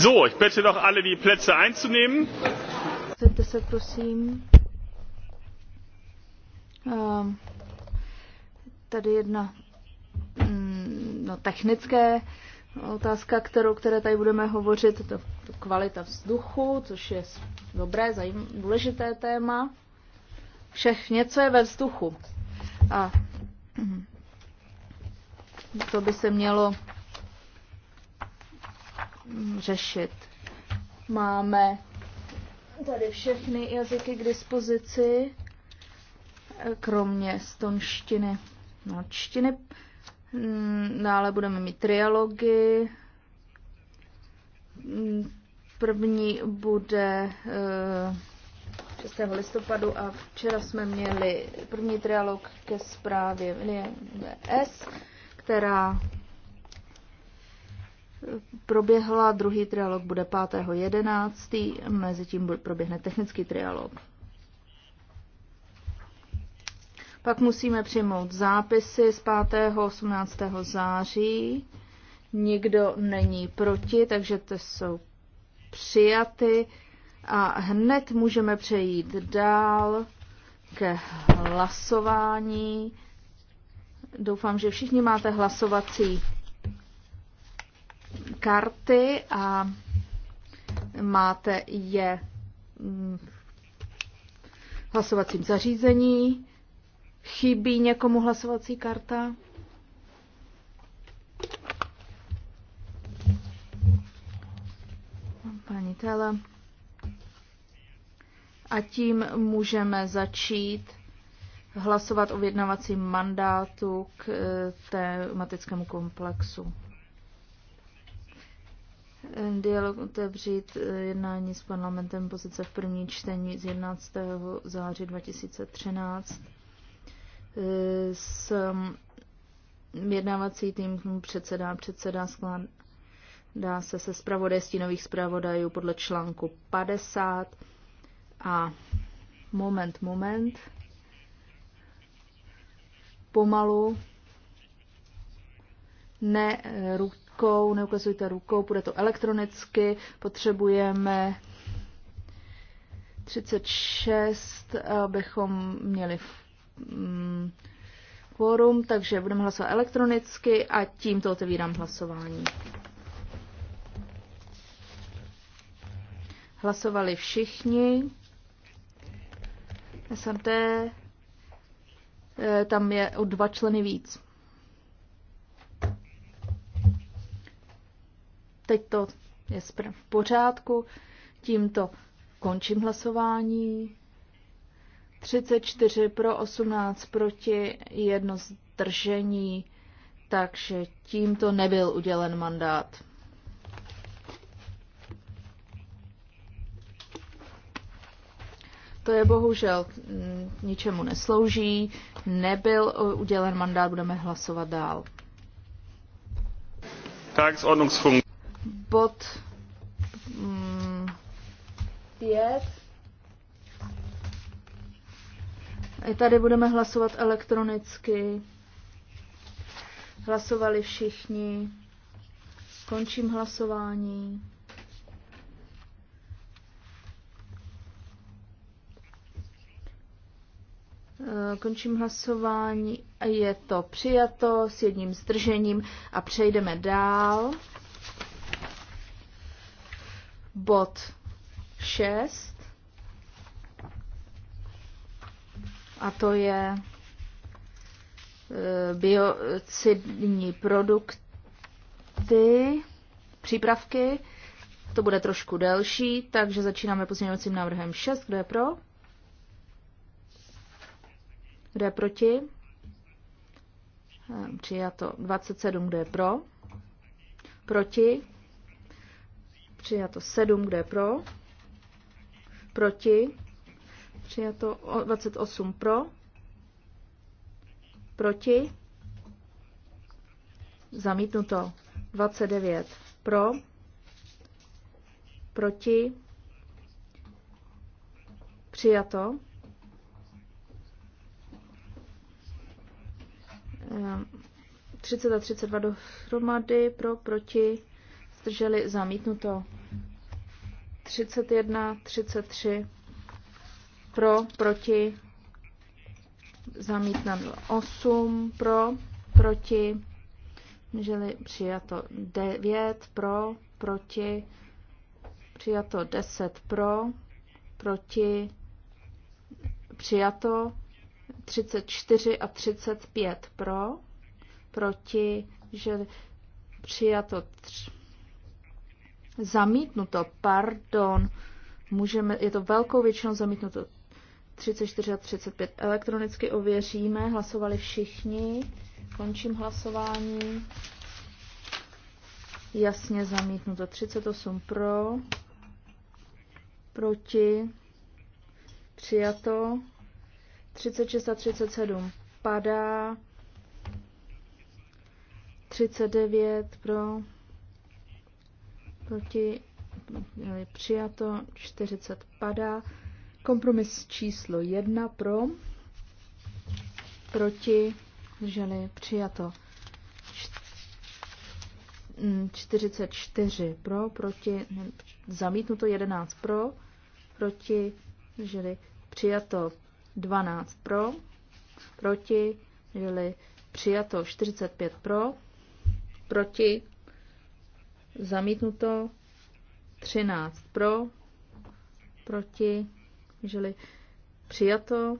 So, ich bitte doch alle, die Plätze einzunehmen. Zepte prosím. Um, tady jedna mm, no, technické otázka, kterou, které tady budeme hovořit, to, to kvalita vzduchu, což je dobré, zajím, důležité téma. Všech něco je ve vzduchu. A to by se mělo řešit. Máme tady všechny jazyky k dispozici, kromě stonštiny. No, čtiny. Mm, dále budeme mít trialogy. Mm, první bude 6. Eh, listopadu a včera jsme měli první trialog ke zprávě VS, která proběhla, druhý trialog bude 5.11., mezi tím proběhne technický trialog. Pak musíme přijmout zápisy z 5. 18. září. Nikdo není proti, takže to jsou přijaty. A hned můžeme přejít dál ke hlasování. Doufám, že všichni máte hlasovací karty a máte je v hlasovacím zařízení. Chybí někomu hlasovací karta? Paní Tele. A tím můžeme začít hlasovat o vědnavacím mandátu k eh, tématickému komplexu dialog otevřít eh, jednání s parlamentem pozice v první čtení z 11. září 2013 eh, s mm, jednávací tým předsedá předseda skládá se se zpravodaj stínových zpravodajů podle článku 50 a moment, moment pomalu ne eh, rukou, neukazujte rukou, bude to elektronicky, potřebujeme 36, abychom měli mm, kvorum, takže budeme hlasovat elektronicky a tímto otevírám hlasování. Hlasovali všichni. SMT eh, tam je o dva členy víc. Teď to je v pořádku. Tímto končím hlasování. 34 pro 18 proti, jedno zdržení, takže tímto nebyl udělen mandát. To je bohužel mm, ničemu neslouží, nebyl udělen mandát, budeme hlasovat dál. Tagesordnungspunkt Bod mm, pět. I tady budeme hlasovat elektronicky. Hlasovali všichni. Končím hlasování. Eh, končím hlasování. Je to přijato s jedním zdržením a přejdeme dál bod 6. A to je e, biocidní produkty, přípravky. To bude trošku delší, takže začínáme pozměňovacím návrhem 6. Kdo je pro? Kdo je proti? E, přijato 27. Kdo je pro? Proti? Přijato 7, kde je pro? Proti? Přijato 28 pro? Proti? Zamítnuto 29 pro? Proti? Přijato. Um, ehm, 30 a 32 dohromady pro, proti, zdrželi zamítnuto 31, 33 pro, proti, zamítnuto 8 pro, proti, zdrželi přijato 9 pro, proti, přijato 10 pro, proti, přijato 34 a 35 pro, proti, že přijato 3 Zamítnuto, pardon. Můžeme, je to velkou většinou zamítnuto. 34 a 35 elektronicky ověříme. Hlasovali všichni. Končím hlasování. Jasně zamítnuto. 38 pro. Proti. Přijato. 36 a 37 padá. 39 pro proti, přijato, 40 padá. Kompromis číslo 1 pro, proti, ženy přijato. 44 pro, proti, zamítnuto 11 pro, proti, žili přijato 12 pro, proti, žili přijato 45 pro, proti, Zamítnuto 13 pro, proti, žili přijato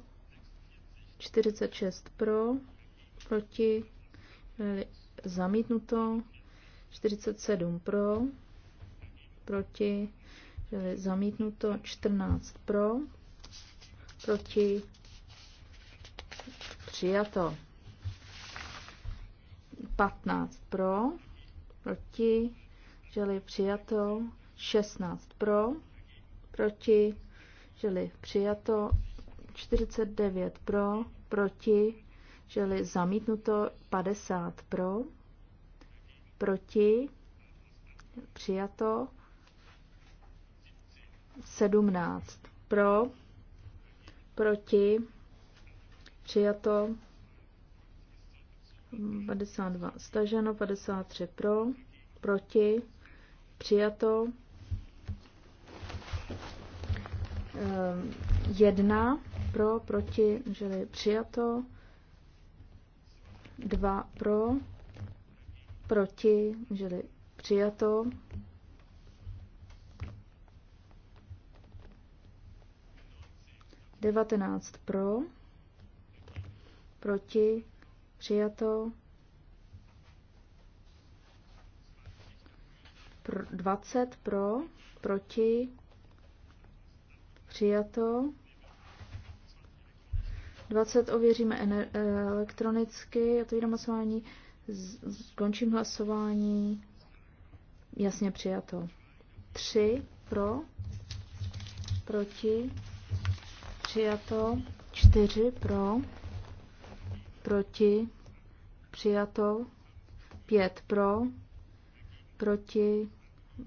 46 pro, proti, žili zamítnuto 47 pro, proti, žili zamítnuto 14 pro, proti, přijato 15 pro, proti, želi přijato, 16 pro, proti, želi přijato, 49 pro, proti, želi zamítnuto, 50 pro, proti, přijato, 17 pro, proti, přijato, 52 staženo, 53 pro, proti, Přijato. Ehm, jedna pro, proti, žili přijato. Dva pro, proti, žili přijato. Devatenáct pro, proti, přijato. pr- 20 pro, proti, přijato. 20 ověříme ener- elektronicky, já to otevírám hlasování, skončím hlasování, jasně přijato. 3 pro, proti, přijato, 4 pro, proti, přijato, 5 pro, proti,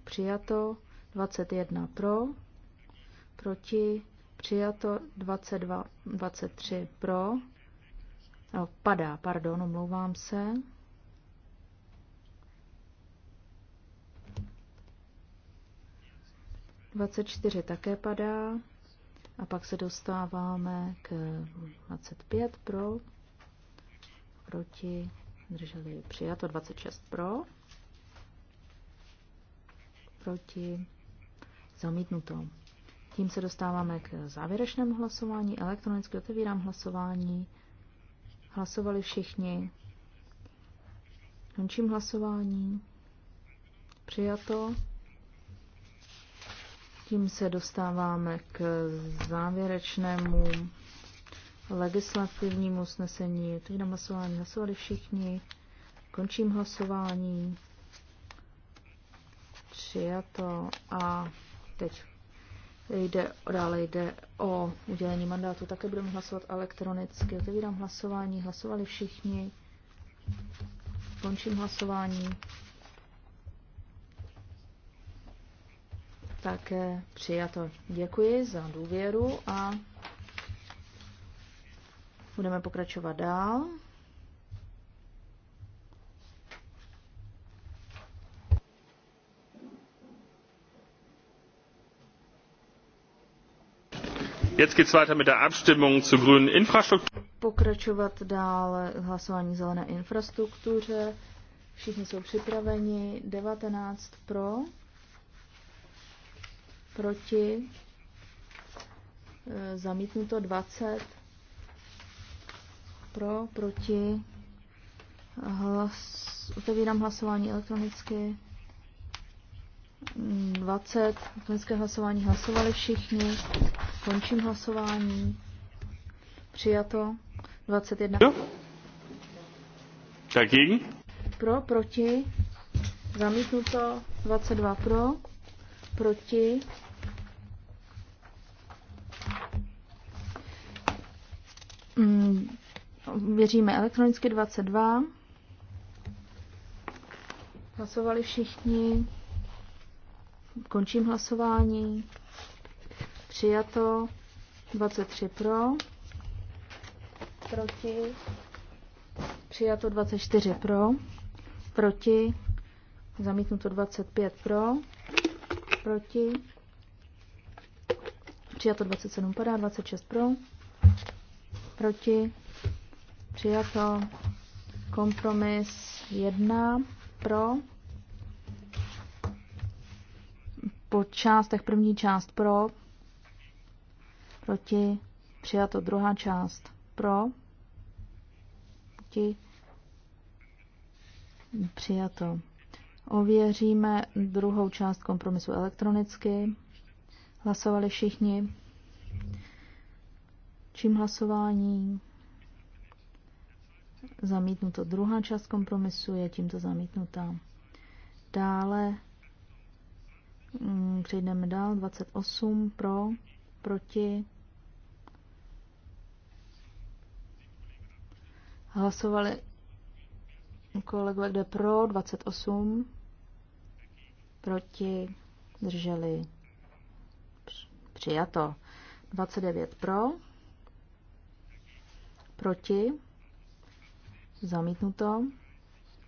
přijato 21 pro, proti, přijato 22, 23 pro, no, padá, pardon, omlouvám se. Dvacet čtyři také padá a pak se dostáváme k 25 pro, proti, drželi přijato 26 pro proti, zamítnuto. Tím se dostáváme k závěrečnému hlasování. Elektronicky otevírám hlasování. Hlasovali všichni. Končím hlasování. Přijato. Tím se dostáváme k závěrečnému legislativnímu usnesení. Otevírám hlasování. Hlasovali všichni. Končím hlasování přijato a teď jde, dále jde o udělení mandátu. Také budeme hlasovat elektronicky. Otevírám hlasování. Hlasovali všichni. Končím hlasování. Také přijato. Děkuji za důvěru a budeme pokračovat dál. Jetzt geht's weiter mit der Abstimmung grünen Infrastruktur. Pokračovat hlasování zelené infrastruktuře. Všichni jsou připraveni. 19 pro, proti, e, zamítnuto 20 pro, proti. Hlas, otevírám hlasování elektronicky. 20, vojenské hlasování hlasovali všichni. Končím hlasování. Přijato. 21. Dagegen? Pro, proti. Zamítnuto. 22 pro. Proti. Mm, věříme elektronicky 22. Hlasovali všichni. Končím hlasování. Přijato. 23 pro. Proti. Přijato 24 pro. Proti. Zamítnuto 25 pro. Proti. Přijato 27 padá, 26 pro. Proti. Přijato kompromis 1 pro. po částech první část pro, proti, přijato druhá část pro, proti, přijato. Ověříme druhou část kompromisu elektronicky. Hlasovali všichni. Čím hlasování? Zamítnuto. Druhá část kompromisu je tímto zamítnutá. Dále Mm, přejdeme dál. 28 pro, proti. Hlasovali kolegové, kde pro, 28, proti, drželi, přijato. 29 pro, proti, zamítnuto.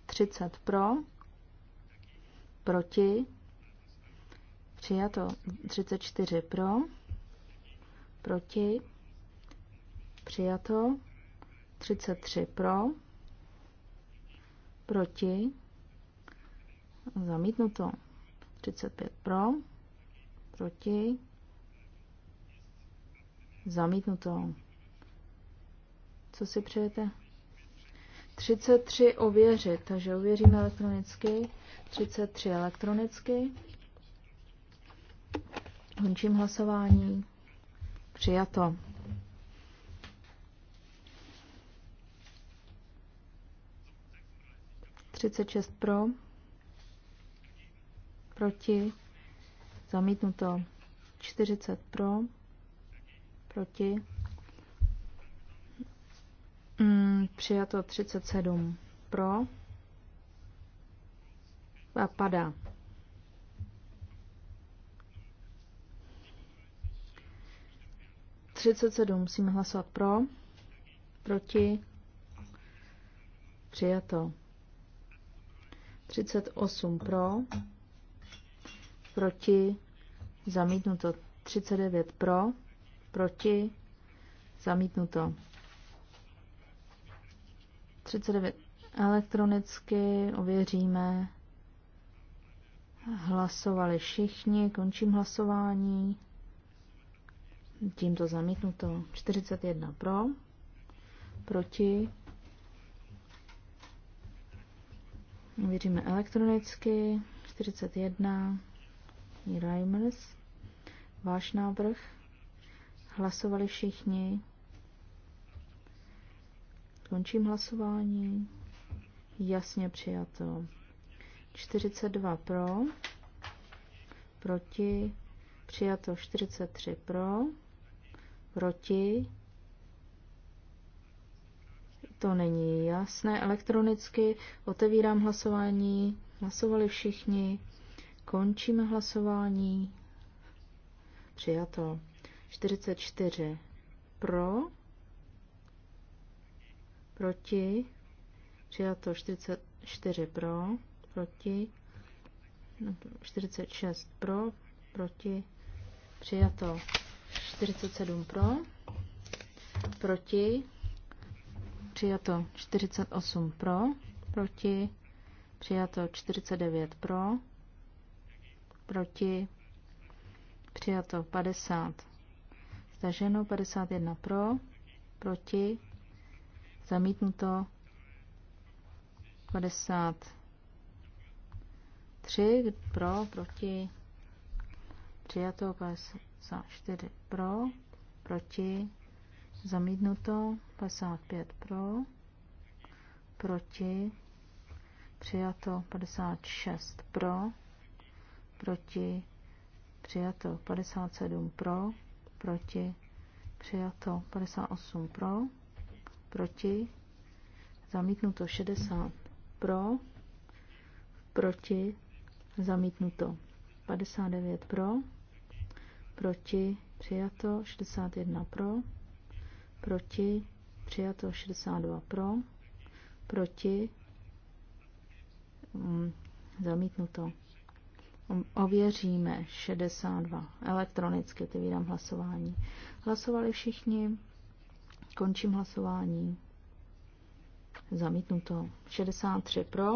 30 pro, proti, Přijato 34 pro, proti, přijato 33 pro, proti, zamítnuto 35 pro, proti, zamítnuto. Co si přejete? 33 ověřit, takže ověříme elektronicky, 33 elektronicky. Končím hlasování. Přijato. Třicet šest pro. Proti. Zamítnuto. Čtyřicet pro. Proti. Mm, přijato 37 pro. A padá. 37 musíme hlasovat pro, proti, přijato. 38 pro, proti, zamítnuto. 39 pro, proti, zamítnuto. 39 elektronicky ověříme. Hlasovali všichni, končím hlasování. Tímto zamítnuto. 41 pro, proti. Věříme elektronicky. 41. Reimers. Váš návrh. Hlasovali všichni. Končím hlasování. Jasně přijato. 42 pro, proti, přijato 43 pro, proti. To není jasné. Elektronicky otevírám hlasování. Hlasovali všichni. Končíme hlasování. Přijato. 44 pro. Proti. Přijato 44 pro. Proti. 46 no, pro. Proti. Přijato. 47 pro, proti, přijato 48 pro, proti, přijato 49 pro, proti, přijato 50, staženo 51 pro, proti, zamítnuto 53 pro, proti, přijato 50. 54 pro, proti, zamítnuto, 55 pro, proti, přijato, 56 pro, proti, přijato, 57 pro, proti, přijato, 58 pro, proti, zamítnuto, 60 pro, proti, zamítnuto, 59 pro, proti, přijato 61 pro, proti, přijato 62 pro, proti, um, zamítnuto. Mm, ověříme 62 elektronicky, vydám hlasování. Hlasovali všichni, končím hlasování. Zamítnuto. 63 pro,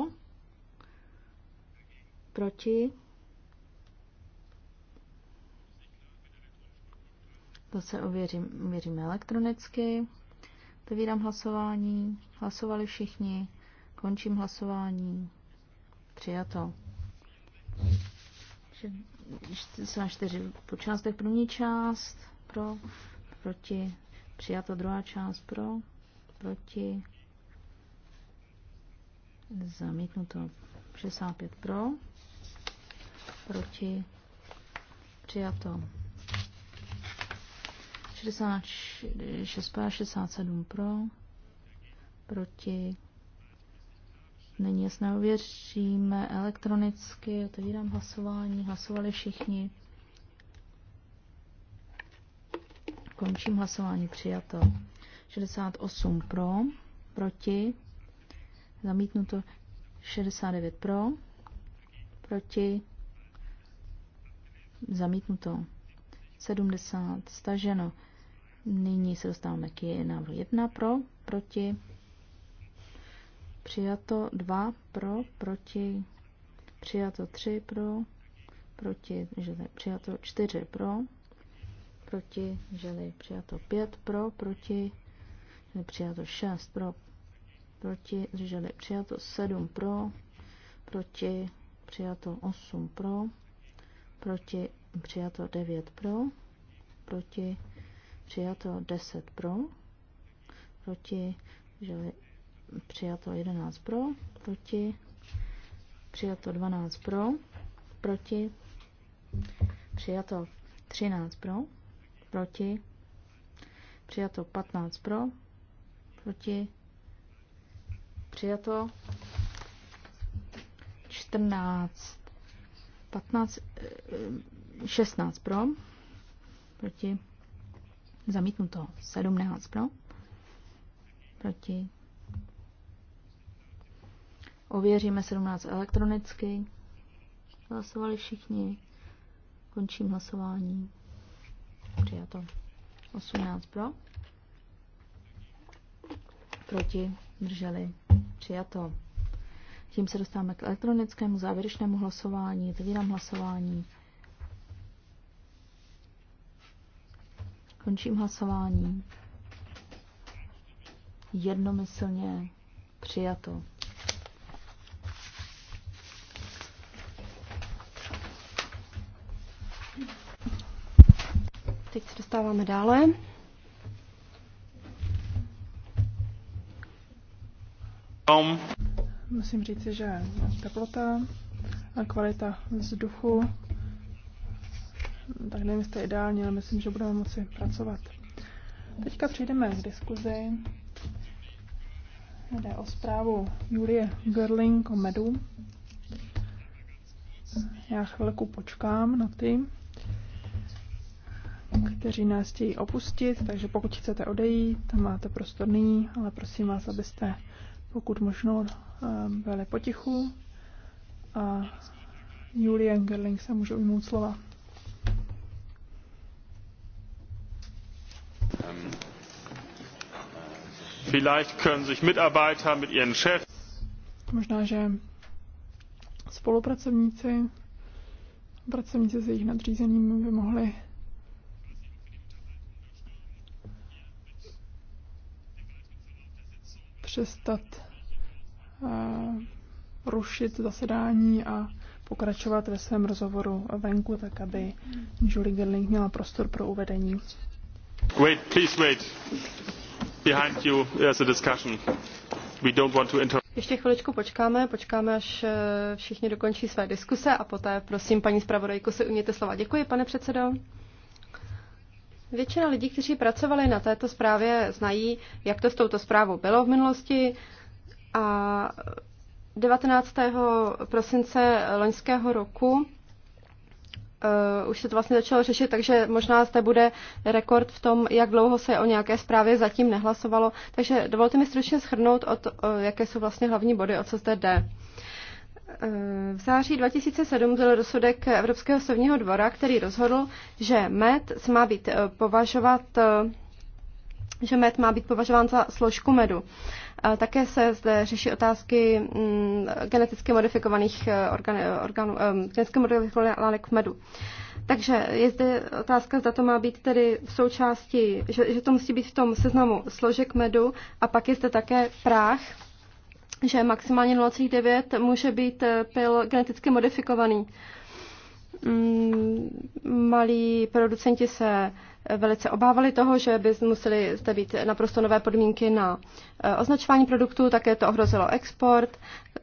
proti, To se ověřím, ověříme elektronicky. Otevírám hlasování. Hlasovali všichni. Končím hlasování. Přijato. čtyři po částech první část pro, proti, přijato druhá část pro, proti, zamítnuto 65 pro, proti, přijato 66 pro, 67 pro, proti. Není jasné, uvěříme elektronicky, otevírám hlasování, hlasovali všichni. Končím hlasování, přijato. 68 pro, proti, zamítnuto 69 pro, proti, zamítnuto 70, staženo Nyní se dostáváme k návrhu 1 pro, proti, přijato 2 pro, proti, přijato 3 pro, proti, žili, přijato 4 pro, proti, žili, přijato 5 pro, proti, žili, přijato 6 pro, proti, žili, přijato 7 pro, proti, přijato 8 pro, proti, přijato 9 pro, proti, přijato 10 pro, proti, žili přijato 11 pro, proti, přijato 12 pro, proti, přijato 13 pro, proti, přijato 15 pro, proti, přijato 14, 15, 16 pro, proti, Zamítnuto 17 pro. Proti. Ověříme 17 elektronicky. Hlasovali všichni. Končím hlasování. Přijato. 18 pro. Proti. Drželi. Přijato. Tím se dostáváme k elektronickému závěrečnému hlasování. Teď dám hlasování. Končím hlasování. Jednomyslně přijato. Teď se dostáváme dále. Musím říct, že teplota a kvalita vzduchu nevím, jestli ideálně, ale myslím, že budeme moci pracovat. Teďka přejdeme k diskuzi. Jde o zprávu Julie Gerling o medu. Já chvilku počkám na ty, kteří nás chtějí opustit, takže pokud chcete odejít, tam máte prostor nyní, ale prosím vás, abyste pokud možno eh, byli potichu a Julie Gerling se může ujmout slova. Vielleicht können sich Mitarbeiter mit ihren Chefs. Možná, že spolupracovníci, pracovníci se jejich nadřízením by mohli přestat uh, rušit zasedání a pokračovat ve svém rozhovoru venku, tak aby Julie Gerling měla prostor pro uvedení. Wait, please wait behind you there's a discussion. We don't want to Ještě chviličku počkáme, počkáme, až eh, všichni dokončí své diskuse a poté, prosím, paní zpravodajko, se umějte slova. Děkuji, pane předsedo. Většina lidí, kteří pracovali na této zprávě, znají, jak to s touto zprávou bylo v minulosti a 19. prosince loňského roku uh, už se to vlastně začalo řešit, takže možná zde bude rekord v tom, jak dlouho se o nějaké zprávě zatím nehlasovalo. Takže dovolte mi stručně shrnout, od, o eh, jaké jsou vlastně hlavní body, o co zde jde. Eh, v září 2007 byl rozsudek Evropského soudního dvora, který rozhodl, že med má být považovat, že med má být považován za složku medu. Také se zde řeší otázky mm, geneticky modifikovaných eh, eh, orgánů, eh, geneticky modifikovaných látek v medu. Takže je zde otázka, zda to má být tedy v součásti, že, že to musí být v tom seznamu složek medu a pak je zde také práh, že maximálně 0,9 může být pil geneticky modifikovaný. Mm, malí producenti se velice obávali toho, že by museli zde být naprosto nové podmínky na eh, označování produktů, také to ohrozilo export.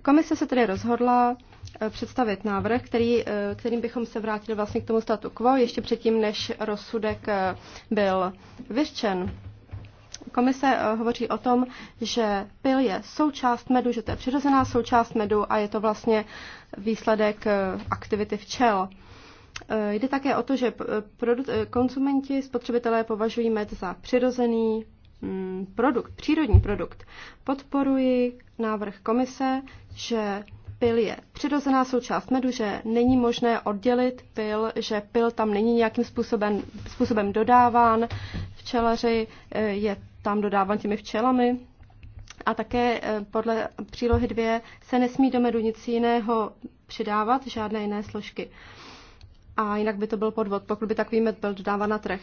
Komise se tedy rozhodla eh, představit návrh, který, eh, kterým bychom se vrátili vlastně k tomu statu quo, ještě předtím, než rozsudek byl vyřčen. Komise hovoří o tom, že pil je součást medu, že to je přirozená součást medu a je to vlastně výsledek aktivity včel. Eh, jde také o to, že eh, eh, konsumenti, spotřebitelé považují med za přirozený mm, produkt, přírodní produkt. Podporuji návrh komise, že pil je přirozená součást medu, že není možné oddělit pil, že pil tam není nějakým způsobem, způsobem dodáván. Včelaři je tam dodáván těmi včelami. A také podle přílohy 2 se nesmí do medu nic jiného přidávat, žádné jiné složky a jinak by to byl podvod, pokud by takový med byl dodáván na trh.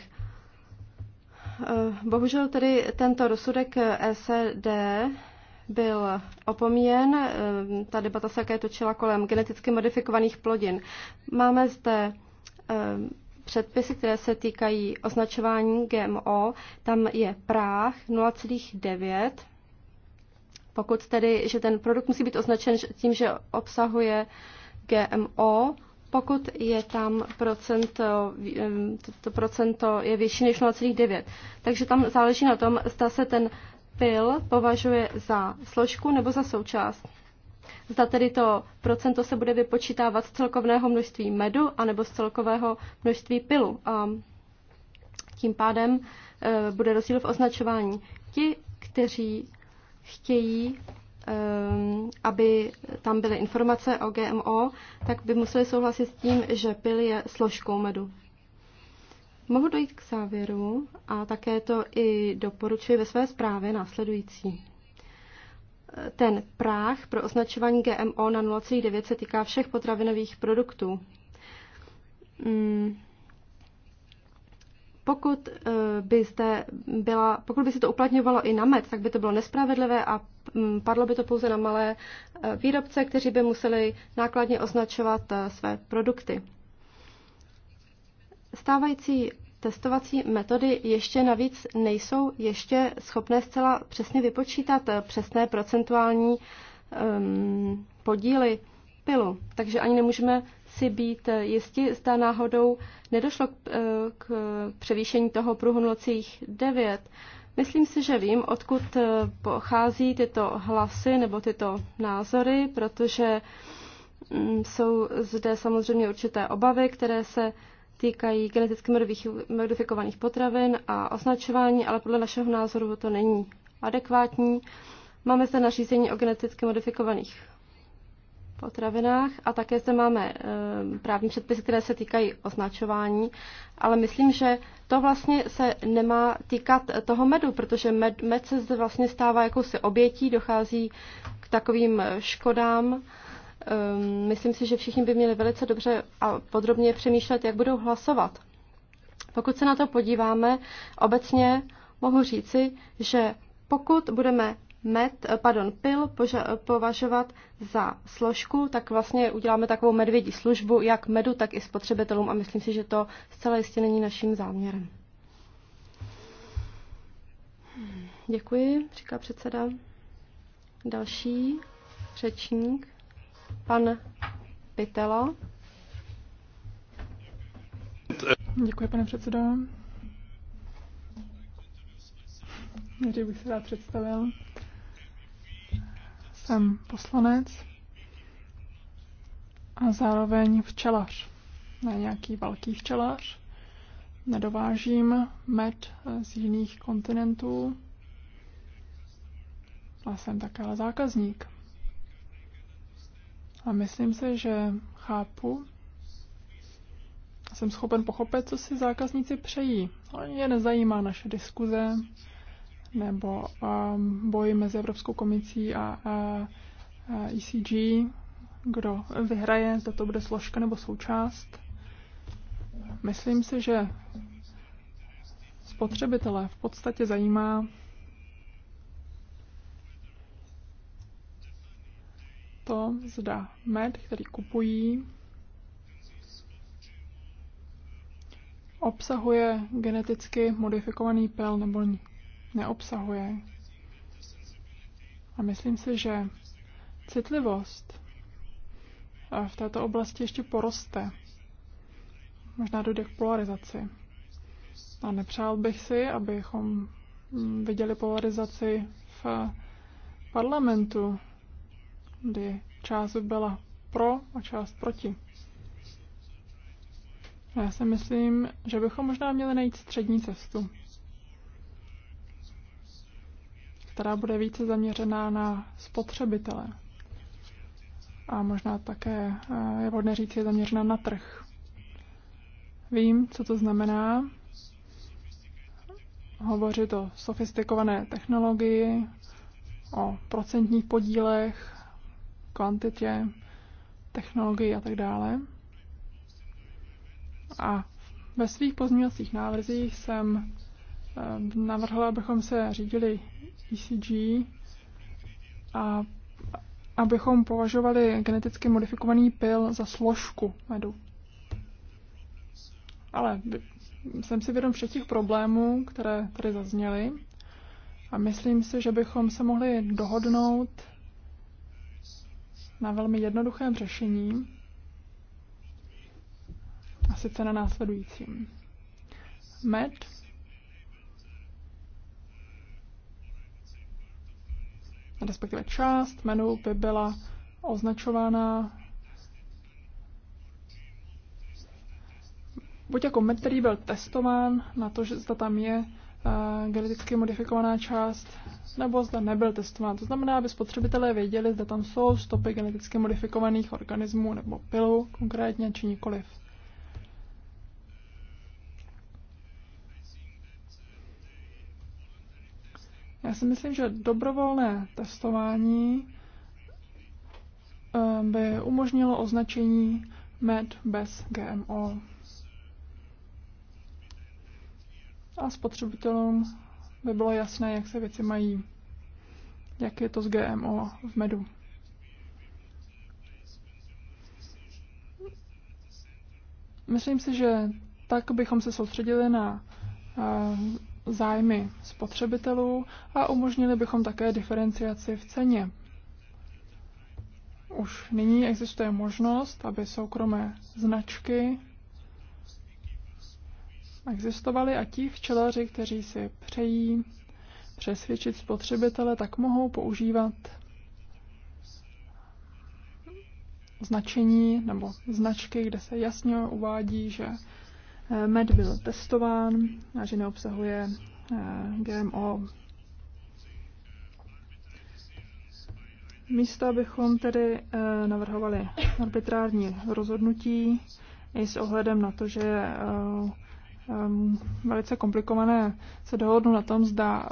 Eh, bohužel tedy tento rozsudek ECD byl opomíjen. Eh, ta debata se také točila kolem geneticky modifikovaných plodin. Máme zde eh, předpisy, které se týkají označování GMO. Tam je práh 0,9 pokud tedy, že ten produkt musí být označen tím, že obsahuje GMO, pokud je tam procento, eh, to procento je vyšší než 0,9. Takže tam záleží na tom, zda se ten pil považuje za složku nebo za součást. Zda tedy to procento se bude vypočítávat z celkového množství medu anebo z celkového množství pilu. A tím pádem e, bude rozdíl v označování. Ti, kteří chtějí Ehm, aby tam byly informace o GMO, tak by museli souhlasit s tím, že pil je složkou medu. Mohu dojít k závěru a také to i doporučuji ve své zprávě následující. Ten práh pro označování GMO na 0,9 se týká všech potravinových produktů. Hmm. Pokud eh, byste zde byla, pokud by se to uplatňovalo i na med, tak by to bylo nespravedlivé a mm, padlo by to pouze na malé eh, výrobce, kteří by museli nákladně označovat eh, své produkty. Stávající testovací metody ještě navíc nejsou ještě schopné zcela přesně vypočítat přesné procentuální um, podíly pilu, takže ani nemůžeme si být jistí, zda náhodou nedošlo k, eh, k převýšení toho pruhu 9. Myslím si, že vím, odkud eh, pochází tyto hlasy nebo tyto názory, protože mm, jsou zde samozřejmě určité obavy, které se týkají geneticky modifikovaných potravin a označování, ale podle našeho názoru to není adekvátní. Máme zde nařízení o geneticky modifikovaných potravinách a také zde máme eh, právní předpisy, které se týkají označování, ale myslím, že to vlastně se nemá týkat toho medu, protože med, med se zde vlastně stává jakousi obětí, dochází k takovým eh, škodám. Ehm, myslím si, že všichni by měli velice dobře a podrobně přemýšlet, jak budou hlasovat. Pokud se na to podíváme, obecně mohu říci, že pokud budeme med, eh, pardon, pil poža- považovat za složku, tak vlastně uděláme takovou medvědí službu jak medu, tak i spotřebitelům a myslím si, že to zcela jistě není naším záměrem. Děkuji, říká předseda. Další řečník, pan Pitela. Děkuji, pane předsedo. Nejdřív bych se rád představil. Jsem poslanec a zároveň včelař. Ne nějaký velký včelař. Nedovážím med z jiných kontinentů. A jsem také ale zákazník. A myslím si, že chápu a jsem schopen pochopit, co si zákazníci přejí. Oni je nezajímá naše diskuze, nebo um, boj mezi Evropskou komisí a, a, a ECG, kdo vyhraje, zda to bude složka nebo součást. Myslím si, že spotřebitele v podstatě zajímá to, zda med, který kupují, obsahuje geneticky modifikovaný pel nebo neobsahuje. A myslím si, že citlivost eh, v této oblasti ještě poroste. Možná dojde k polarizaci. A nepřál bych si, abychom hm, viděli polarizaci v eh, parlamentu, kdy část byla pro a část proti. Já si myslím, že bychom možná měli najít střední cestu. která bude více zaměřená na spotřebitele. A možná také eh, je vhodné říct, je zaměřená na trh. Vím, co to znamená hovořit o sofistikované technologii, o procentních podílech, kvantitě, technologii a tak dále. A ve svých pozměňovacích návrzích jsem Eh, navrhla, abychom se řídili ECG a abychom považovali geneticky modifikovaný pil za složku medu. Ale jsem si vědom všech těch problémů, které tady zazněly a myslím si, že bychom se mohli dohodnout na velmi jednoduchém řešení a sice na následujícím. Med respektive část menu by byla označována buď jako med, který byl testován na to, že zda tam je uh, geneticky modifikovaná část, nebo zda nebyl testován. To znamená, aby spotřebitelé věděli, zda tam jsou stopy geneticky modifikovaných organismů nebo pilu konkrétně, či nikoliv. Já si myslím, že dobrovolné testování ehm, by umožnilo označení med bez GMO. A spotřebitelům by bylo jasné, jak se věci mají, jak je to s GMO v medu. Myslím si, že tak bychom se soustředili na ehm, zájmy spotřebitelů a umožnili bychom také diferenciaci v ceně. Už nyní existuje možnost, aby soukromé značky existovaly a ti včelaři, kteří si přejí přesvědčit spotřebitele, tak mohou používat značení nebo značky, kde se jasně uvádí, že Med byl testován a že neobsahuje eh, GMO. Místo, abychom tedy eh, navrhovali arbitrární rozhodnutí i s ohledem na to, že je eh, velice komplikované se dohodnout na tom, zda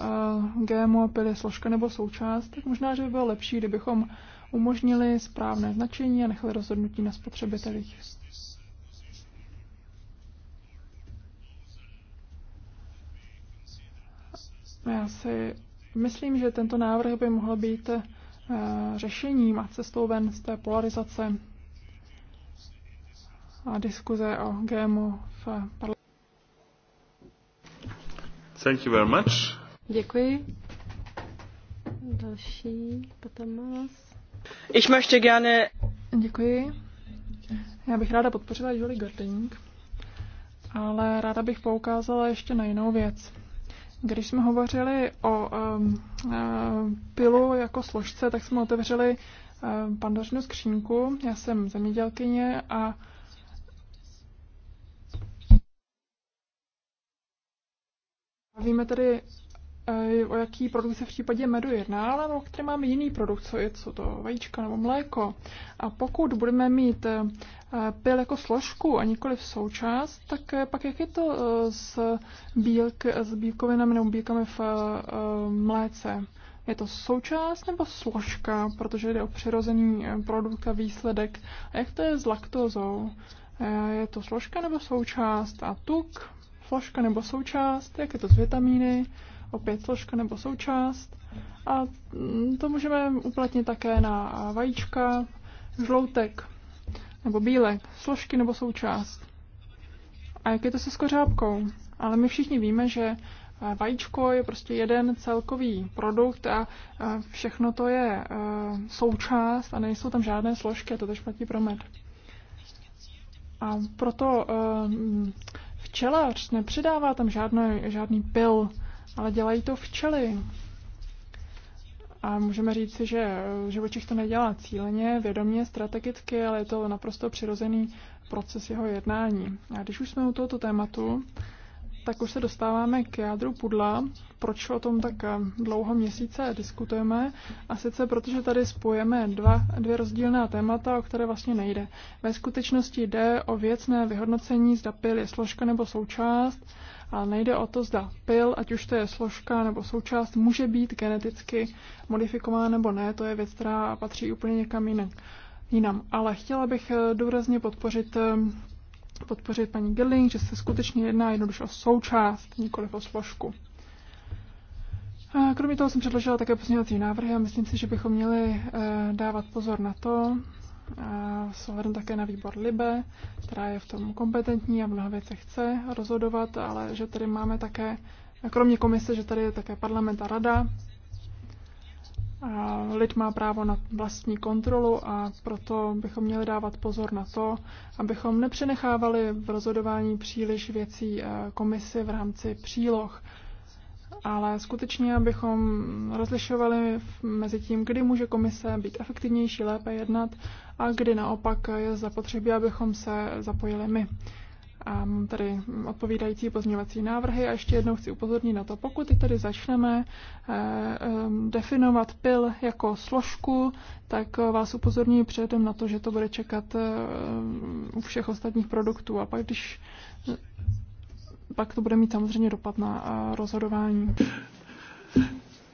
GMO pil je složka nebo součást, tak možná, že by bylo lepší, kdybychom umožnili správné značení a nechali rozhodnutí na spotřebitelích. Já si myslím, že tento návrh by mohl být eh, řešením a cestou ven z té polarizace a diskuze o GMO v Thank you very much. Děkuji. Další, potom vás. Ich möchte gerne... Děkuji. Já bych ráda podpořila Julie Götting, ale ráda bych poukázala ještě na jinou věc. Když jsme hovořili o um, uh, pilu jako složce, tak jsme otevřeli um, pandořinu skřínku. Já jsem zemědělkyně a víme tady. Eh, o jaký produkt se v případě medu jedná, ale o který máme jiný produkt, co je co to vajíčka nebo mléko. A pokud budeme mít eh, pil jako složku a nikoli v součást, tak eh, pak jak je to s, bílk, s bílkovinami nebo bílkami v mléce? Je to součást nebo složka, protože jde o přirozený produkt a výsledek. A jak to je s laktozou? Je to složka nebo součást? A tuk? Složka nebo součást? Jak je to s vitamíny? opět složka nebo součást. A mm, to můžeme uplatnit také na vajíčka, žloutek nebo bílek, složky nebo součást. A jak je to se skořápkou? Ale my všichni víme, že eh, vajíčko je prostě jeden celkový produkt a eh, všechno to je eh, součást a nejsou tam žádné složky, to tež platí pro med. A proto mm, včelař nepřidává tam žádný, žádný pil, ale dělají to včely. A můžeme říct, že živočich to nedělá cíleně, vědomě, strategicky, ale je to naprosto přirozený proces jeho jednání. A když už jsme u tohoto tématu, tak už se dostáváme k jádru pudla. Proč o tom tak dlouho měsíce diskutujeme? A sice protože tady spojeme dva, dvě rozdílná témata, o které vlastně nejde. Ve skutečnosti jde o věcné vyhodnocení, zda pil je složka nebo součást ale nejde o to, zda pil, ať už to je složka nebo součást, může být geneticky modifikován nebo ne, to je věc, která patří úplně někam jinam. Ale chtěla bych eh, důrazně podpořit eh, podpořit paní Gilling, že se skutečně jedná jednoduše o součást, nikoli o složku. Eh, kromě toho jsem předložila také pozměňovací návrhy a myslím si, že bychom měli dávat pozor na to, s ohledem také na výbor Libe, která je v tom kompetentní a v mnoha věcech chce rozhodovat, ale že tady máme také, kromě komise, že tady je také parlament a rada. A lid má právo na vlastní kontrolu a proto bychom měli dávat pozor na to, abychom nepřenechávali v rozhodování příliš věcí eh, komisi v rámci příloh ale skutečně, abychom rozlišovali mezi tím, kdy může komise být efektivnější, lépe jednat a kdy naopak je zapotřebí, abychom se zapojili my. A mám tady odpovídající pozměňovací návrhy a ještě jednou chci upozornit na to, pokud tady začneme eh, ehm, definovat pil jako složku, tak vás upozorní předem na to, že to bude čekat eh, u všech ostatních produktů. A pak když pak to bude mít samozřejmě dopad na eh, rozhodování.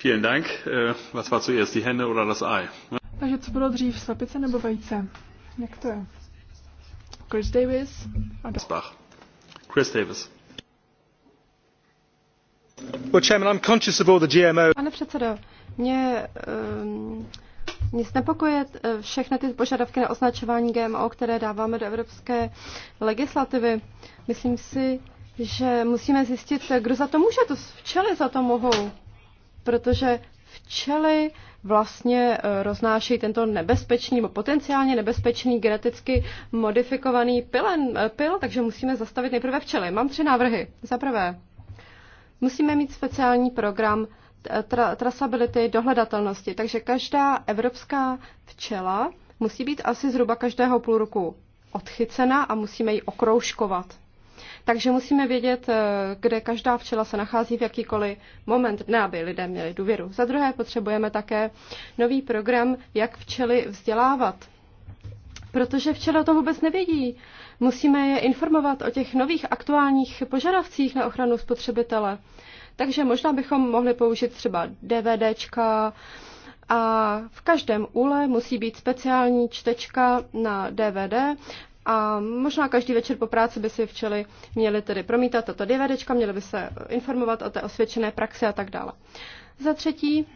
Vielen Dank. Äh, was war zuerst, die Henne oder das Ei? Takže co bylo dřív, slepice nebo vejce? Jak to je? Chris Davis a Bach. Chris Davis. Well, Chairman, I'm conscious of all the GMO. Pane předsedo, mě um, mě znepokuje eh, všechny ty požadavky na označování GMO, které dáváme do evropské legislativy. Myslím si, že musíme zjistit, kdo za to může, to včely za to mohou, protože včely vlastně eh, roznášejí tento nebezpečný nebo potenciálně nebezpečný geneticky modifikovaný pilen, eh, pil, takže musíme zastavit nejprve včely. Mám tři návrhy. Za prvé, musíme mít speciální program eh, tra- trasability, dohledatelnosti, takže každá evropská včela musí být asi zhruba každého půl roku odchycena a musíme ji okrouškovat. Takže musíme vědět, eh, kde každá včela se nachází v jakýkoliv moment dne, aby lidé měli důvěru. Za druhé potřebujeme také nový program, jak včely vzdělávat. Protože včela to vůbec nevědí. Musíme je informovat o těch nových aktuálních požadavcích na ochranu spotřebitele. Takže možná bychom mohli použít třeba DVDčka, a v každém úle musí být speciální čtečka na DVD, a možná každý večer po práci by si včely měly tedy promítat tato dvědečka, měly by se informovat o té osvědčené praxi a tak dále. Za třetí,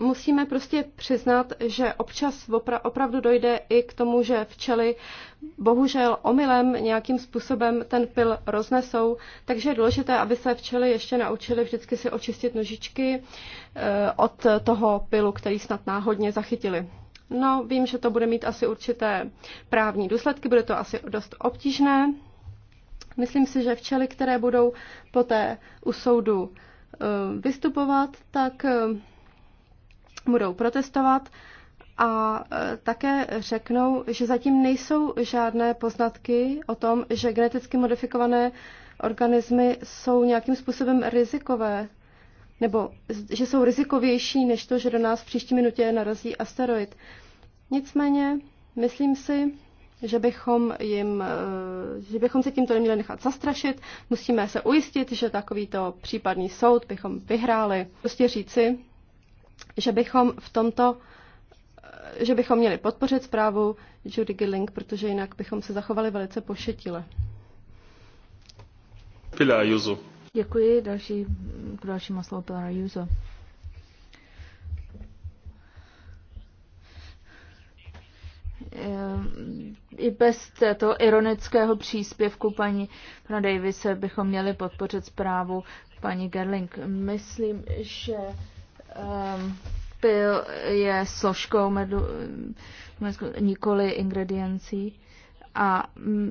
musíme prostě přiznat, že občas opra- opravdu dojde i k tomu, že včely bohužel omylem nějakým způsobem ten pil roznesou, takže je důležité, aby se včely ještě naučily vždycky si očistit nožičky eh, od toho pilu, který snad náhodně zachytili. No, vím, že to bude mít asi určité právní důsledky, bude to asi dost obtížné. Myslím si, že včely, které budou poté u soudu eh, vystupovat, tak eh, budou protestovat a eh, také řeknou, že zatím nejsou žádné poznatky o tom, že geneticky modifikované organismy jsou nějakým způsobem rizikové nebo že jsou rizikovější, než to, že do nás v příští minutě narazí asteroid. Nicméně, myslím si, že bychom, jim, eh, že bychom se tímto neměli nechat zastrašit. Musíme se ujistit, že takovýto případný soud bychom vyhráli. Prostě říci, že bychom v tomto eh, že bychom měli podpořit zprávu Judy Gilling, protože jinak bychom se zachovali velice pošetile. Pila Juzu. Děkuji. Další, k dalšímu slovu Pilar Juzo. Ehm, I bez této ironického příspěvku paní pana Davise bychom měli podpořit zprávu paní Gerling. Myslím, že um, pil je složkou medu, nikoli ingrediencí. A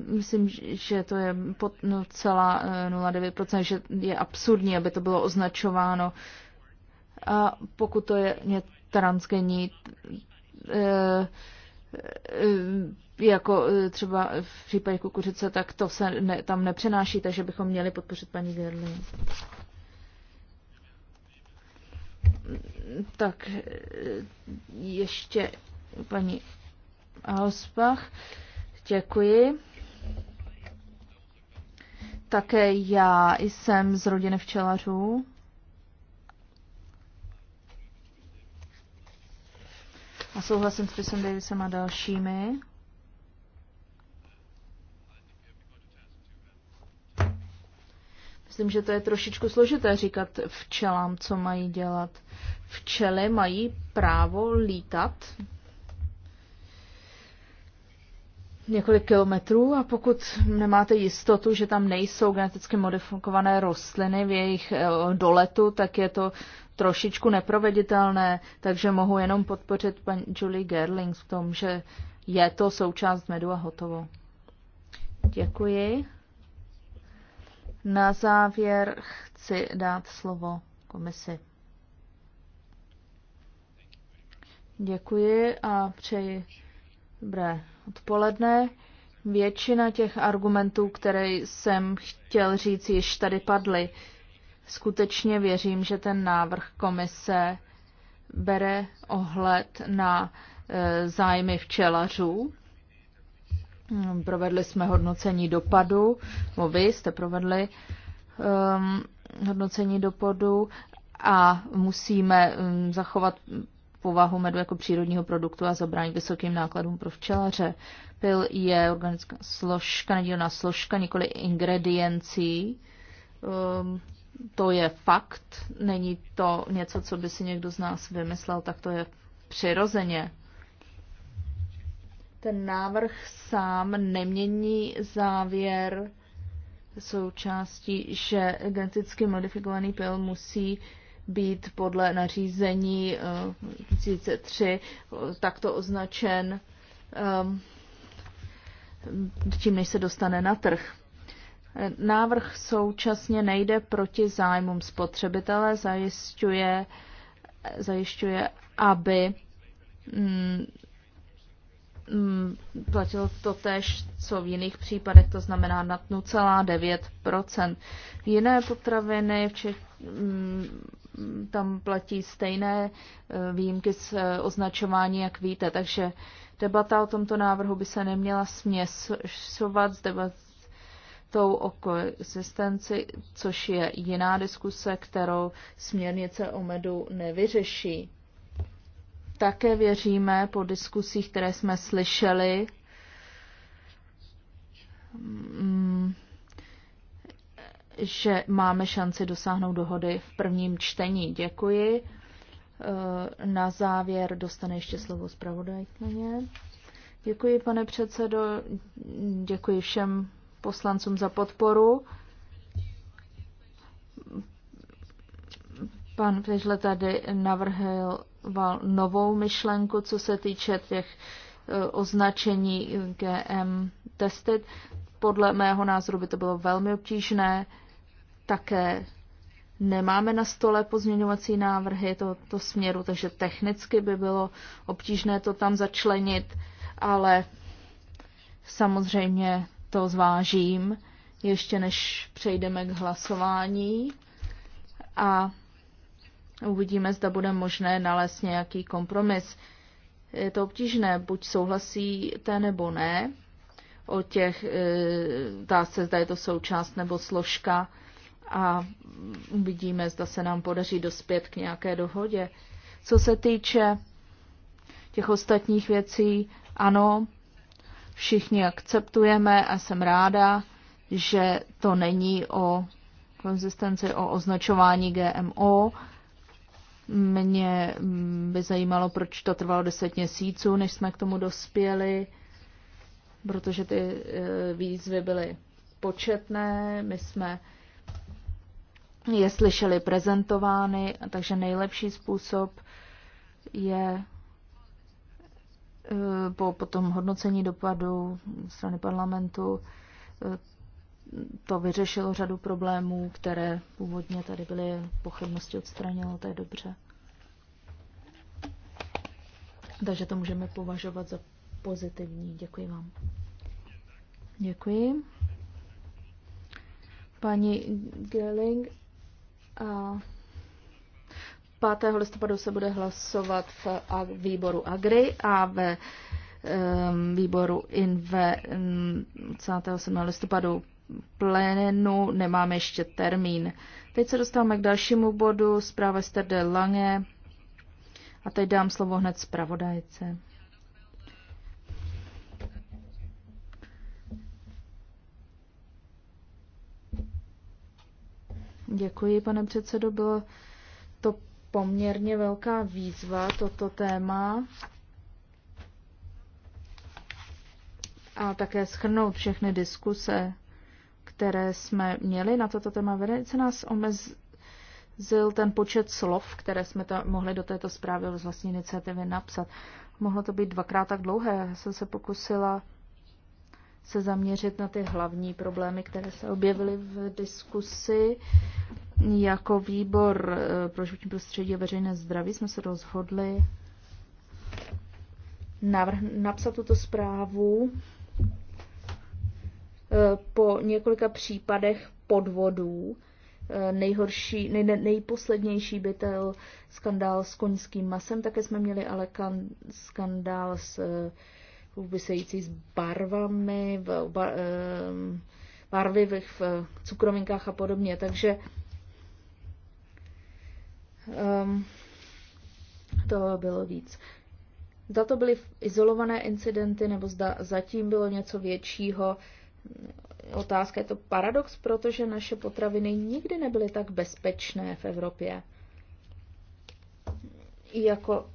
myslím, že to je pod 0,09%, no, eh, že je absurdní, aby to bylo označováno. A pokud to je transgenní, eh, eh, jako třeba v případě kukuřice, tak to se ne, tam nepřenáší, takže bychom měli podpořit paní Gerlin. Tak ještě paní Hausbach. Uh, Děkuji. Také já jsem z rodiny včelařů. A souhlasím s Chrisem Davisem a dalšími. Myslím, že to je trošičku složité říkat včelám, co mají dělat. Včely mají právo lítat, několik kilometrů a pokud nemáte jistotu, že tam nejsou geneticky modifikované rostliny v jejich eh, doletu, tak je to trošičku neproveditelné, takže mohu jenom podpořit paní Julie Gerling v tom, že je to součást medu a hotovo. Děkuji. Na závěr chci dát slovo komisi. Děkuji a přeji dobré odpoledne. Většina těch argumentů, které jsem chtěl říct, již tady padly. Skutečně věřím, že ten návrh komise bere ohled na e, zájmy včelařů. Provedli jsme hodnocení dopadu, nebo vy jste provedli um, hodnocení dopadu a musíme um, zachovat povahu medu jako přírodního produktu a zabrání vysokým nákladům pro včelaře. Pil je organická složka, nedílná složka, nikoli ingrediencí. Um, to je fakt, není to něco, co by si někdo z nás vymyslel, tak to je přirozeně. Ten návrh sám nemění závěr součástí, že geneticky modifikovaný pil musí uh, být podle nařízení 2003 eh, takto označen eh, tím, než se dostane na trh. Návrh současně nejde proti zájmům spotřebitele, zajišťuje, zajišťuje aby mm, Mm, platilo to tež, co v jiných případech, to znamená na 0,9 Jiné potraviny, mm, tam platí stejné eh, výjimky z eh, označování, jak víte. Takže debata o tomto návrhu by se neměla směsovat s debatou o koexistenci, což je jiná diskuse, kterou směrnice o medu nevyřeší. Také věříme po diskusích, které jsme slyšeli, mm, že máme šanci dosáhnout dohody v prvním čtení. Děkuji. Eh, na závěr dostane ještě slovo zpravodajkyně. Děkuji, pane předsedo. Děkuji všem poslancům za podporu. Pan Pežle tady navrhl novou myšlenku, co se týče těch e, označení GM testy. Podle mého názoru by to bylo velmi obtížné. Také nemáme na stole pozměňovací návrhy tohoto směru, takže technicky by bylo obtížné to tam začlenit, ale samozřejmě to zvážím, ještě než přejdeme k hlasování. A Uvidíme, zda bude možné nalézt nějaký kompromis. Je to obtížné, buď souhlasíte nebo ne o těch, e, dá se, zda je to součást nebo složka a uvidíme, zda se nám podaří dospět k nějaké dohodě. Co se týče těch ostatních věcí, ano, všichni akceptujeme a jsem ráda, že to není o konzistenci, o označování GMO. Mě mm, by zajímalo, proč to trvalo deset měsíců, než jsme k tomu dospěli, protože ty e, výzvy byly početné, my jsme je slyšeli prezentovány, takže nejlepší způsob je e, po, po tom hodnocení dopadu strany parlamentu e, to vyřešilo řadu problémů, které původně tady byly pochybnosti odstranilo, to je dobře. Takže to můžeme považovat za pozitivní. Děkuji vám. Děkuji. Paní Gelling a 5. listopadu se bude hlasovat v výboru Agri a ve výboru INVE 27. listopadu plénu nemáme ještě termín. Teď se dostáváme k dalšímu bodu, zpráva Sterde Lange. A teď dám slovo hned zpravodajce. Děkuji, pane předsedo. Bylo to poměrně velká výzva, toto téma. A také schrnout všechny diskuse které jsme měli na toto téma, velice nás omezil ten počet slov, které jsme tam mohli do této zprávy z vlastní iniciativy napsat. Mohlo to být dvakrát tak dlouhé. Já jsem se pokusila se zaměřit na ty hlavní problémy, které se objevily v diskusi. Jako výbor eh, pro životní prostředí a veřejné zdraví jsme se rozhodli navrh, napsat tuto zprávu Eh, po několika případech podvodů. Eh, nejhorší, nej, nejposlednější by byl skandál s koňským masem, také jsme měli ale kan, skandál s eh, vysející s barvami, v, bar, barvivých v cukrovinkách a podobně. Takže um, to bylo víc. Zda to byly izolované incidenty, nebo zda zatím bylo něco většího, otázka, je to paradox, protože naše potraviny nikdy nebyly tak bezpečné v Evropě. I jako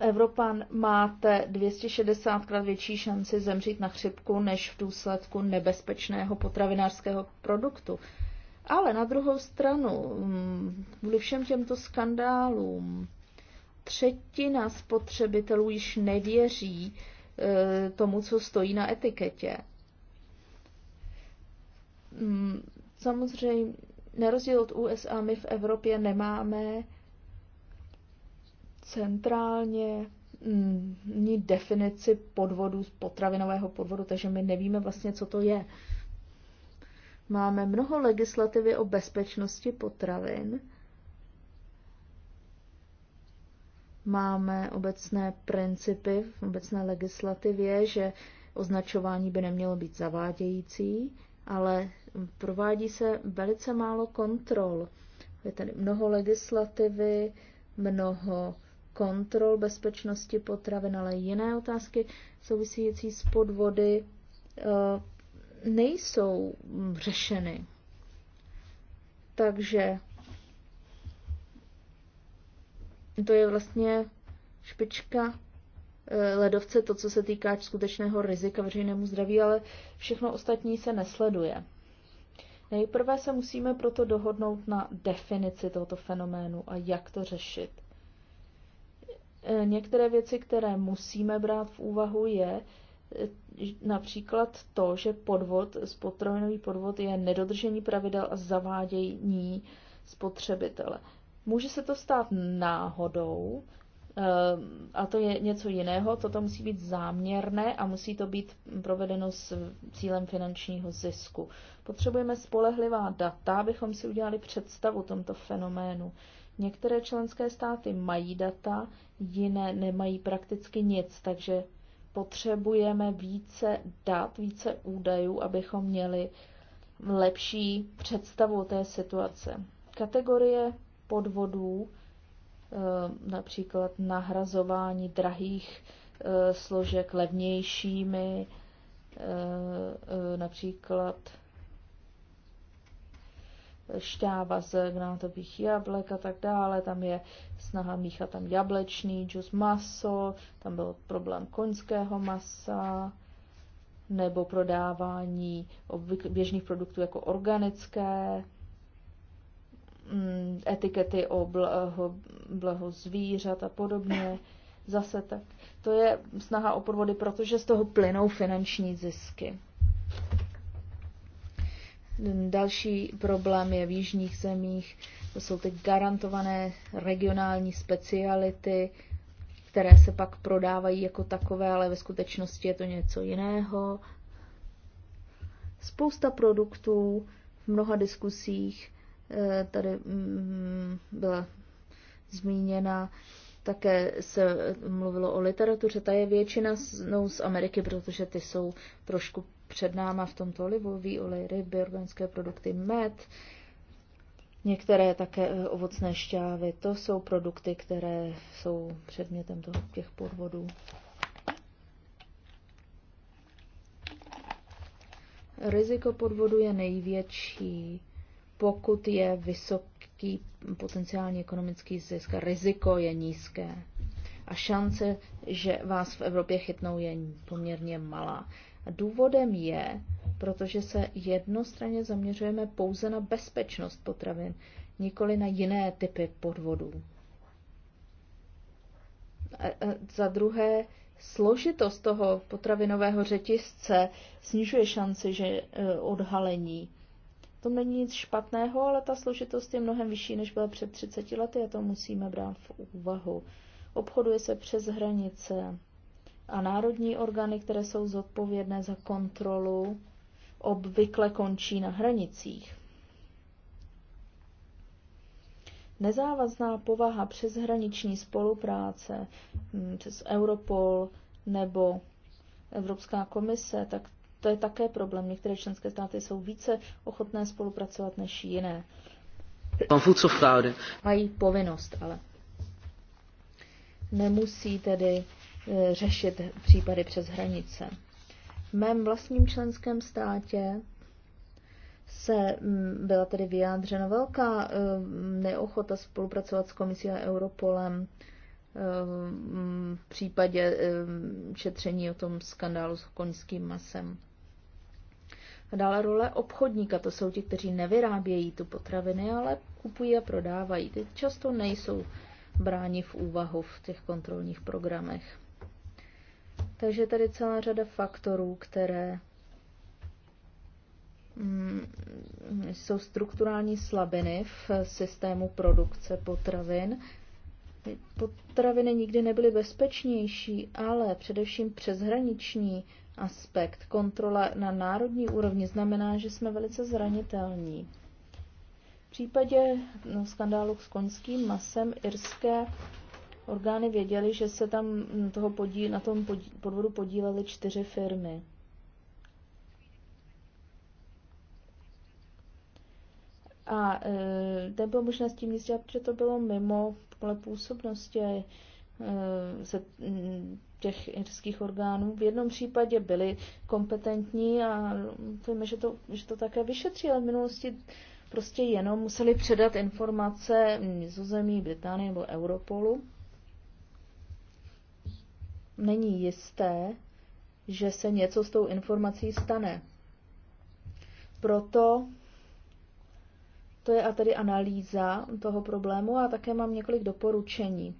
Evropan máte 260 krát větší šanci zemřít na chřipku než v důsledku nebezpečného potravinářského produktu. Ale na druhou stranu, mm, kvůli všem těmto skandálům, třetina spotřebitelů již nevěří Eh, tomu, co stojí na etiketě. Mm, samozřejmě, na rozdíl od USA, my v Evropě nemáme centrálně mm, ní definici podvodu, potravinového podvodu, takže my nevíme vlastně, co to je. Máme mnoho legislativy o bezpečnosti potravin, máme obecné principy v obecné legislativě, že označování by nemělo být zavádějící, ale provádí se velice málo kontrol. Je tady mnoho legislativy, mnoho kontrol bezpečnosti potravin, ale jiné otázky související s podvody eh, nejsou řešeny. Takže to je vlastně špička eh, ledovce, to, co se týká skutečného rizika veřejnému zdraví, ale všechno ostatní se nesleduje. Nejprve se musíme proto dohodnout na definici tohoto fenoménu a jak to řešit. Eh, některé věci, které musíme brát v úvahu, je eh, například to, že podvod, spotravinový podvod je nedodržení pravidel a zavádění spotřebitele. Může se to stát náhodou, ehm, a to je něco jiného, toto musí být záměrné a musí to být provedeno s cílem finančního zisku. Potřebujeme spolehlivá data, abychom si udělali představu tomto fenoménu. Některé členské státy mají data, jiné nemají prakticky nic, takže potřebujeme více dat, více údajů, abychom měli lepší představu té situace. Kategorie podvodů, eh, například nahrazování drahých eh, složek levnějšími, eh, například šťáva z granátových jablek a tak dále. Tam je snaha míchat tam jablečný džus, maso, tam byl problém koňského masa nebo prodávání běžných produktů jako organické Mm, etikety o blaho, blaho zvířat a podobně. Zase tak. To je snaha o podvody, protože z toho plynou finanční zisky. Další problém je v jižních zemích. To jsou ty garantované regionální speciality, které se pak prodávají jako takové, ale ve skutečnosti je to něco jiného. Spousta produktů v mnoha diskusích Eh, tady mm, byla zmíněna, také se mluvilo o literatuře, ta je většina no, z Ameriky, protože ty jsou trošku před náma v tomto olivový olej, ryby, organické produkty, med, některé také eh, ovocné šťávy. To jsou produkty, které jsou předmětem toho, těch podvodů. Riziko podvodu je největší pokud je vysoký potenciální ekonomický zisk riziko je nízké. A šance, že vás v Evropě chytnou, je poměrně malá. A důvodem je, protože se jednostranně zaměřujeme pouze na bezpečnost potravin, nikoli na jiné typy podvodů. A za druhé, složitost toho potravinového řetězce snižuje šanci že eh, odhalení tom není nic špatného, ale ta složitost je mnohem vyšší, než byla před 30 lety a to musíme brát v úvahu. Obchoduje se přes hranice a národní orgány, které jsou zodpovědné za kontrolu, obvykle končí na hranicích. Nezávazná povaha přeshraniční spolupráce hm, přes Europol nebo Evropská komise, tak to je také problém. Některé členské státy jsou více ochotné spolupracovat než jiné. Mají povinnost, ale nemusí tedy e, řešit případy přes hranice. V mém vlastním členském státě se byla tedy vyjádřena velká e, neochota spolupracovat s komisí a Europolem e, v případě šetření o tom skandálu s koňským masem. A dále role obchodníka, to jsou ti, kteří nevyrábějí tu potraviny, ale kupují a prodávají. Ty často nejsou bráni v úvahu v těch kontrolních programech. Takže tady celá řada faktorů, které mm, jsou strukturální slabiny v systému produkce potravin. Potraviny nikdy nebyly bezpečnější, ale především přeshraniční aspekt. Kontrola na národní úrovni znamená, že jsme velice zranitelní. V případě no, skandálu s koňským masem irské orgány věděly, že se tam toho podí, na tom podí, podvodu podílely čtyři firmy. A e, byl možná s tím nic dělat, protože to bylo mimo pole působnosti. Eh, ze mm, těch irských orgánů. V jednom případě byli kompetentní a víme, že to, že to také vyšetří, ale v minulosti prostě jenom museli předat informace Nizozemí, Británie nebo Europolu. Není jisté, že se něco s tou informací stane. Proto to je a tedy analýza toho problému a také mám několik doporučení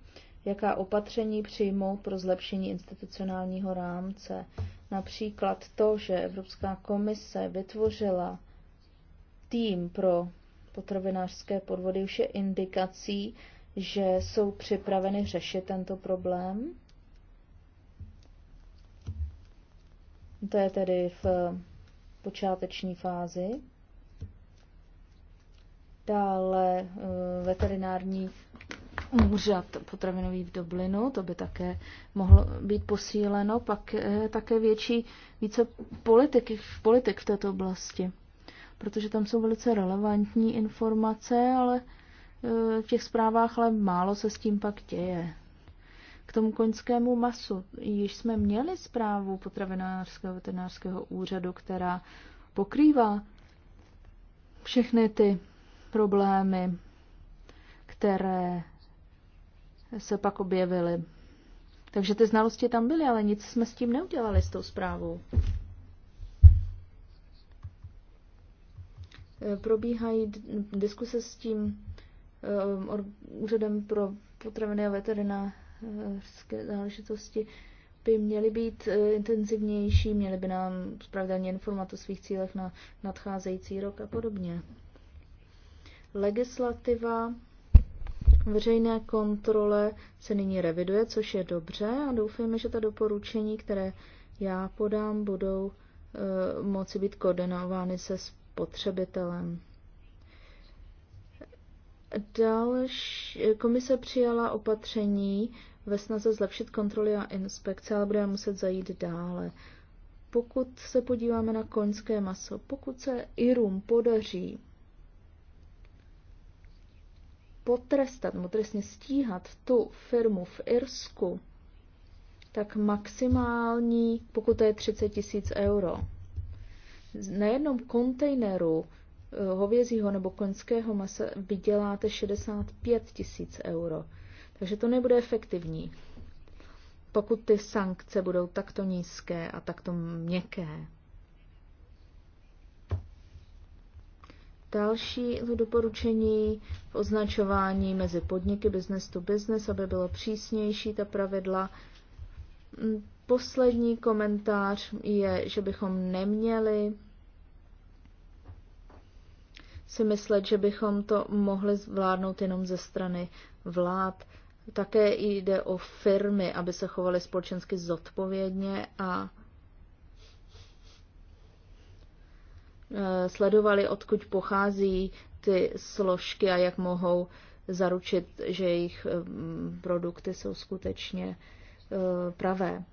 jaká opatření přijmout pro zlepšení institucionálního rámce. Například to, že Evropská komise vytvořila tým pro potravinářské podvody, už je indikací, že jsou připraveny řešit tento problém. To je tedy v počáteční fázi. Dále eh, veterinární úřad potravinový v Dublinu, to by také mohlo být posíleno, pak eh, také větší, více politiky, politik v této oblasti, protože tam jsou velice relevantní informace, ale eh, v těch zprávách ale málo se s tím pak děje. K tomu koňskému masu již jsme měli zprávu potravinářského veterinářského úřadu, která pokrývá všechny ty problémy, které se pak objevily. Takže ty znalosti tam byly, ale nic jsme s tím neudělali, s tou zprávou. Eh, probíhají diskuse s tím eh, úřadem pro potraviny a veterinářské záležitosti. By měly být eh, intenzivnější, měly by nám spravedlně informovat o svých cílech na nadcházející rok a podobně. Legislativa Veřejné kontrole se nyní reviduje, což je dobře a doufejme, že ta doporučení, které já podám, budou e, moci být koordinovány se spotřebitelem. Další komise přijala opatření ve snaze zlepšit kontroly a inspekce, ale budeme muset zajít dále. Pokud se podíváme na koňské maso, pokud se Irům podaří potrestat, nebo trestně stíhat tu firmu v Irsku, tak maximální, pokud to je 30 tisíc euro. Na jednom kontejneru eh, hovězího nebo koňského masa vyděláte 65 tisíc euro. Takže to nebude efektivní, pokud ty sankce budou takto nízké a takto měkké. Další doporučení v označování mezi podniky business to business, aby bylo přísnější ta pravidla. Mm, poslední komentář je, že bychom neměli si myslet, že bychom to mohli zvládnout jenom ze strany vlád. Také jde o firmy, aby se chovaly společensky zodpovědně a Eh, sledovali, odkud pochází ty složky a jak mohou zaručit, že jejich eh, produkty jsou skutečně eh, pravé.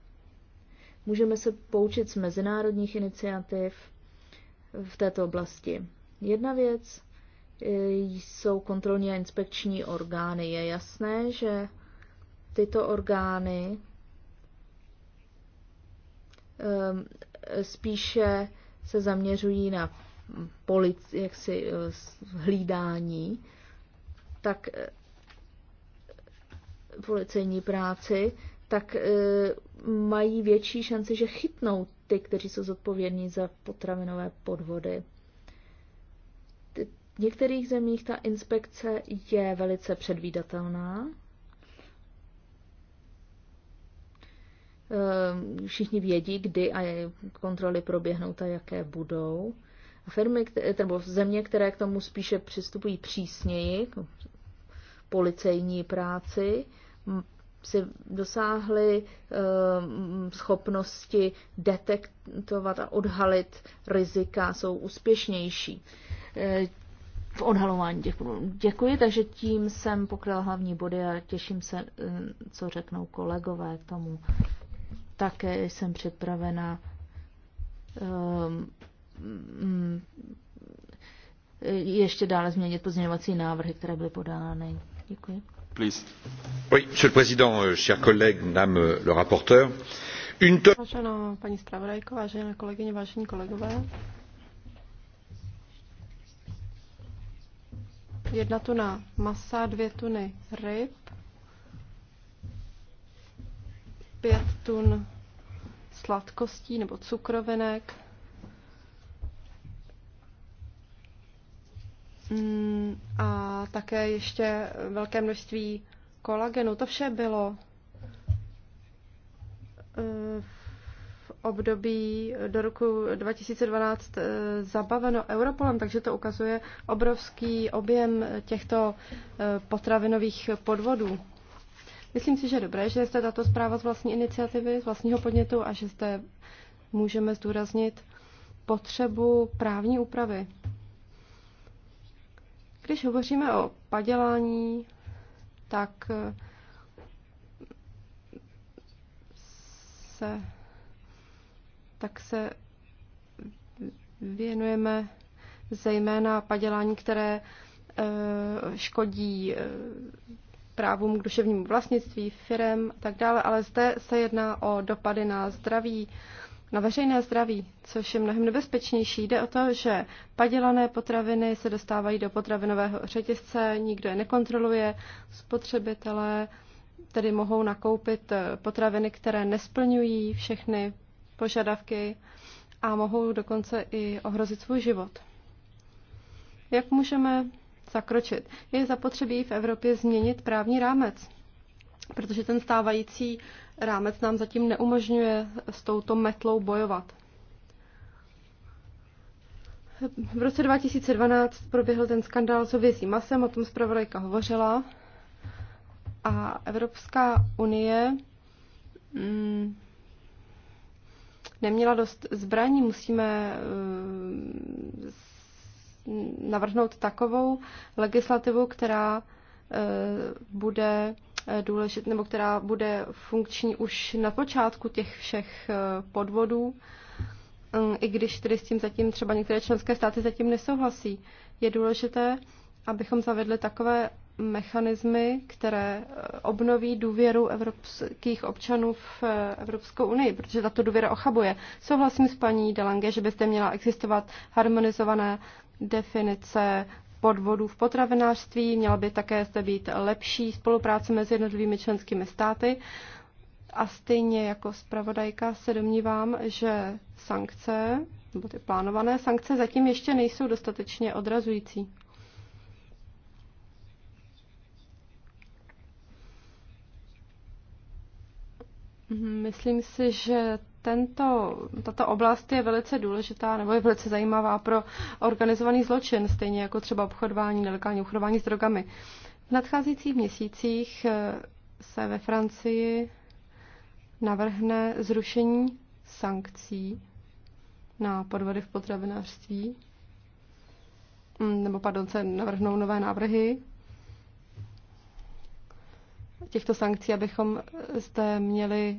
Můžeme se poučit z mezinárodních iniciativ v této oblasti. Jedna věc jsou kontrolní a inspekční orgány. Je jasné, že tyto orgány ehm, spíše se zaměřují na polic, jaksi eh, hlídání, tak eh, policejní práci, tak eh, mají větší šanci, že chytnou ty, kteří jsou zodpovědní za potravinové podvody. V některých zemích ta inspekce je velice předvídatelná, Eh, všichni vědí, kdy a kontroly proběhnou a jaké budou. A firmy, nebo země, které k tomu spíše přistupují přísněji, k jako policejní práci, si dosáhly eh, schopnosti detektovat a odhalit rizika, jsou úspěšnější eh, v odhalování těch problémů. Děkuji, takže tím jsem pokryla hlavní body a těším se, co řeknou kolegové k tomu. Také jsem připravena um, ještě dále změnit pozměňovací návrhy, které byly podány. Děkuji. Please. Oui, monsieur le Président, euh, chers collègues, Madame euh, le rapporteur. Une to... Vážená paní zpravodajko, vážené kolegyně, vážení kolegové. Jedna tuna masa, dvě tuny ryb, pět tun sladkostí nebo cukrovinek. Mm, a také ještě velké množství kolagenu. To vše bylo eh, v období do roku 2012 eh, zabaveno Europolem, takže to ukazuje obrovský objem těchto eh, potravinových podvodů. Myslím si, že je dobré, že jste tato zpráva z vlastní iniciativy, z vlastního podnětu a že jste můžeme zdůraznit potřebu právní úpravy. Když hovoříme o padělání, tak eh, se, tak se věnujeme zejména padělání, které eh, škodí eh, právům k duševnímu vlastnictví, firem a tak dále, ale zde se jedná o dopady na zdraví, na veřejné zdraví, což je mnohem nebezpečnější. Jde o to, že padělané potraviny se dostávají do potravinového řetězce, nikdo je nekontroluje, spotřebitelé tedy mohou nakoupit eh, potraviny, které nesplňují všechny požadavky a mohou dokonce i ohrozit svůj život. Jak můžeme zakročit. Je zapotřebí v Evropě změnit právní rámec, protože ten stávající rámec nám zatím neumožňuje s touto metlou bojovat. V roce 2012 proběhl ten skandál s ověsím masem, o tom zpravodajka hovořila. A Evropská unie mm, neměla dost zbraní. Musíme mm, navrhnout takovou legislativu, která eh, bude eh, důležit, nebo která bude funkční už na počátku těch všech eh, podvodů, i když tedy s tím zatím třeba některé členské státy zatím nesouhlasí. Je důležité, abychom zavedli takové mechanismy, které eh, obnoví důvěru evropských občanů v eh, Evropskou unii, protože tato důvěra ochabuje. Souhlasím s paní Delange, že byste měla existovat harmonizované definice podvodů v potravinářství, měla by také zde být lepší spolupráce mezi jednotlivými členskými státy. A stejně jako zpravodajka se domnívám, že sankce, nebo ty plánované sankce, zatím ještě nejsou dostatečně odrazující. Mhm, myslím si, že tento, tato oblast je velice důležitá nebo je velice zajímavá pro organizovaný zločin, stejně jako třeba obchodování, nelegální obchodování s drogami. V nadcházejících měsících eh, se ve Francii navrhne zrušení sankcí na podvody v potravinářství, mm, nebo pardon, se navrhnou nové návrhy těchto sankcí, abychom zde měli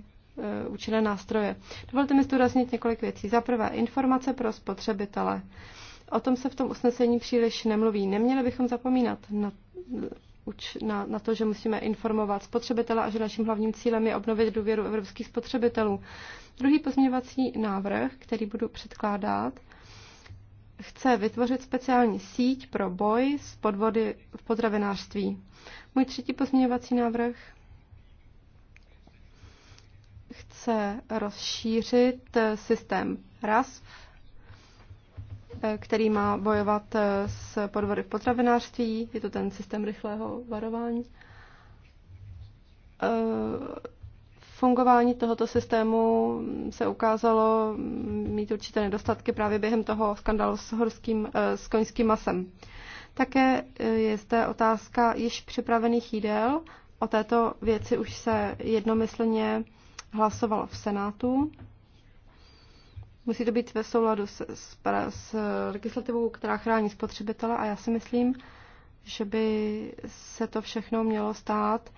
e, účinné nástroje. Dovolte mi zdůraznit několik věcí. Za prvé, informace pro spotřebitele. O tom se v tom usnesení příliš nemluví. Neměli bychom zapomínat na, na, na to, že musíme informovat spotřebitele a že naším hlavním cílem je obnovit důvěru evropských spotřebitelů. Druhý pozměňovací návrh, který budu předkládat, chce vytvořit speciální síť pro boj s podvody v potravinářství. Můj třetí pozměňovací návrh chce rozšířit systém RASF, který má bojovat s podvody v potravinářství. Je to ten systém rychlého varování fungování tohoto systému se ukázalo mít určité nedostatky právě během toho skandalu s, horským, eh, s koňským masem. Také eh, je zde otázka již připravených jídel. O této věci už se jednomyslně hlasovalo v Senátu. Musí to být ve souladu s, s, s legislativou, která chrání spotřebitele a já si myslím, že by se to všechno mělo stát uh,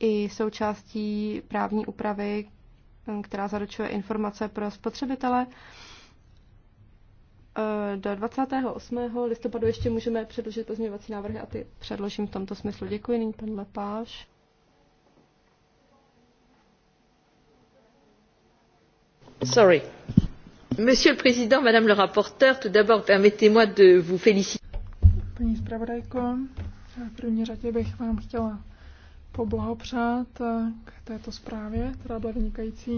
i součástí právní úpravy, eh, která zaručuje informace pro spotřebitele. Eh, do 28. listopadu ještě můžeme předložit pozměňovací návrhy a ty předložím v tomto smyslu. Děkuji, nyní pan Lepáš. Sorry. Monsieur le Président, Madame le rapporteur, tout d'abord permettez-moi de vous féliciter. Paní zpravodajko, v první řadě bych vám chtěla poblahopřát eh, k této zprávě, která byla vynikající.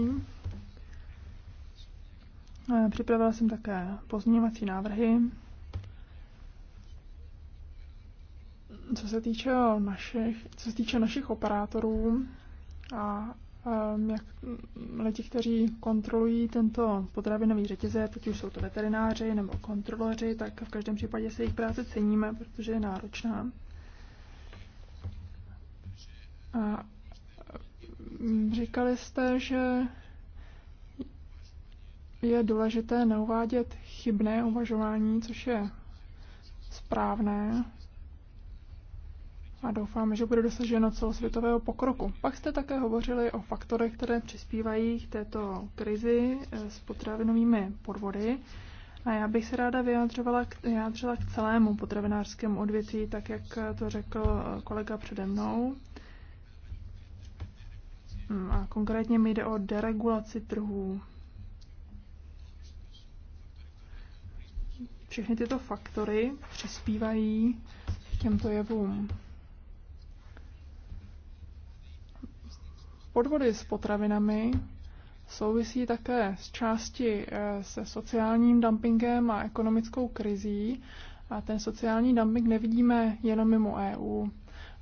Eh, připravila jsem také pozměňovací návrhy. Co se týče našich, co se týče našich operátorů a eh, jak lidi, kteří kontrolují tento potravinový řetězec, ať už jsou to veterináři nebo kontroloři, tak v každém případě se jejich práce ceníme, protože je náročná. A mm, říkali jste, že je důležité neuvádět chybné uvažování, což je správné. A doufám, že bude dosaženo celosvětového pokroku. Pak jste také hovořili o faktorech, které přispívají k této krizi eh, s potravinovými podvody. A já bych se ráda vyjádřila k, vyjádřila k celému potravinářskému odvětví, tak jak to řekl eh, kolega přede mnou. Hm, a konkrétně mi jde o deregulaci trhů. Všechny tyto faktory přispívají k těmto jevům. Podvody s potravinami souvisí také s části eh, se sociálním dumpingem a ekonomickou krizí. A ten sociální dumping nevidíme jenom mimo EU.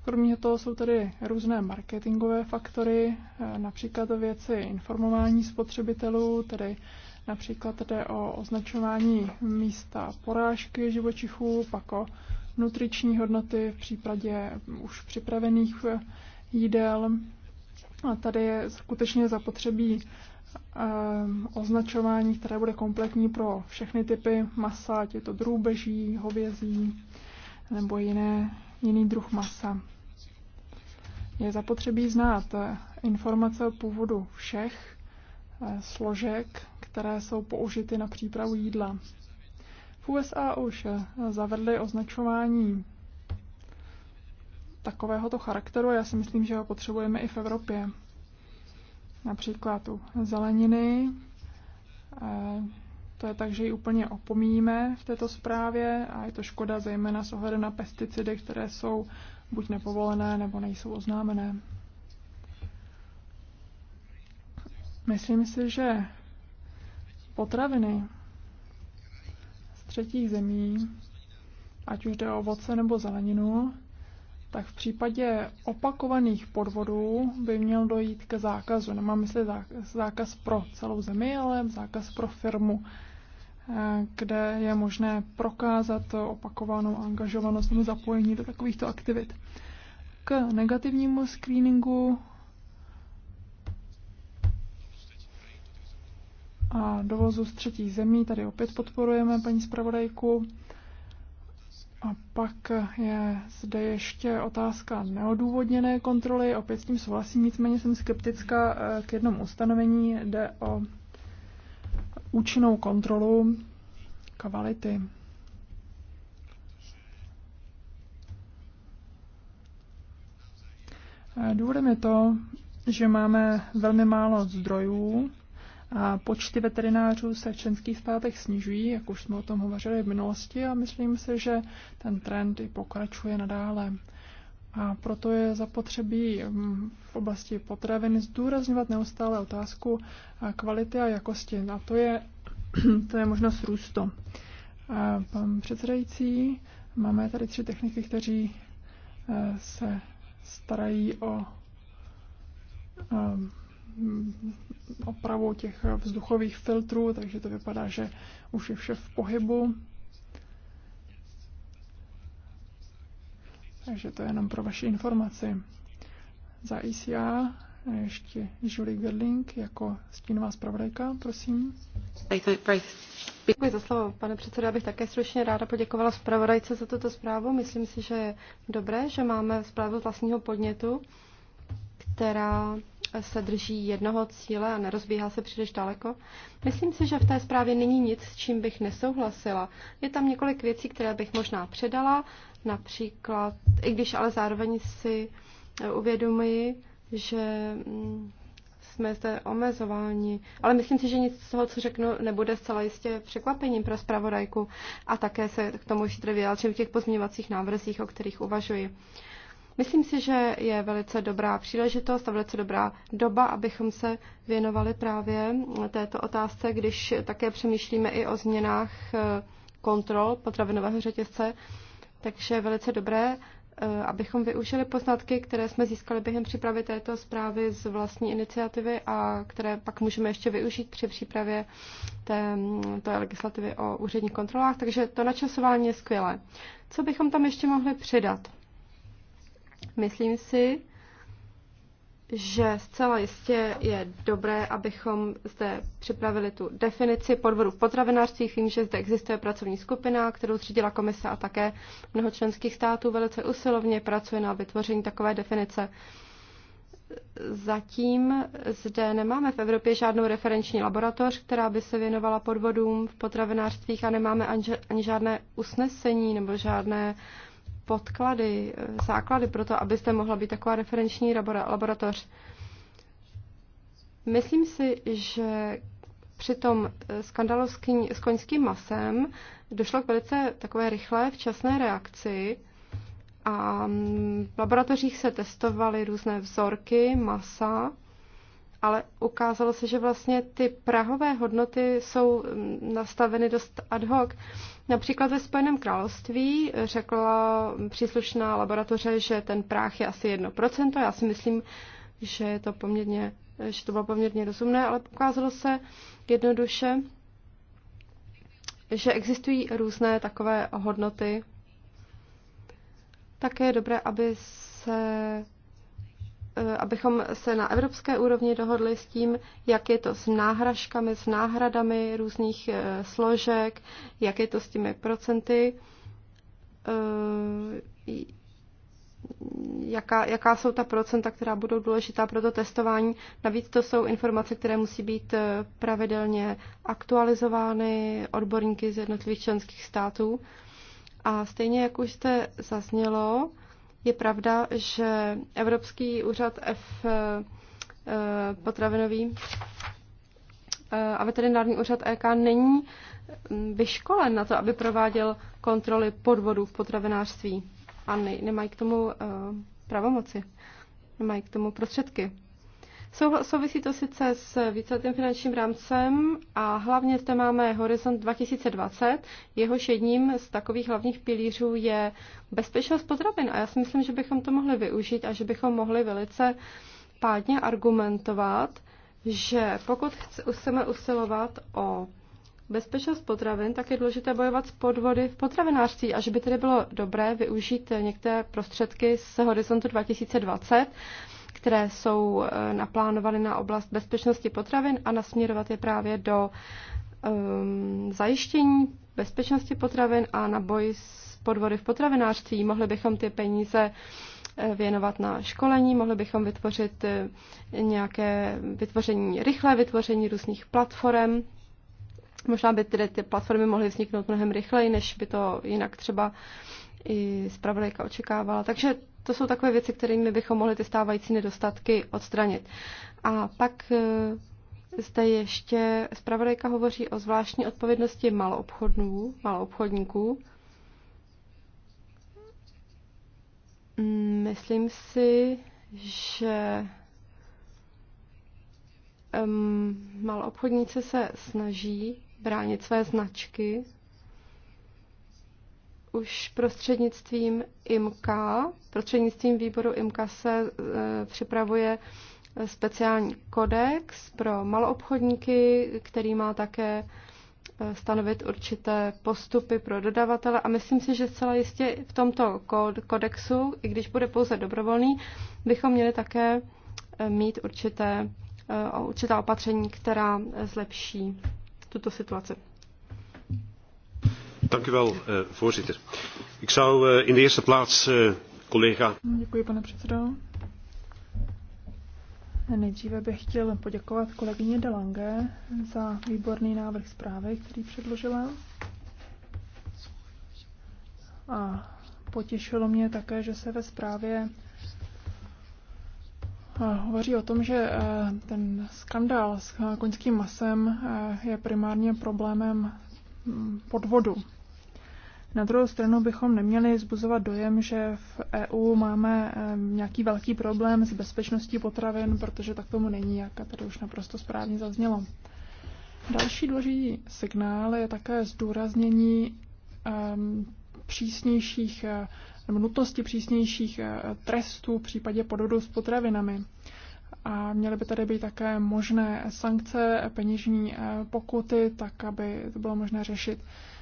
Kromě toho jsou tady různé marketingové faktory, eh, například věci informování spotřebitelů, tedy například jde o označování místa porážky živočichů, pak o nutriční hodnoty v případě mm, už připravených eh, jídel. A tady je skutečně zapotřebí eh, označování, které bude kompletní pro všechny typy masa, ať je to drůbeží, hovězí nebo jiné, jiný druh masa. Je zapotřebí znát eh, informace o původu všech eh, složek, které jsou použity na přípravu jídla. V USA už eh, zavedli označování takovéhoto charakteru a já si myslím, že ho potřebujeme i v Evropě. Například u zeleniny, to je tak, že ji úplně opomíjíme v této zprávě a je to škoda zejména s ohledem na pesticidy, které jsou buď nepovolené nebo nejsou oznámené. Myslím si, že potraviny z třetích zemí, ať už jde o ovoce nebo zeleninu, tak v případě opakovaných podvodů by měl dojít ke zákazu. Nemám myslet zákaz pro celou zemi, ale zákaz pro firmu kde je možné prokázat opakovanou angažovanost nebo zapojení do takovýchto aktivit. K negativnímu screeningu a dovozu z třetích zemí, tady opět podporujeme paní zpravodajku. A pak je zde ještě otázka neodůvodněné kontroly. Opět s tím souhlasím, nicméně jsem skeptická eh, k jednomu ustanovení. Jde o účinnou kontrolu kvality. Důvodem je to, že máme velmi málo zdrojů a počty veterinářů se v členských státech snižují, jak už jsme o tom hovořili v minulosti, a myslím si, že ten trend i pokračuje nadále. A proto je zapotřebí mm, v oblasti potravin zdůrazňovat neustále otázku kvality a jakosti. A to je, to je možnost růstu. A pan předsedající, máme tady tři techniky, kteří e, se starají o e, opravu těch vzduchových filtrů, takže to vypadá, že už je vše v pohybu. Takže to je jenom pro vaši informaci. Za ICA e ještě Julie Gerling jako stínová zpravodajka, prosím. Děkuji za slovo, pane předsedo. Já bych také slušně ráda poděkovala zpravodajce za tuto zprávu. Myslím si, že je dobré, že máme zprávu z vlastního podnětu, která se drží jednoho cíle a nerozbíhá se příliš daleko. Myslím si, že v té zprávě není nic, s čím bych nesouhlasila. Je tam několik věcí, které bych možná předala, například, i když ale zároveň si eh, uvědomuji, že mm, jsme zde omezováni. Ale myslím si, že nic z toho, co řeknu, nebude zcela jistě překvapením pro zpravodajku a také se k tomu ještě vyjádřím v těch pozměňovacích návrzích, o kterých uvažuji. Myslím si, že je velice dobrá příležitost a velice dobrá doba, abychom se věnovali právě této otázce, když také přemýšlíme i o změnách eh, kontrol potravinového řetězce, takže je velice dobré, eh, abychom využili poznatky, které jsme získali během přípravy této zprávy z vlastní iniciativy a které pak můžeme ještě využít při přípravě té, té legislativy o úředních kontrolách. Takže to načasování je skvělé. Co bychom tam ještě mohli přidat? Myslím si, že zcela jistě je dobré, abychom zde připravili tu definici podvodu v potravinářství. Vím, že zde existuje pracovní skupina, kterou zřídila komise a také mnoho členských států velice usilovně pracuje na vytvoření takové definice. Zatím zde nemáme v Evropě žádnou referenční laboratoř, která by se věnovala podvodům v potravinářstvích a nemáme ani žádné usnesení nebo žádné uh, podklady, eh, základy pro to, abyste mohla být taková referenční laboratoř. Myslím si, že při tom eh, skandalu s, s koňským masem došlo k velice takové rychlé včasné reakci a mm, v laboratořích se testovaly různé vzorky masa, ale ukázalo se, že vlastně ty prahové hodnoty jsou mm, nastaveny dost ad hoc. Například ve Spojeném království řekla příslušná laboratoře, že ten práh je asi 1%. Já si myslím, že, je to poměrně, že to bylo poměrně rozumné, ale ukázalo se jednoduše, že existují různé takové hodnoty. Také je dobré, aby se Eh, abychom se na evropské úrovni dohodli s tím, jak je to s náhražkami, s náhradami různých eh, složek, jak je to s těmi procenty, eh, jaká, jaká jsou ta procenta, která budou důležitá pro to testování. Navíc to jsou informace, které musí být pravidelně aktualizovány odborníky z jednotlivých členských států. A stejně, jak už jste zaznělo, je pravda, že Evropský úřad F eh, eh, potravinový eh, a veterinární úřad EK není mm, vyškolen na to, aby prováděl kontroly podvodů v potravinářství a nemají k tomu pravomoci, nemají k tomu prostředky. Souvisí to sice s víceletým finančním rámcem a hlavně zde máme Horizont 2020. Jehož jedním z takových hlavních pilířů je bezpečnost potravin. A já si myslím, že bychom to mohli využít a že bychom mohli velice pádně argumentovat, že pokud chceme usilovat o bezpečnost potravin, tak je důležité bojovat s podvody v potravinářství a že by tedy bylo dobré využít některé prostředky z horizontu 2020 které jsou eh, naplánovány na oblast bezpečnosti potravin a nasměrovat je právě do um, zajištění bezpečnosti potravin a na boj s podvody v potravinářství. Mohli bychom ty peníze eh, věnovat na školení, mohli bychom vytvořit eh, nějaké vytvoření, rychlé vytvoření různých platform. Možná by tedy ty platformy mohly vzniknout mnohem rychleji, než by to jinak třeba i zpravodajka očekávala. Takže to jsou takové věci, kterými bychom mohli ty stávající nedostatky odstranit. A pak e, zde ještě zpravodajka hovoří o zvláštní odpovědnosti maloobchodnů, maloobchodníků. Mm, myslím si, že um, maloobchodníci se snaží bránit své značky, už prostřednictvím IMKA, prostřednictvím výboru IMKA se e, připravuje e, speciální kodex pro maloobchodníky, který má také e, stanovit určité postupy pro dodavatele a myslím si, že zcela jistě v tomto kodexu, i když bude pouze dobrovolný, bychom měli také mít určité, určitá opatření, která zlepší tuto situaci. Eh, voorzitter. Ik zou eh, in de eerste plaats eh, collega... Děkuji, pane předsedo. Nejdříve bych chtěl poděkovat kolegyně Delange za výborný návrh zprávy, který předložila. A potěšilo mě také, že se ve zprávě hovoří o tom, že ten skandál s koňským masem je primárně problémem mm, podvodu. Na druhou stranu bychom neměli zbuzovat dojem, že v EU máme nějaký velký problém s bezpečností potravin, protože tak tomu není, jak tady už naprosto správně zaznělo. Další důležitý signál je také zdůraznění um, přísnějších eh, nebo nutnosti přísnějších eh, trestů v případě podvodu s potravinami. A měly by tady být také možné sankce, peněžní eh, pokuty, tak aby to bylo možné řešit.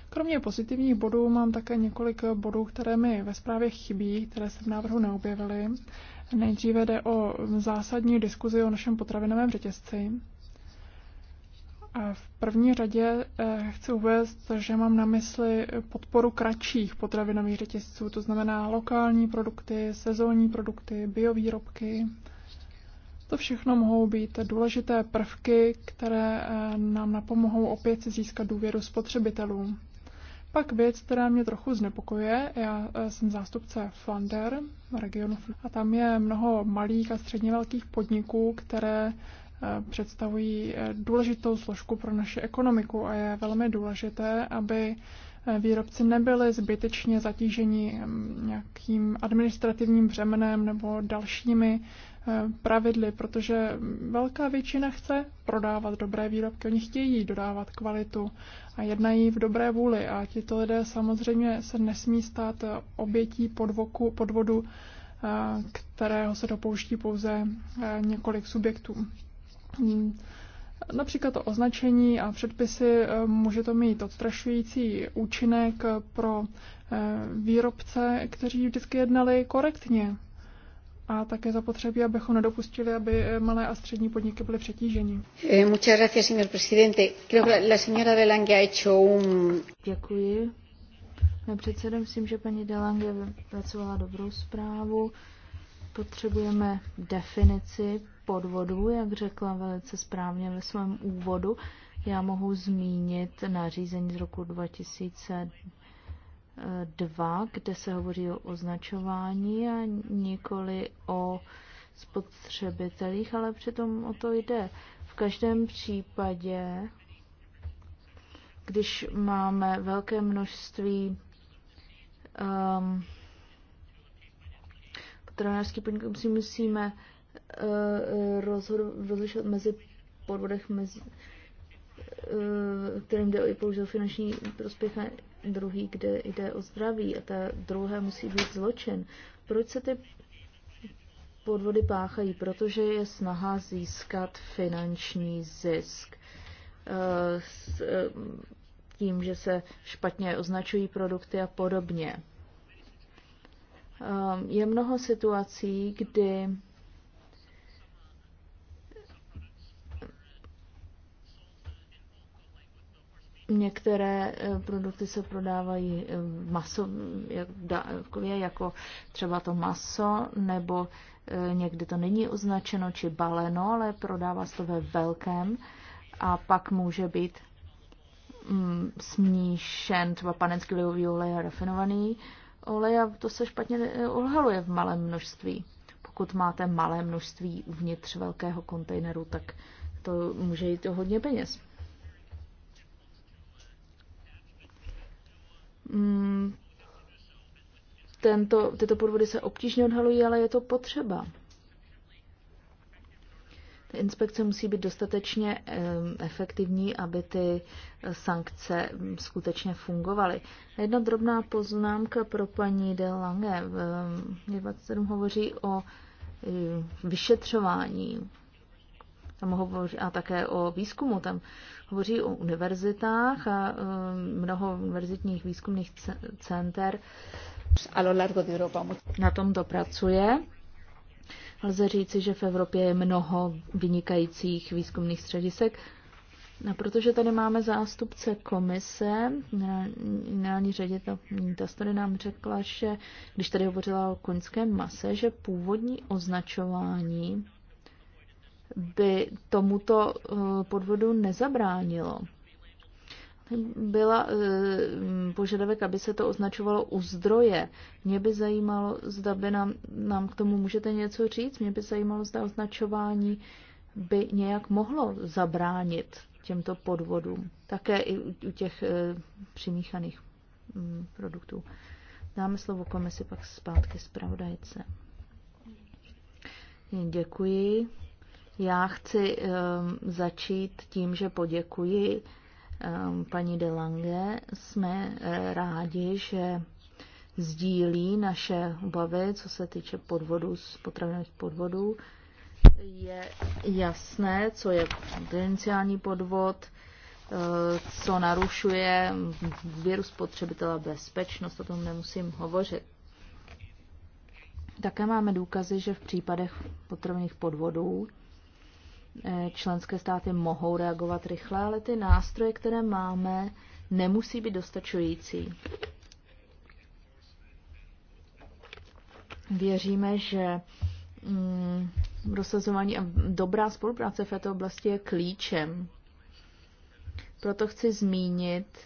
Kromě pozitivních bodů mám také několik bodů, které mi ve zprávě chybí, které se v návrhu neobjevily. Nejdříve jde o zásadní diskuzi o našem potravinovém řetězci. V první řadě eh, chci uvést, že mám na mysli podporu kratších potravinových řetězců, to znamená lokální produkty, sezónní produkty, biovýrobky. To všechno mohou být důležité prvky, které eh, nám napomohou opět získat důvěru spotřebitelů. Pak věc, která mě trochu znepokuje, já e, jsem zástupce Flander, regionu a tam je mnoho malých a středně velkých podniků, které e, představují e, důležitou složku pro naši ekonomiku a je velmi důležité, aby výrobci nebyli zbytečně zatíženi nějakým administrativním břemenem nebo dalšími Eh, pravidly, protože velká většina chce prodávat dobré výrobky, oni chtějí dodávat kvalitu a jednají v dobré vůli a tito lidé samozřejmě se nesmí stát obětí podvoku, podvodu, eh, kterého se dopouští pouze eh, několik subjektů. Hmm. Například to označení a předpisy může to mít odstrašující účinek pro výrobce, kteří vždycky jednali korektně a také zapotřebí, abychom nedopustili, aby eh, malé a střední podniky byly přetížení. Eh, Děkuji. Pane předsedo, myslím, že paní Delange vypracovala dobrou zprávu. Potřebujeme definici podvodu, jak řekla velice správně ve svém úvodu. Já mohu zmínit nařízení z roku 2000 2, kde se hovoří o označování a nikoli o spotřebitelích, ale přitom o to jde. V každém případě, když máme velké množství um, potravinářských podniků, si musíme uh, rozlišovat mezi podvodech, mezi, uh, kterým jde i pouze o finanční prospěch a druhý, kde jde o zdraví a ta druhá musí být zločin. Proč se ty podvody páchají? Protože je snaha získat finanční zisk. Eh, s eh, tím, že se špatně označují produkty a podobně. Eh, je mnoho situací, kdy Některé eh, produkty se prodávají eh, maso, jako třeba to maso, nebo eh, někdy to není označeno či baleno, ale prodává se to ve velkém a pak může být mm, smíšen třeba panenský olivový olej a rafinovaný olej a to se špatně odhaluje v malém množství. Pokud máte malé množství uvnitř velkého kontejneru, tak to může jít o hodně peněz. Mm, tento, tyto podvody se obtížně odhalují, ale je to potřeba. Ta inspekce musí být dostatečně efektivní, aby ty sankce mm, skutečně fungovaly. Jedna drobná poznámka pro paní De Lange. 27 hovoří o vyšetřování tam hovoří, a také o výzkumu, tam hovoří o univerzitách a um, mnoho univerzitních výzkumných center na tom dopracuje. Lze říci, že v Evropě je mnoho vynikajících výzkumných středisek, a protože tady máme zástupce komise, generální ředitel Tastory nám řekla, že když tady hovořila o koňském mase, že původní označování by tomuto eh, podvodu nezabránilo. Byla eh, požadavek, aby se to označovalo u zdroje. Mě by zajímalo, zda by nám, nám k tomu můžete něco říct. Mě by zajímalo, zda označování by nějak mohlo zabránit těmto podvodům. Také i u těch eh, přimíchaných mm, produktů. Dáme slovo komisi pak zpátky zpravodajce. Děkuji. Já chci um, začít tím, že poděkuji um, paní Delange. Jsme uh, rádi, že sdílí naše obavy, co se týče podvodů, potravinových podvodů. Je jasné, co je potenciální podvod, eh, co narušuje věru spotřebitela, bezpečnost, o tom nemusím hovořit. Také máme důkazy, že v případech potravinových podvodů Eh, členské státy mohou reagovat rychle, ale ty nástroje, které máme, nemusí být dostačující. Věříme, že mm, rozsazování a dobrá spolupráce v této oblasti je klíčem. Proto chci zmínit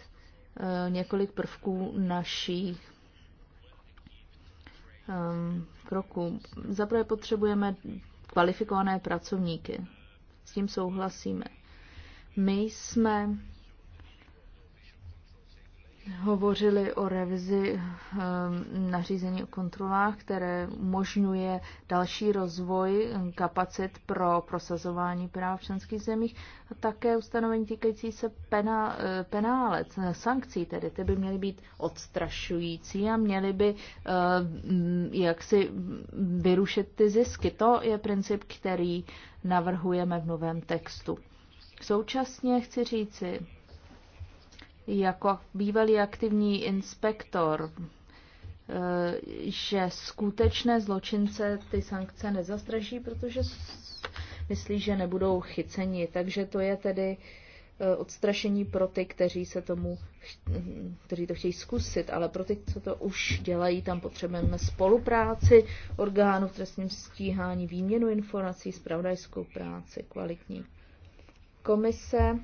e, několik prvků našich e, kroků. Zaprvé potřebujeme kvalifikované pracovníky. S tím souhlasíme. My jsme hovořili o revizi ehm, nařízení o kontrolách, které umožňuje další rozvoj kapacit pro prosazování práv v členských zemích a také ustanovení týkající se pená, eh, penále, sankcí, tedy ty by měly být odstrašující a měly by ehm, jaksi vyrušit ty zisky. To je princip, který navrhujeme v novém textu. Současně chci říci, jako bývalý aktivní inspektor, eh, že skutečné zločince ty sankce nezastraší, protože myslí, že nebudou chyceni. Takže to je tedy eh, odstrašení pro ty, kteří se tomu, kteří to chtějí zkusit, ale pro ty, co to už dělají, tam potřebujeme spolupráci orgánů v trestním stíhání, výměnu informací, spravodajskou práci, kvalitní komise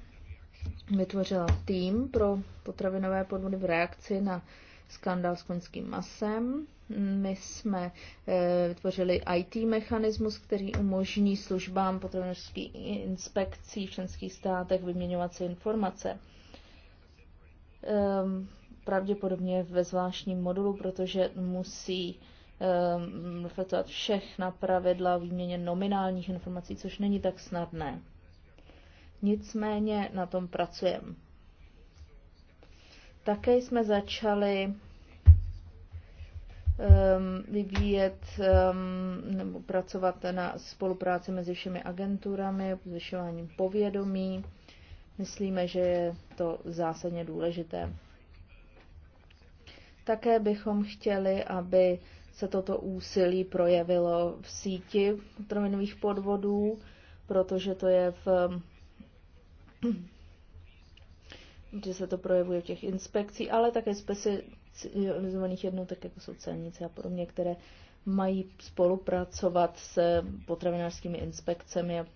vytvořila tým pro potravinové podvody v reakci na skandál s koňským masem. My jsme eh, vytvořili IT mechanismus, který umožní službám potravinářských inspekcí v členských státech vyměňovat si informace. Ehm, pravděpodobně ve zvláštním modulu, protože musí ehm, reflektovat všechna pravidla výměně nominálních informací, což není tak snadné. Nicméně na tom pracujeme. Také jsme začali um, vyvíjet um, nebo pracovat na spolupráci mezi všemi agenturami, zvyšováním povědomí. Myslíme, že je to zásadně důležité. Také bychom chtěli, aby se toto úsilí projevilo v síti potravinových podvodů, protože to je v že se to projevuje v těch inspekcí, ale také specializovaných jednotek, jako jsou celnice a podobně, které mají spolupracovat s potravinářskými inspekcemi a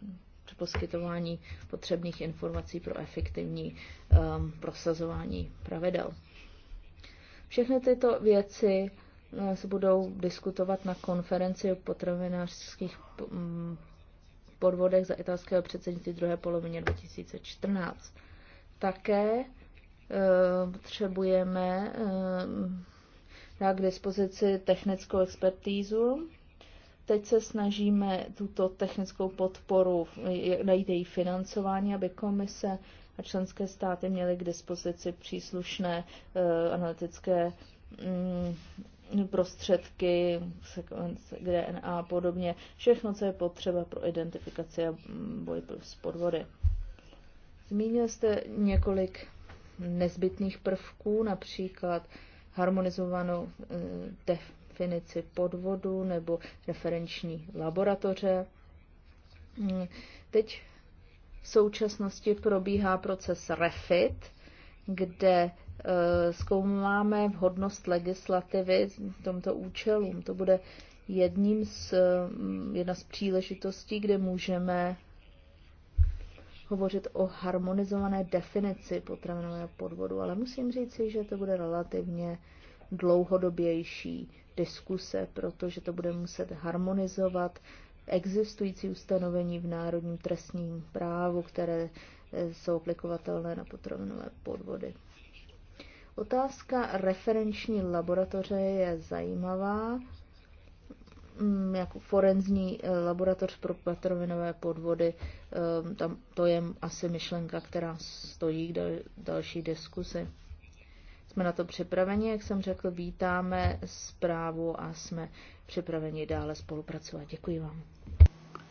při poskytování potřebných informací pro efektivní um, prosazování pravidel. Všechny tyto věci eh, se budou diskutovat na konferenci o potravinářských mm, podvodech za italského předsednictví druhé polovině 2014. Také eh, potřebujeme eh, dát k dispozici technickou expertízu. Teď se snažíme tuto technickou podporu, eh, najít její financování, aby komise a členské státy měly k dispozici příslušné analytické mm, prostředky, sekvence DNA a podobně. Všechno, co je potřeba pro identifikaci a boj s podvody. Zmínil jste několik nezbytných prvků, například harmonizovanou eh, definici podvodu nebo referenční laboratoře. Hmm, teď v současnosti probíhá proces REFIT, kde Eh, zkoumáme vhodnost legislativy tomto účelu. To bude jedním z, mm, jedna z příležitostí, kde můžeme hovořit o harmonizované definici potravinového podvodu, ale musím říci, že to bude relativně dlouhodobější diskuse, protože to bude muset harmonizovat existující ustanovení v národním trestním právu, které eh, jsou aplikovatelné na potravinové podvody. Otázka referenční laboratoře je zajímavá, mm, jako forenzní eh, laboratoř pro patrovinové podvody. Eh, tam to je asi myšlenka, která stojí k další diskusi. Jsme na to připraveni, jak jsem řekl, vítáme zprávu a jsme připraveni dále spolupracovat. Děkuji vám.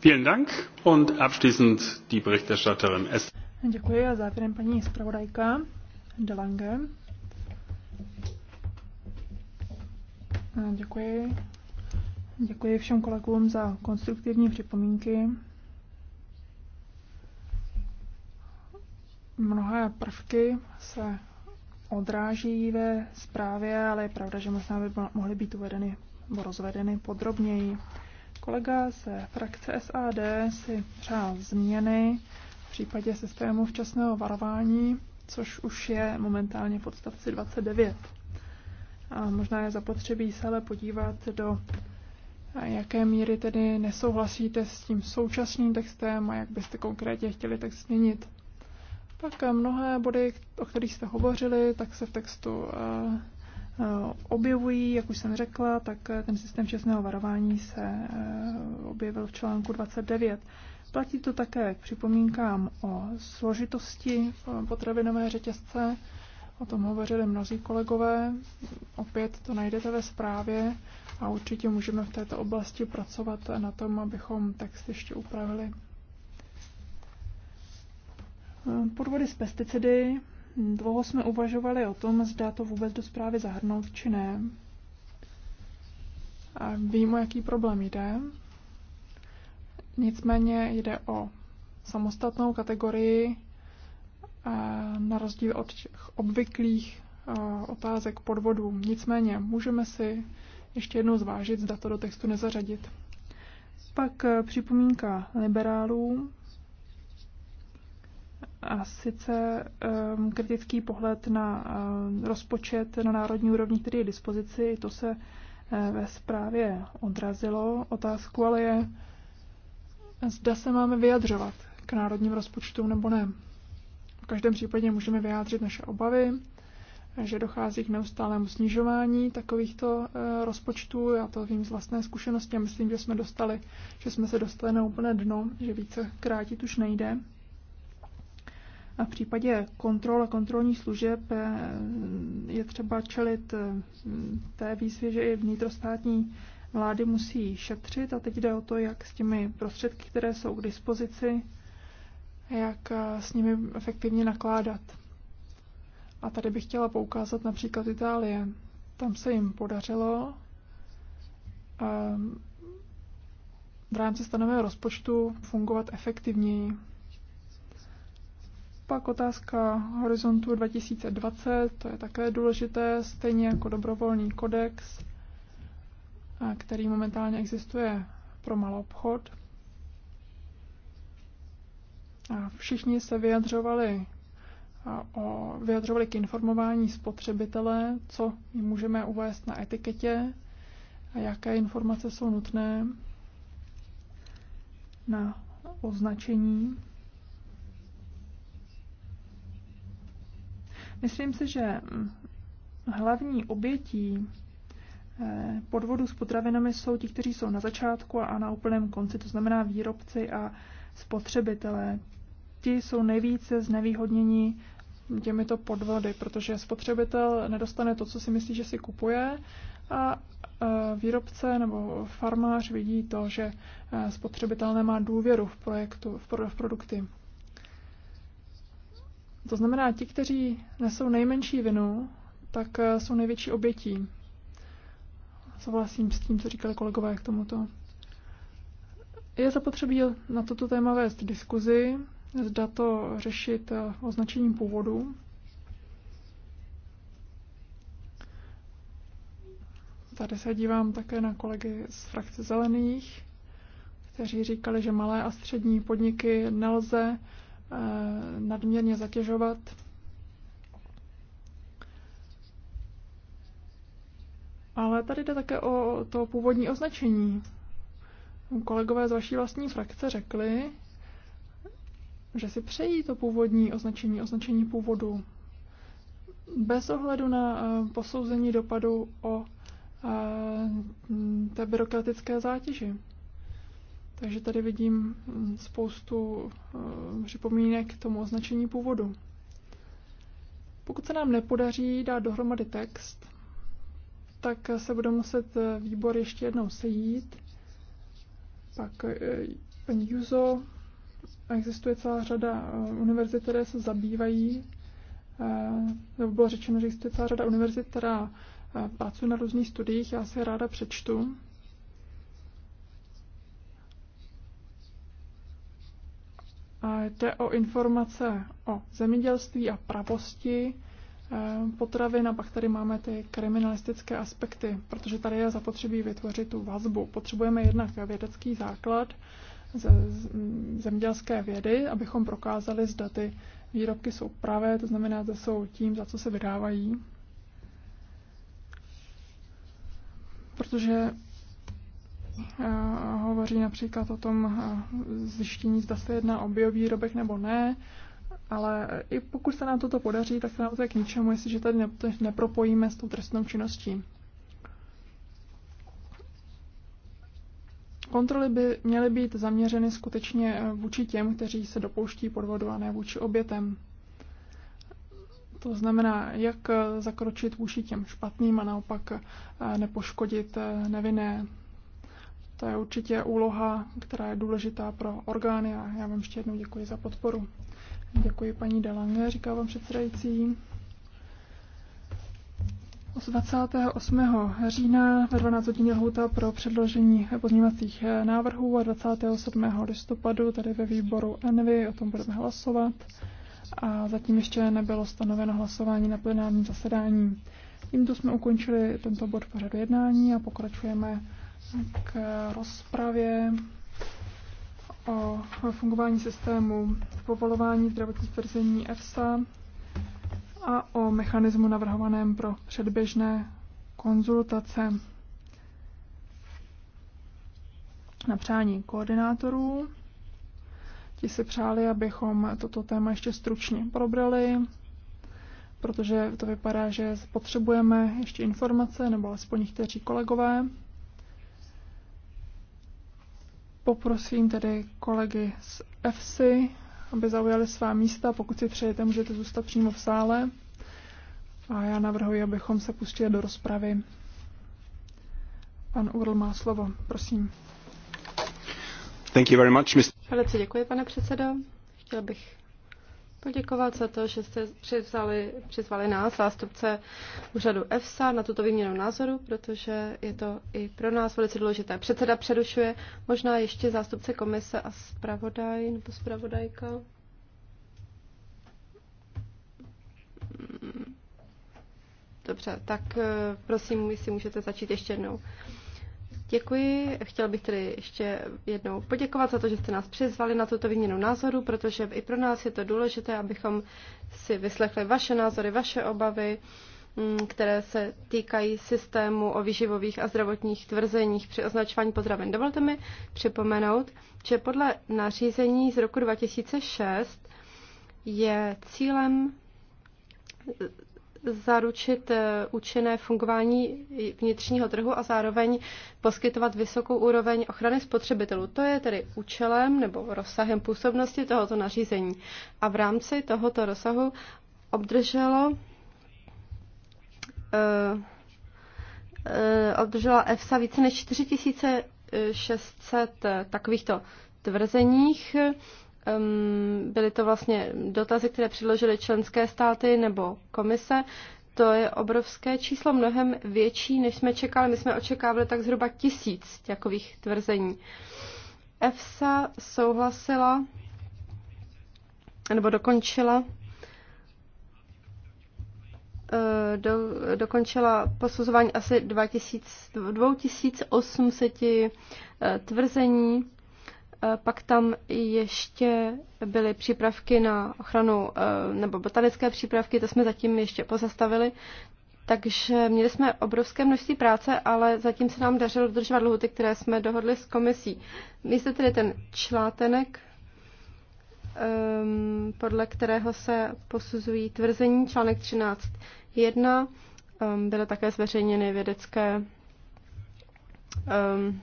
Vielen Dank und abschließend die Berichterstatterin S. Děkuji a závěrem paní zpravodajka Delange. Eh, děkuji. Děkuji všem kolegům za konstruktivní připomínky. Mnohé prvky se odráží ve zprávě, ale je pravda, že možná by mohly být uvedeny nebo rozvedeny podrobněji. Kolega ze frakce SAD si přál změny v případě systému včasného varování, což už je momentálně v podstavci 29. A možná je zapotřebí se ale podívat do jaké míry tedy nesouhlasíte s tím současným textem a jak byste konkrétně chtěli text změnit. Pak eh, mnohé body, o kterých jste hovořili, tak se v textu eh, eh, objevují, jak už jsem řekla, tak ten systém čestného varování se objevil v článku 29. Platí to také k připomínkám o složitosti potravinové řetězce, O tom hovořili mnozí kolegové. Opět to najdete ve zprávě a určitě můžeme v této oblasti pracovat na tom, abychom text ještě upravili. Podvody s pesticidy. Dlouho jsme uvažovali o tom, zda to vůbec do zprávy zahrnout či ne. A vím, o jaký problém jde. Nicméně jde o samostatnou kategorii Eh, na rozdíl od těch obvyklých eh, otázek podvodů. Nicméně můžeme si ještě jednou zvážit, zda to do textu nezařadit. Pak eh, připomínka liberálů a sice um, kritický pohled na um, rozpočet na národní úrovni, který je dispozici, to se uh, ve zprávě odrazilo. Otázku ale je, zda se máme vyjadřovat k národním rozpočtům nebo ne každém případě můžeme vyjádřit naše obavy, že dochází k neustálému snižování takovýchto eh, rozpočtů. Já to vím z vlastné zkušenosti a myslím, že jsme dostali, že jsme se dostali na úplné dno, že více krátit už nejde. A v případě kontrol a kontrolní služeb eh, je třeba čelit eh, té výzvě, že i vnitrostátní vlády musí šetřit a teď jde o to, jak s těmi prostředky, které jsou k dispozici, jak eh, s nimi efektivně nakládat. A tady bych chtěla poukázat například Itálie. Tam se jim podařilo ehm, v rámci stanového rozpočtu fungovat efektivněji. Pak otázka horizontu 2020, to je také důležité, stejně jako dobrovolný kodex, eh, který momentálně existuje pro malou obchod. Všichni se vyjadřovali, o, vyjadřovali k informování spotřebitele, co jim můžeme uvést na etiketě, a jaké informace jsou nutné na označení. Myslím si, že hlavní obětí eh, podvodu s potravinami jsou ti, kteří jsou na začátku a na úplném konci, to znamená výrobci a spotřebitelé. Ti jsou nejvíce znevýhodnění těmito podvody, protože spotřebitel nedostane to, co si myslí, že si kupuje a e, výrobce nebo farmář vidí to, že e, spotřebitel nemá důvěru v, projektu, v produkty. To znamená, ti, kteří nesou nejmenší vinu, tak e, jsou největší obětí. Souhlasím s tím, co říkali kolegové k tomuto. Je zapotřebí na toto téma vést diskuzi, zda to řešit eh, označením původu. Tady se dívám také na kolegy z frakce zelených, kteří říkali, že malé a střední podniky nelze eh, nadměrně zatěžovat. Ale tady jde také o to původní označení kolegové z vaší vlastní frakce řekli, že si přejí to původní označení, označení původu. Bez ohledu na eh, posouzení dopadu o eh, té byrokratické zátěži. Takže tady vidím hm, spoustu eh, připomínek k tomu označení původu. Pokud se nám nepodaří dát dohromady text, tak se bude muset výbor ještě jednou sejít pak eh, paní Juzo, existuje celá řada eh, univerzit, které se zabývají, eh, nebo bylo řečeno, že existuje celá řada univerzit, která pracuje na různých studiích, já si je ráda přečtu. A jde o informace o zemědělství a pravosti, Eh, potravin a pak tady máme ty kriminalistické aspekty, protože tady je zapotřebí vytvořit tu vazbu. Potřebujeme jednak vědecký základ ze zemědělské vědy, abychom prokázali, zda ty výrobky jsou pravé, to znamená, že jsou tím, za co se vydávají. Protože eh, hovoří například o tom eh, zjištění, zda se jedná o biovýrobek nebo ne, ale i pokud se nám toto podaří, tak se nám to je k ničemu, jestliže tady nepropojíme s tou trestnou činností. Kontroly by měly být zaměřeny skutečně eh, vůči těm, kteří se dopouští podvodu a ne vůči obětem. To znamená, jak eh, zakročit vůči těm špatným a naopak eh, nepoškodit nevinné. To je určitě úloha, která je důležitá pro orgány a já vám ještě jednou děkuji za podporu. Děkuji paní Dalange, říká vám předsedající. 28. října ve 12 hodin lhůta pro předložení pozměňovacích návrhů a 27. listopadu tady ve výboru ENVY o tom budeme hlasovat a zatím ještě nebylo stanoveno hlasování na plenárním zasedání. Tímto jsme ukončili tento bod pořadu jednání a pokračujeme k rozpravě o fungování systému povolování zdravotních tvrzení EFSA a o mechanismu navrhovaném pro předběžné konzultace na přání koordinátorů. Ti si přáli, abychom toto téma ještě stručně probrali, protože to vypadá, že potřebujeme ještě informace, nebo alespoň někteří kolegové. Poprosím tedy kolegy z EFSI, aby zaujali svá místa. Pokud si přejete, můžete zůstat přímo v sále. A já navrhuji, abychom se pustili do rozpravy. Pan Url má slovo, prosím. Thank you very much, Mr. Velice děkuji, pane předsedo. Chtěl bych poděkovat za to, že jste přizvali, přizvali nás, zástupce úřadu EFSA, na tuto výměnu názoru, protože je to i pro nás velice důležité. Předseda přerušuje možná ještě zástupce komise a zpravodaj nebo zpravodajka. Hmm. Dobře, tak eh, prosím, jestli můžete začít ještě jednou. Děkuji. Chtěl bych tedy ještě jednou poděkovat za to, že jste nás přizvali na tuto výměnu názoru, protože i pro nás je to důležité, abychom si vyslechli vaše názory, vaše obavy, mm, které se týkají systému o výživových a zdravotních tvrzeních při označování potravin. Dovolte mi připomenout, že podle nařízení z roku 2006 je cílem zaručit eh, účinné fungování vnitřního trhu a zároveň poskytovat vysokou úroveň ochrany spotřebitelů. To je tedy účelem nebo rozsahem působnosti tohoto nařízení. A v rámci tohoto rozsahu obdrželo eh, eh, obdržela EFSA více než 4600 takovýchto tvrzeních byly to vlastně dotazy, které přiložily členské státy nebo komise. To je obrovské číslo, mnohem větší, než jsme čekali. My jsme očekávali tak zhruba tisíc takových tvrzení. EFSA souhlasila nebo dokončila eh, do, dokončila posuzování asi 2800 eh, tvrzení pak tam ještě byly přípravky na ochranu, e, nebo botanické přípravky, to jsme zatím ještě pozastavili. Takže měli jsme obrovské množství práce, ale zatím se nám dařilo dodržovat lhuty, které jsme dohodli s komisí. jste tedy ten člátenek, ehm, podle kterého se posuzují tvrzení, článek 13.1, ehm, byly také zveřejněny vědecké ehm,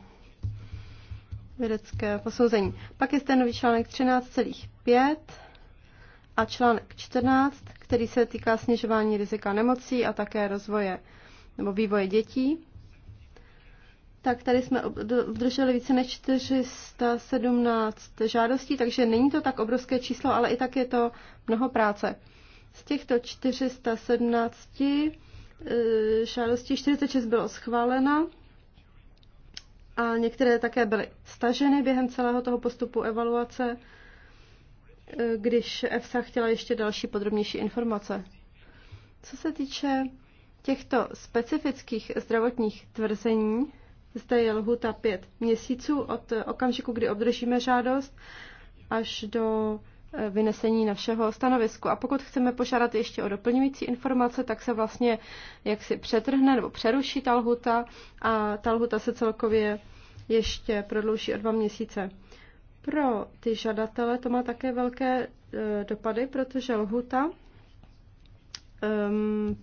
vědecké posouzení. Pak je zde nový článek 13,5 a článek 14, který se týká snižování rizika nemocí a také rozvoje nebo vývoje dětí. Tak tady jsme obdrželi více než 417 žádostí, takže není to tak obrovské číslo, ale i tak je to mnoho práce. Z těchto 417 eh, žádostí 46 bylo schválena a některé také byly staženy během celého toho postupu evaluace, e, když EFSA chtěla ještě další podrobnější informace. Co se týče těchto specifických zdravotních tvrzení, zde je lhuta pět měsíců od okamžiku, kdy obdržíme žádost, až do vynesení našeho stanovisku. A pokud chceme požádat ještě o doplňující informace, tak se vlastně jak si přetrhne nebo přeruší ta lhuta a ta lhuta se celkově ještě prodlouží o dva měsíce. Pro ty žadatele to má také velké e, dopady, protože lhuta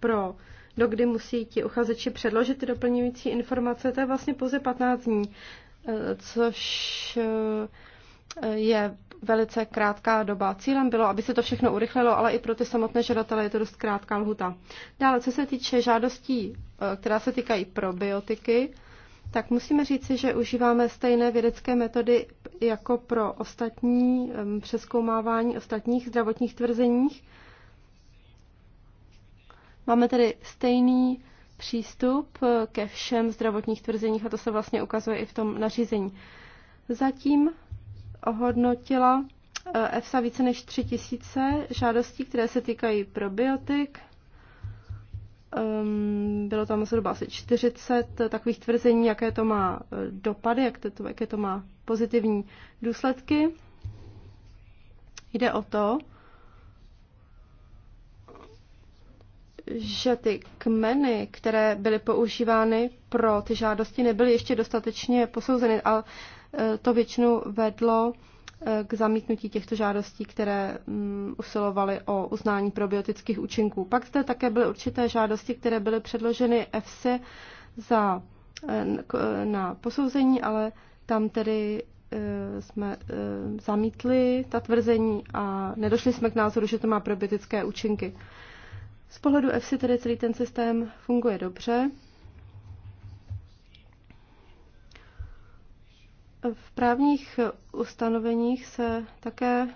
pro dokdy musí ti uchazeči předložit ty doplňující informace, to je vlastně pouze 15 dní, e, což e, je velice krátká doba. Cílem bylo, aby se to všechno urychlilo, ale i pro ty samotné žadatele je to dost krátká lhuta. Dále, co se týče žádostí, eh, která se týkají probiotiky, tak musíme říci, že užíváme stejné vědecké metody jako pro ostatní přeskoumávání ostatních zdravotních tvrzeních. Máme tedy stejný přístup eh, ke všem zdravotních tvrzeních a to se vlastně ukazuje i v tom nařízení. Zatím ohodnotila eh, EFSA více než 3000 žádostí, které se týkají probiotik. Ehm, bylo tam zhruba asi 40 takových tvrzení, jaké to má eh, dopady, jak to, jaké to má pozitivní důsledky. Jde o to, že ty kmeny, které byly používány pro ty žádosti, nebyly ještě dostatečně posouzeny. Ale to většinou vedlo eh, k zamítnutí těchto žádostí, které mm, usilovaly o uznání probiotických účinků. Pak zde také byly určité žádosti, které byly předloženy EFSI za, eh, eh, na posouzení, ale tam tedy jsme zamítli ta tvrzení a nedošli jsme k názoru, že to má probiotické účinky. Z pohledu EFSI tedy celý ten systém funguje dobře. V právních ustanoveních se také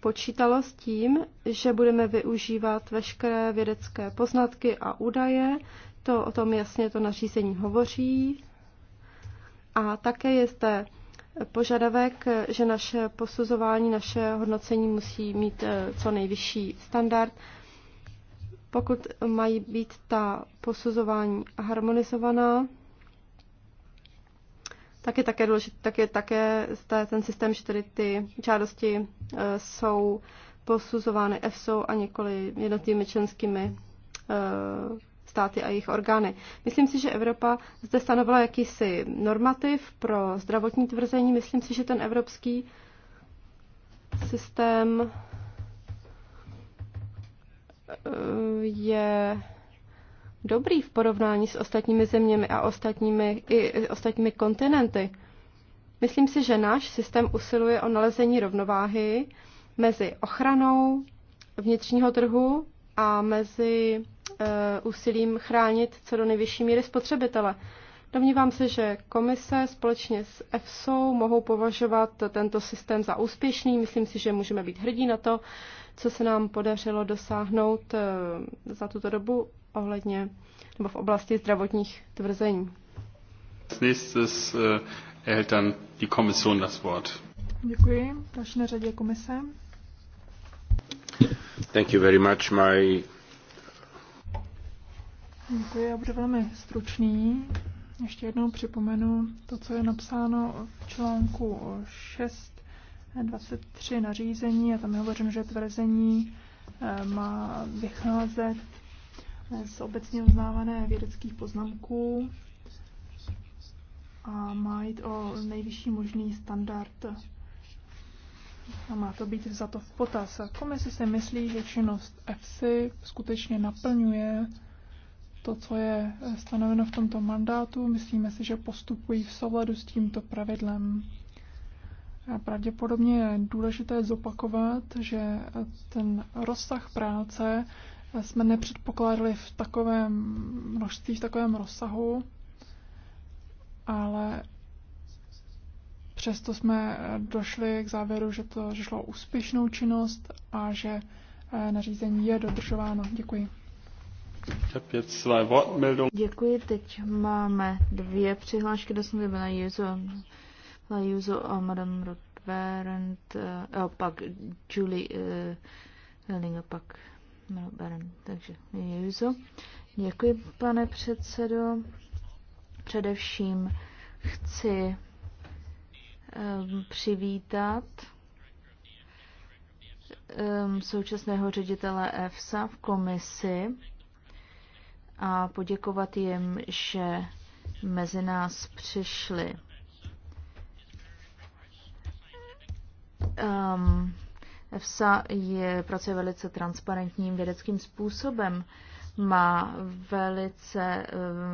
počítalo s tím, že budeme využívat veškeré vědecké poznatky a údaje. To o tom jasně to nařízení hovoří. A také je zde požadavek, že naše posuzování, naše hodnocení musí mít eh, co nejvyšší standard. Pokud mají být ta posuzování harmonizovaná, tak je také důležité, tak je také ten systém, že tedy ty žádosti e, jsou posuzovány EFSO a nikoli jednotlivými členskými e, státy a jejich orgány. Myslím si, že Evropa zde stanovila jakýsi normativ pro zdravotní tvrzení. Myslím si, že ten evropský systém e, je dobrý v porovnání s ostatními zeměmi a ostatními, i ostatními kontinenty. Myslím si, že náš systém usiluje o nalezení rovnováhy mezi ochranou vnitřního trhu a mezi e, úsilím chránit co do nejvyšší míry spotřebitele. Domnívám se, že komise společně s EFSO mohou považovat tento systém za úspěšný. Myslím si, že můžeme být hrdí na to, co se nám podařilo dosáhnout eh, za tuto dobu ohledně nebo v oblasti zdravotních tvrzení. nächstes äh, erhält dann die Kommission das Wort. Děkuji. Další na řadě komise. Thank you very much. My... Děkuji, já budu velmi stručný. Ještě jednou připomenu to, co je napsáno v článku 6.23 nařízení a tam je hovořeno, že tvrzení eh, má vycházet z obecně uznávané vědeckých poznámků a má jít o nejvyšší možný standard a má to být za to v potaz. Komise si myslí, že činnost EFSI skutečně naplňuje to, co je stanoveno v tomto mandátu. Myslíme si, že postupují v souladu s tímto pravidlem. A pravděpodobně je důležité zopakovat, že ten rozsah práce jsme nepředpokládali v takovém množství, v takovém rozsahu, ale přesto jsme došli k závěru, že to že šlo úspěšnou činnost a že eh, nařízení je dodržováno. Děkuji. Děkuji, teď máme dvě přihlášky do smlouvy na Juzo, na Juzo a Madame Rothberend, eh, a pak Julie eh, Elling a pak Melbourne. takže je Děkuji, pane předsedo. Především chci um, přivítat um, současného ředitele EFSA v komisi a poděkovat jim, že mezi nás přišli. Um, EFSA je, pracuje velice transparentním vědeckým způsobem, má velice eh,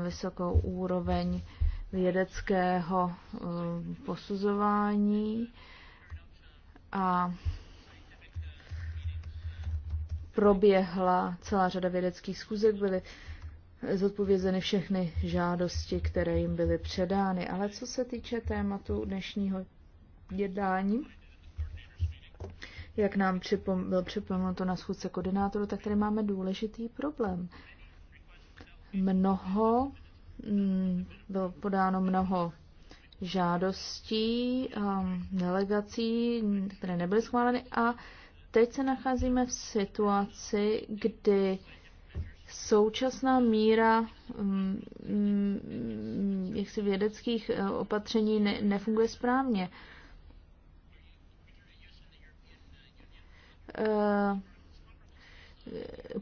vysokou úroveň vědeckého eh, posuzování a proběhla celá řada vědeckých schůzek, byly zodpovězeny všechny žádosti, které jim byly předány. Ale co se týče tématu dnešního jednání, jak nám připom- bylo připomenuto na schůdce koordinátoru, tak tady máme důležitý problém. Mnoho, mm, bylo podáno mnoho žádostí, um, delegací, které nebyly schváleny a teď se nacházíme v situaci, kdy současná míra jak um, mm, mm, jaksi vědeckých eh, opatření ne, nefunguje správně. Eh,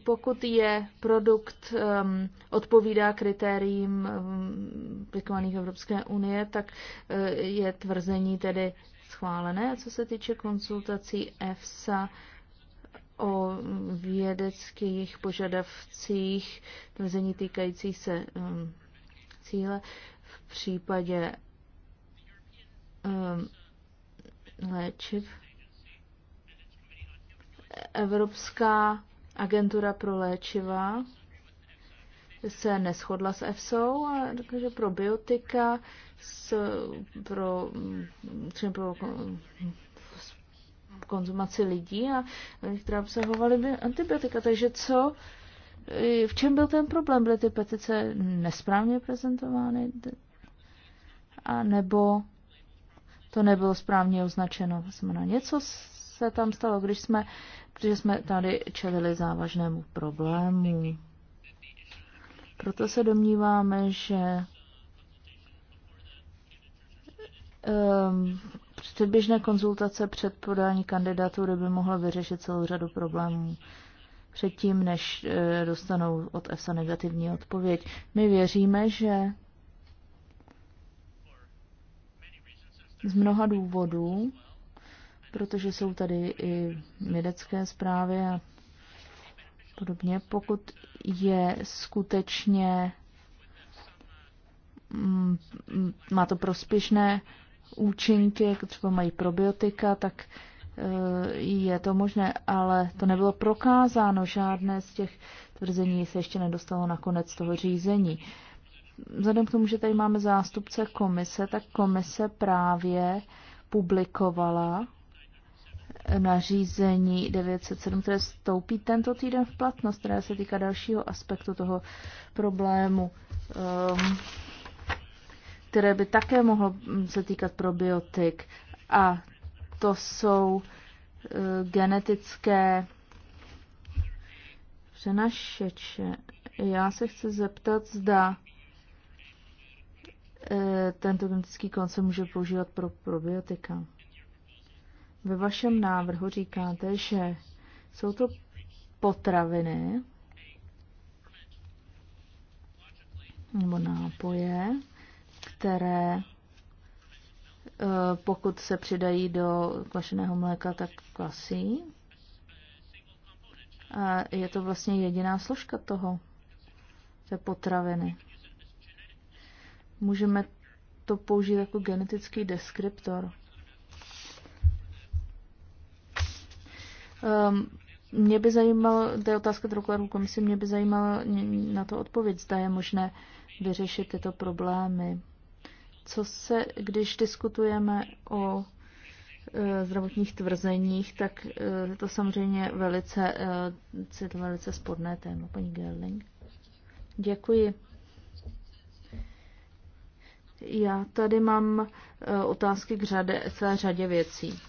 pokud je produkt um, odpovídá kritériím aplikovaných um, Evropské unie, tak uh, je tvrzení tedy schválené. A co se týče konzultací EFSA o vědeckých požadavcích, tvrzení týkající se um, cíle, v případě um, léčiv, Evropská agentura pro léčiva se neschodla s EFSOU, a takže pro biotika, s, pro, třeba pro konzumaci lidí a které obsahovaly antibiotika. Takže co, v čem byl ten problém? Byly ty petice nesprávně prezentovány? A nebo to nebylo správně označeno? Znamená, něco se tam stalo, když jsme protože jsme tady čelili závažnému problému. Proto se domníváme, že um, předběžné konzultace před podání kandidatury by mohla vyřešit celou řadu problémů předtím, než e, dostanou od ESA negativní odpověď. My věříme, že z mnoha důvodů, protože jsou tady i vědecké zprávy a podobně. Pokud je skutečně, mm, mm, má to prospěšné účinky, jako třeba mají probiotika, tak eh, je to možné, ale to nebylo prokázáno. Žádné z těch tvrzení se ještě nedostalo na konec toho řízení. Vzhledem k tomu, že tady máme zástupce komise, tak komise právě publikovala nařízení 907, které vstoupí tento týden v platnost, které se týká dalšího aspektu toho problému, ehm, které by také mohlo hm, se týkat probiotik. A to jsou eh, genetické přenašeče. Já se chci zeptat, zda eh, tento genetický konce může používat pro probiotika. Ve vašem návrhu říkáte, že jsou to potraviny nebo nápoje, které eh, pokud se přidají do kvašeného mléka, tak kvasí. A je to vlastně jediná složka toho, té potraviny. Můžeme to použít jako genetický deskriptor. Um, mě by zajímalo, to je otázka trochu komisi, mě by zajímalo, na to odpověď, zda je možné vyřešit tyto problémy. Co se, když diskutujeme o e, zdravotních tvrzeních, tak e, to samozřejmě velice, e, to velice sporné téma, paní Gerling. Děkuji. Já tady mám e, otázky k řadě, celé řadě věcí.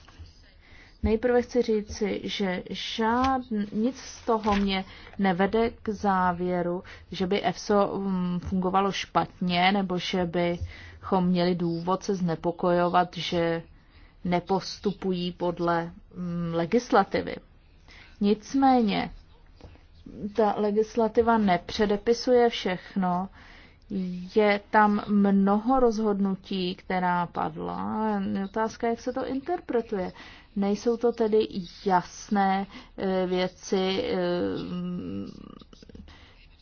Nejprve chci říci, že žádn, nic z toho mě nevede k závěru, že by EFSO mm, fungovalo špatně nebo že bychom měli důvod se znepokojovat, že nepostupují podle mm, legislativy. Nicméně ta legislativa nepředepisuje všechno, je tam mnoho rozhodnutí, která padla. Otázka, jak se to interpretuje. Nejsou to tedy jasné eh, věci, eh,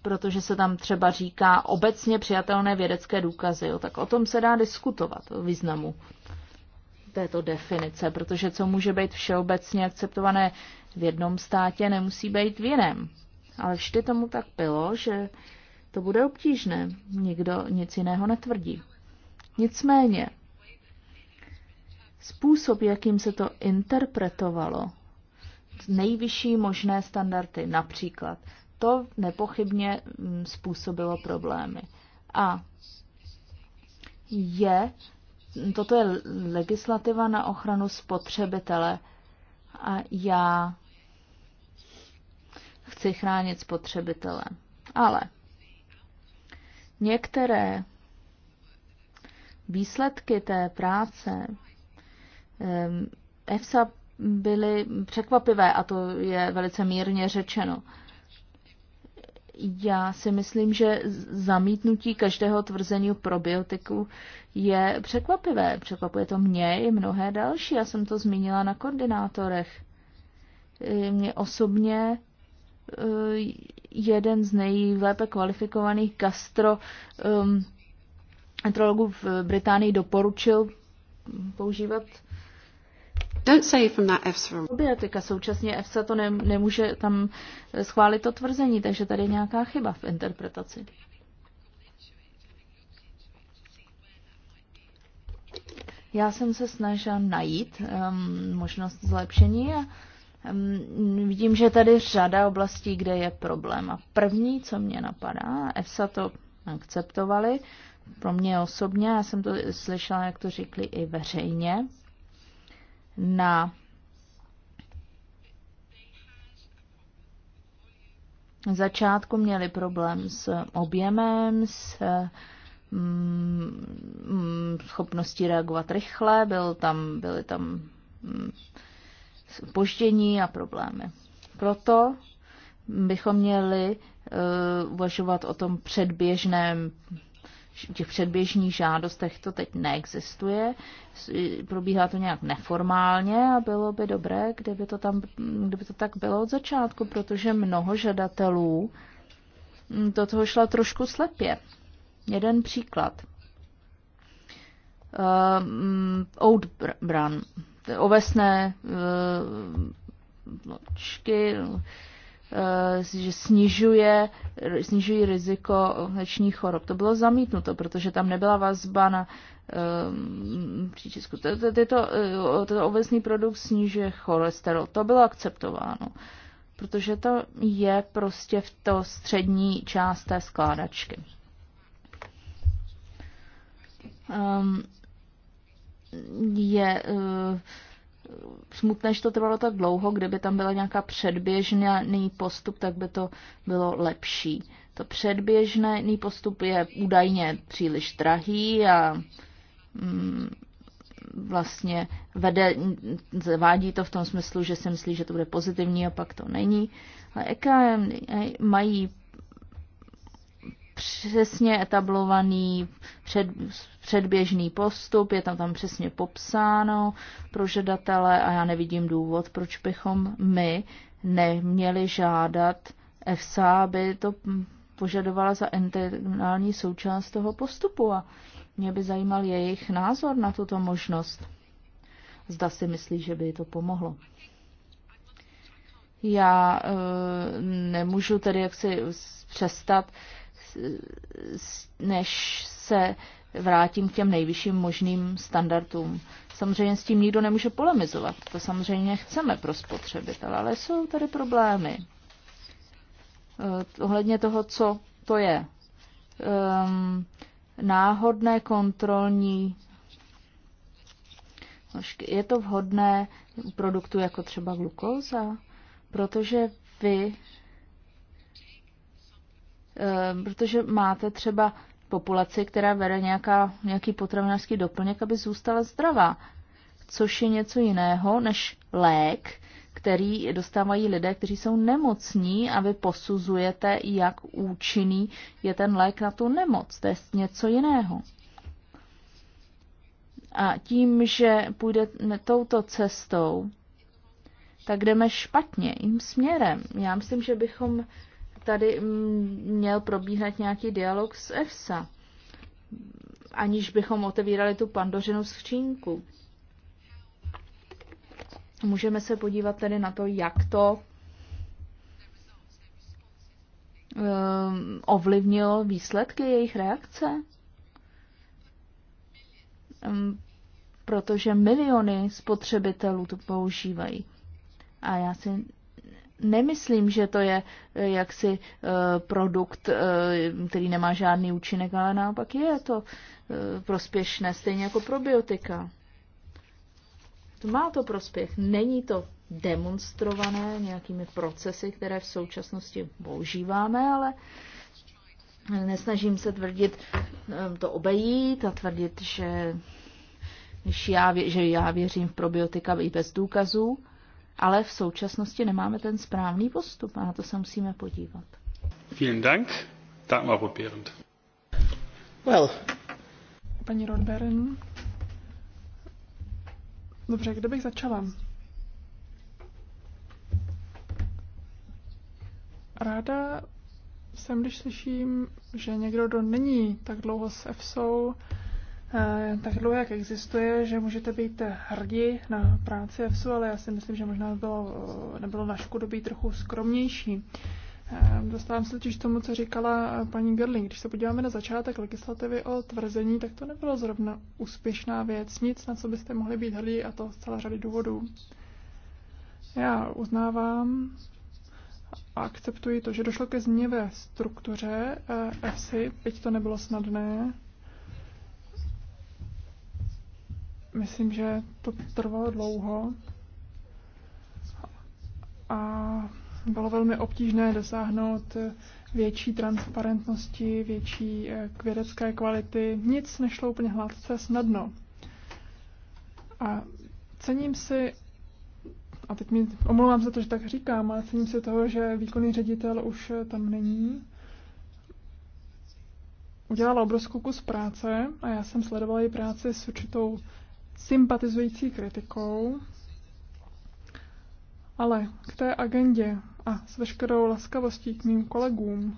protože se tam třeba říká obecně přijatelné vědecké důkazy. Jo, tak o tom se dá diskutovat, o významu této definice, protože co může být všeobecně akceptované v jednom státě, nemusí být v jiném. Ale vždy tomu tak bylo, že to bude obtížné. Nikdo nic jiného netvrdí. Nicméně, Způsob, jakým se to interpretovalo, nejvyšší možné standardy například, to nepochybně mm, způsobilo problémy. A je, toto je legislativa na ochranu spotřebitele a já chci chránit spotřebitele. Ale některé výsledky té práce EFSA byly překvapivé a to je velice mírně řečeno. Já si myslím, že zamítnutí každého tvrzení o probiotiku je překvapivé. Překvapuje to mě i mnohé další. Já jsem to zmínila na koordinátorech. Mě osobně eh, jeden z nejlépe kvalifikovaných gastroenterologů v Británii doporučil používat Don't say from that EFSA. Probiotika současně EFSA to ne, nemůže tam eh, schválit to tvrzení, takže tady je nějaká chyba v interpretaci. Já jsem se snažila najít um, možnost zlepšení a um, vidím, že tady řada oblastí, kde je problém. A první, co mě napadá, EFSA to akceptovali, pro mě osobně, já jsem to slyšela, jak to řekli i veřejně, na začátku měli problém s objemem, s mm, mm, schopností reagovat rychle, byl tam, byly tam mm, poždění a problémy. Proto bychom měli eh, uvažovat o tom předběžném těch předběžných žádostech to teď neexistuje. Probíhá to nějak neformálně a bylo by dobré, kdyby to, tam, kdyby to tak bylo od začátku, protože mnoho žadatelů mm, do toho šla trošku slepě. Jeden příklad. Uh, Bran, ovesné uh, eh, ločky, Eh, že snižuje, snižují riziko lečních chorob. To bylo zamítnuto, protože tam nebyla vazba na ehm, příčisku. Eh, tento obecný produkt snižuje cholesterol. To bylo akceptováno, protože to je prostě v to střední část té skládačky. Ehm, je eh, smutné, že to trvalo tak dlouho. Kdyby tam byla nějaká předběžný postup, tak by to bylo lepší. To předběžný postup je údajně příliš drahý a mm, vlastně vede, zavádí to v tom smyslu, že si myslí, že to bude pozitivní a pak to není. Ale EKM mají přesně etablovaný před, předběžný postup, je tam tam přesně popsáno pro žadatele a já nevidím důvod, proč bychom my neměli žádat EFSA, aby to požadovala za integrální součást toho postupu a mě by zajímal jejich názor na tuto možnost. Zda si myslí, že by to pomohlo. Já e, nemůžu tedy jaksi přestat než se vrátím k těm nejvyšším možným standardům. Samozřejmě s tím nikdo nemůže polemizovat. To samozřejmě chceme pro spotřebitele, ale jsou tady problémy. Eh, ohledně toho, co to je. Um, náhodné kontrolní je to vhodné produktu jako třeba glukóza, protože vy Eh, protože máte třeba populaci, která vede nějaká, nějaký potravinářský doplněk, aby zůstala zdravá, což je něco jiného než lék, který dostávají lidé, kteří jsou nemocní a vy posuzujete, jak účinný je ten lék na tu nemoc. To je něco jiného. A tím, že půjdeme touto cestou, tak jdeme špatně, jim směrem. Já myslím, že bychom tady mm, měl probíhat nějaký dialog s EFSA, aniž bychom otevírali tu pandořinu skřínku. Můžeme se podívat tedy na to, jak to ehm, ovlivnilo výsledky jejich reakce. Ehm, protože miliony spotřebitelů to používají. A já si nemyslím, že to je eh, jaksi eh, produkt, eh, který nemá žádný účinek, ale naopak je to prospěšné, stejně jako probiotika. To má to prospěch. Není to demonstrované nějakými procesy, které v současnosti používáme, ale nesnažím se tvrdit to obejít a tvrdit, že, když já, že já věřím v probiotika i bez důkazů, ale v současnosti nemáme ten správný postup a na to se musíme podívat. Vielen Dank. Dagmar Rotberend. Well. Paní Rodberen, Dobře, kde bych začala? Ráda jsem, když slyším, že někdo, kdo není tak dlouho s EFSou, Eh, tak dlouho, jak existuje, že můžete být hrdí na práci EFSU, ale já si myslím, že možná bylo, eh, nebylo na škodu být trochu skromnější. Eh, dostávám se totiž k tomu, co říkala paní Gerling. Když se podíváme na začátek legislativy o tvrzení, tak to nebylo zrovna úspěšná věc, nic, na co byste mohli být hrdí, a to z celé řady důvodů. Já uznávám a akceptuji to, že došlo ke změně ve struktuře EFSI, byť to nebylo snadné, Myslím, že to trvalo dlouho a bylo velmi obtížné dosáhnout větší transparentnosti, větší eh, vědecké kvality. Nic nešlo úplně hladce, snadno. A cením si, a teď mi omlouvám se to, že tak říkám, ale cením si toho, že výkonný ředitel už eh, tam není. Udělala obrovskou kus práce a já jsem sledovala její práci s určitou sympatizující kritikou, ale k té agendě a s veškerou laskavostí k mým kolegům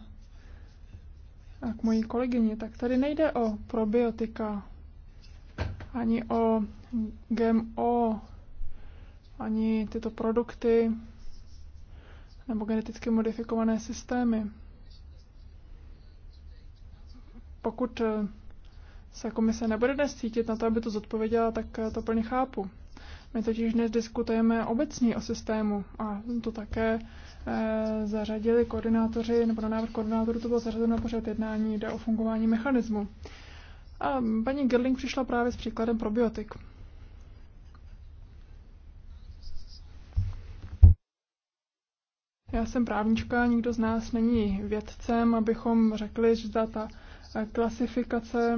a k mojí kolegyni, tak tady nejde o probiotika, ani o GMO, ani tyto produkty nebo geneticky modifikované systémy. Pokud eh, se komise jako nebude dnes cítit na to, aby to zodpověděla, tak eh, to plně chápu. My totiž dnes diskutujeme obecně o systému a to také e, zařadili koordinátoři, nebo na návrh koordinátorů to bylo zařazeno pořád jednání, jde o fungování mechanismu. A paní Gerling přišla právě s příkladem probiotik. Já jsem právnička, nikdo z nás není vědcem, abychom řekli, že ta eh, klasifikace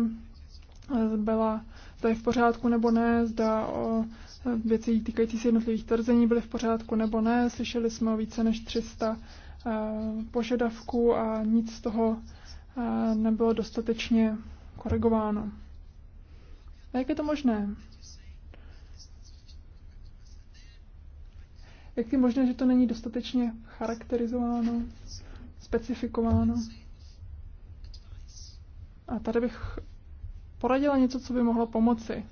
byla zda je v pořádku nebo ne, zda o věci týkající se jednotlivých tvrzení byly v pořádku nebo ne. Slyšeli jsme o více než 300 eh, požadavků a nic z toho eh, nebylo dostatečně koregováno. A jak je to možné? Jak je možné, že to není dostatečně charakterizováno, specifikováno? A tady bych poradila něco, co by mohlo pomoci.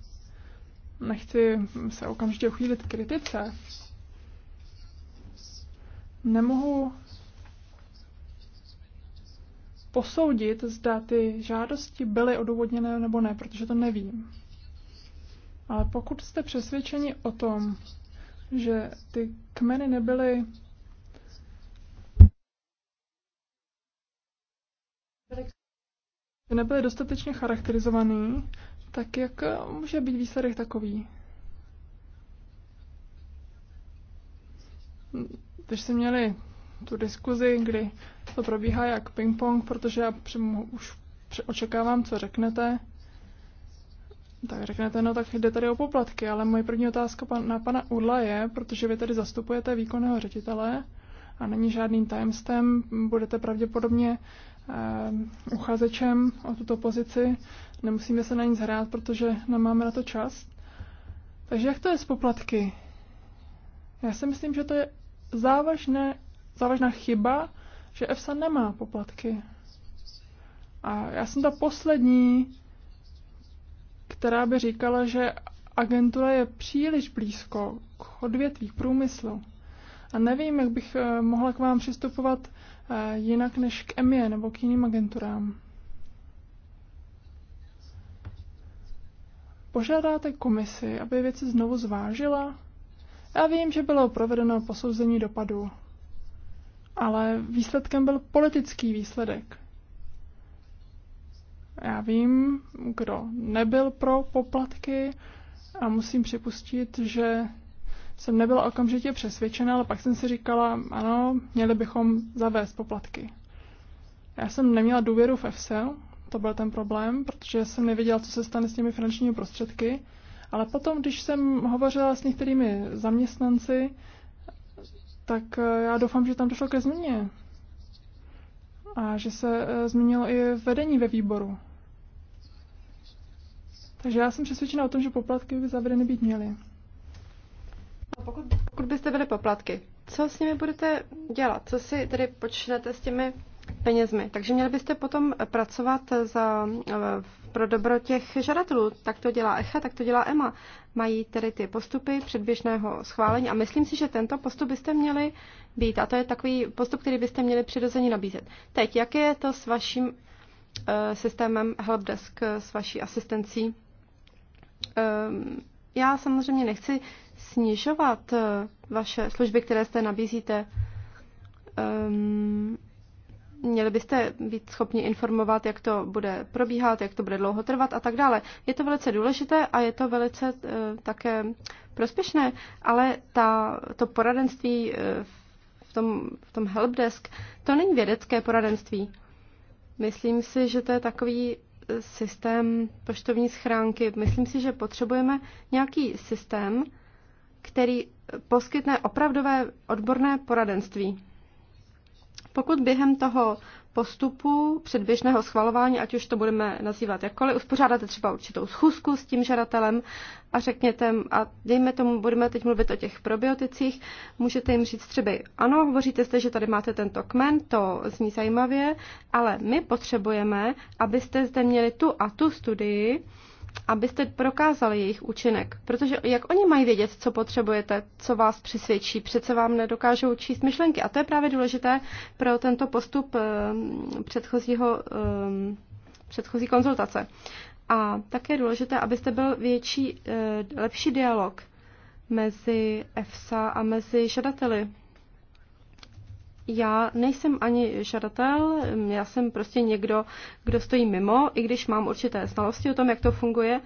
Nechci se okamžitě uchýlit kritice. Nemohu posoudit, zda ty žádosti byly odůvodněné nebo ne, protože to nevím. Ale pokud jste přesvědčeni o tom, že ty kmeny nebyly nebyl dostatečně charakterizovaný, tak jak může být výsledek takový? Když jsme měli tu diskuzi, kdy to probíhá jak ping-pong, protože já přemů, už očekávám, co řeknete, tak řeknete, no tak jde tady o poplatky, ale moje první otázka na pana Udla je, protože vy tady zastupujete výkonného ředitele a není žádným timestem, budete pravděpodobně Ehm, uchazečem o tuto pozici. Nemusíme se na nic hrát, protože nemáme na to čas. Takže jak to je s poplatky? Já si myslím, že to je závažné, závažná chyba, že EFSA nemá poplatky. A já jsem ta poslední, která by říkala, že agentura je příliš blízko k odvětví, k průmyslu. A nevím, jak bych eh, mohla k vám přistupovat jinak než k EMIE nebo k jiným agenturám. Požádáte komisi, aby věci znovu zvážila? Já vím, že bylo provedeno posouzení dopadu, ale výsledkem byl politický výsledek. Já vím, kdo nebyl pro poplatky a musím připustit, že jsem nebyla okamžitě přesvědčena, ale pak jsem si říkala, ano, měli bychom zavést poplatky. Já jsem neměla důvěru v FSL, e to byl ten problém, protože jsem nevěděla, co se stane s těmi finančními prostředky. Ale potom, když jsem hovořila s některými zaměstnanci, tak eh, já doufám, že tam došlo ke změně. A že se eh, změnilo i vedení ve výboru. Takže já jsem přesvědčena o tom, že poplatky by zavedeny být měly. Pokud, pokud byste byli poplatky, co s nimi budete dělat? Co si tedy počnete s těmi penězmi. Takže měli byste potom pracovat za, eh, pro dobro těch žadatelů. Tak to dělá ECHA, tak to dělá EMA. Mají tedy ty postupy předběžného schválení a myslím si, že tento postup byste měli být. A to je takový postup, který byste měli přirozeně nabízet. Teď, jak je to s vaším uh, systémem helpdesk, s vaší asistencí? Um, já samozřejmě nechci snižovat eh, vaše služby, které jste nabízíte? Ehm, měli byste být schopni informovat, jak to bude probíhat, jak to bude dlouho trvat a tak dále. Je to velice důležité a je to velice eh, také prospěšné, ale ta, to poradenství eh, v tom, v tom helpdesk, to není vědecké poradenství. Myslím si, že to je takový systém poštovní schránky. Myslím si, že potřebujeme nějaký systém, který poskytne opravdové odborné poradenství. Pokud během toho postupu předběžného schvalování, ať už to budeme nazývat jakkoliv, uspořádáte třeba určitou schůzku s tím žadatelem a řekněte, a dejme tomu, budeme teď mluvit o těch probioticích, můžete jim říct třeba, ano, hovoříte jste, že tady máte tento kmen, to zní zajímavě, ale my potřebujeme, abyste zde měli tu a tu studii, abyste prokázali jejich účinek. Protože jak oni mají vědět, co potřebujete, co vás přesvědčí, přece vám nedokážou číst myšlenky. A to je právě důležité pro tento postup eh, předchozího, eh, předchozí konzultace. A také je důležité, abyste byl větší, eh, lepší dialog mezi EFSA a mezi žadateli já nejsem ani žadatel, já jsem prostě někdo, kdo stojí mimo, i když mám určité znalosti o tom, jak to funguje.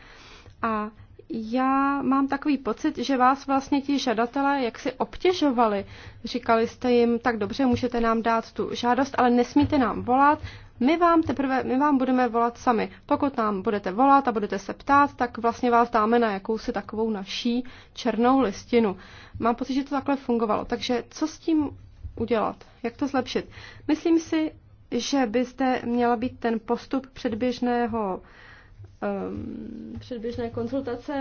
A já mám takový pocit, že vás vlastně ti žadatelé jaksi obtěžovali. Říkali jste jim, tak dobře, můžete nám dát tu žádost, ale nesmíte nám volat. My vám teprve, my vám budeme volat sami. Pokud nám budete volat a budete se ptát, tak vlastně vás dáme na jakousi takovou naší černou listinu. Mám pocit, že to takhle fungovalo. Takže co s tím udělat, jak to zlepšit. Myslím si, že by zde měla být ten postup předběžného, um, předběžné konzultace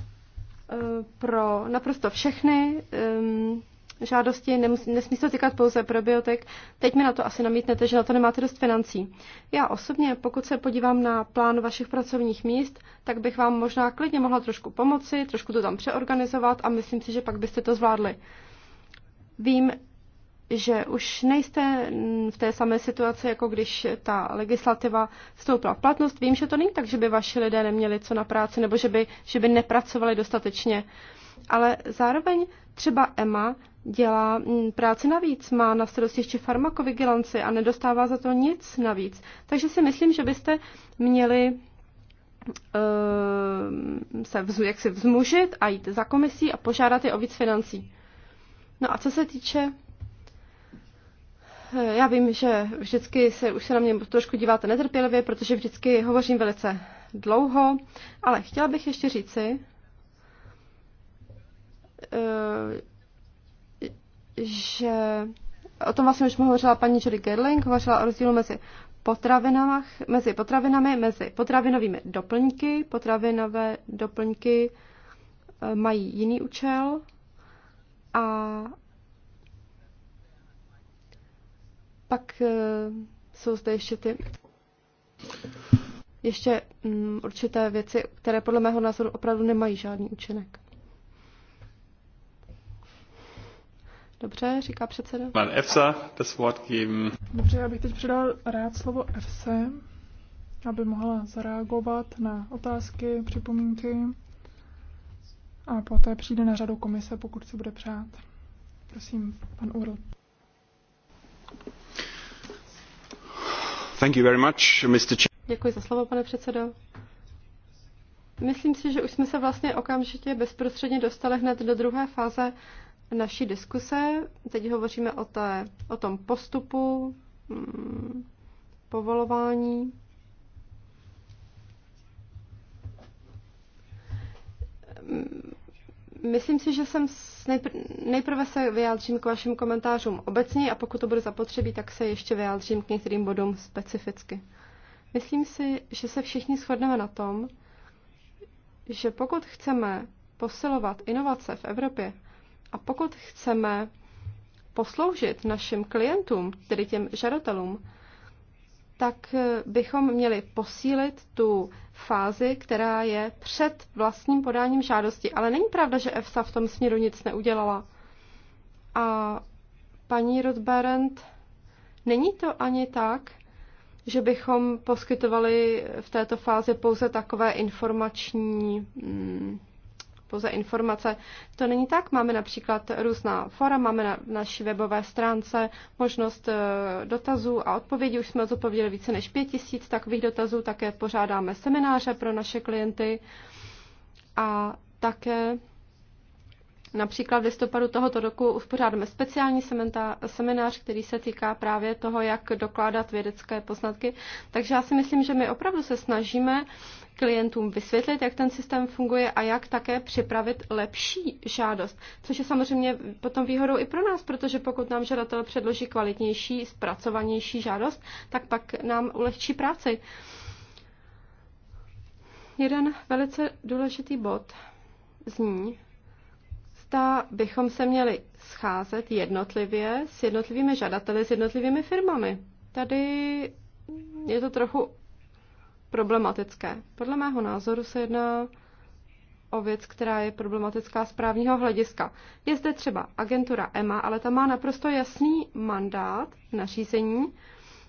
eh, pro naprosto všechny um, žádosti, nemus, nesmí se týkat pouze biotek. Teď mi na to asi namítnete, že na to nemáte dost financí. Já osobně, pokud se podívám na plán vašich pracovních míst, tak bych vám možná klidně mohla trošku pomoci, trošku to tam přeorganizovat a myslím si, že pak byste to zvládli. Vím, že už nejste v té samé situaci, jako když ta legislativa vstoupila v platnost. Vím, že to není tak, že by vaši lidé neměli co na práci nebo že by, že by nepracovali dostatečně. Ale zároveň třeba Emma dělá mm, práci navíc, má na starosti ještě farmakovigilanci a nedostává za to nic navíc. Takže si myslím, že byste měli uh, se vz, jak si vzmužit a jít za komisí a požádat je o víc financí. No a co se týče já vím, že vždycky se už se na mě trošku díváte netrpělivě, protože vždycky hovořím velice dlouho, ale chtěla bych ještě říci, eh, že o tom vlastně už hovořila paní Julie Gerling, hovořila o rozdílu mezi potravinách, mezi potravinami, mezi potravinovými doplňky. Potravinové doplňky eh, mají jiný účel a Pak eh, jsou zde ještě ty ještě um, určité věci, které podle mého názoru opravdu nemají žádný účinek. Dobře, říká předseda. Pan EFSA, das Wort geben. Dobře, já bych teď předal rád slovo EFSA, aby mohla zareagovat na otázky, připomínky a poté přijde na řadu komise, pokud si bude přát. Prosím, pan Url. Děkuji za slovo, pane předsedo. Myslím si, že už jsme se vlastně okamžitě bezprostředně dostali hned do druhé fáze naší diskuse. Teď hovoříme o, té, o tom postupu, mm, povolování. Myslím si, že jsem nejprve se vyjádřím k vašim komentářům obecně a pokud to bude zapotřebí, tak se ještě vyjádřím k některým bodům specificky. Myslím si, že se všichni shodneme na tom, že pokud chceme posilovat inovace v Evropě a pokud chceme posloužit našim klientům, tedy těm žadatelům, tak eh, bychom měli posílit tu fázi, která je před vlastním podáním žádosti. Ale není pravda, že EFSA v tom směru nic neudělala. A paní Rodberend, není to ani tak, že bychom poskytovali v této fázi pouze takové informační mm, pouze informace. To není tak. Máme například různá fora, máme na naší webové stránce možnost e, dotazů a odpovědí. Už jsme odpověděli více než pět tisíc takových dotazů. Také pořádáme semináře pro naše klienty a také Například v listopadu tohoto roku uspořádáme speciální seminář, který se týká právě toho, jak dokládat vědecké poznatky. Takže já si myslím, že my opravdu se snažíme klientům vysvětlit, jak ten systém funguje a jak také připravit lepší žádost, což je samozřejmě potom výhodou i pro nás, protože pokud nám žadatel předloží kvalitnější, zpracovanější žádost, tak pak nám ulehčí práci. Jeden velice důležitý bod zní, místa bychom se měli scházet jednotlivě s jednotlivými žadateli, s jednotlivými firmami. Tady je to trochu problematické. Podle mého názoru se jedná o věc, která je problematická z právního hlediska. Je zde třeba agentura EMA, ale ta má naprosto jasný mandát nařízení,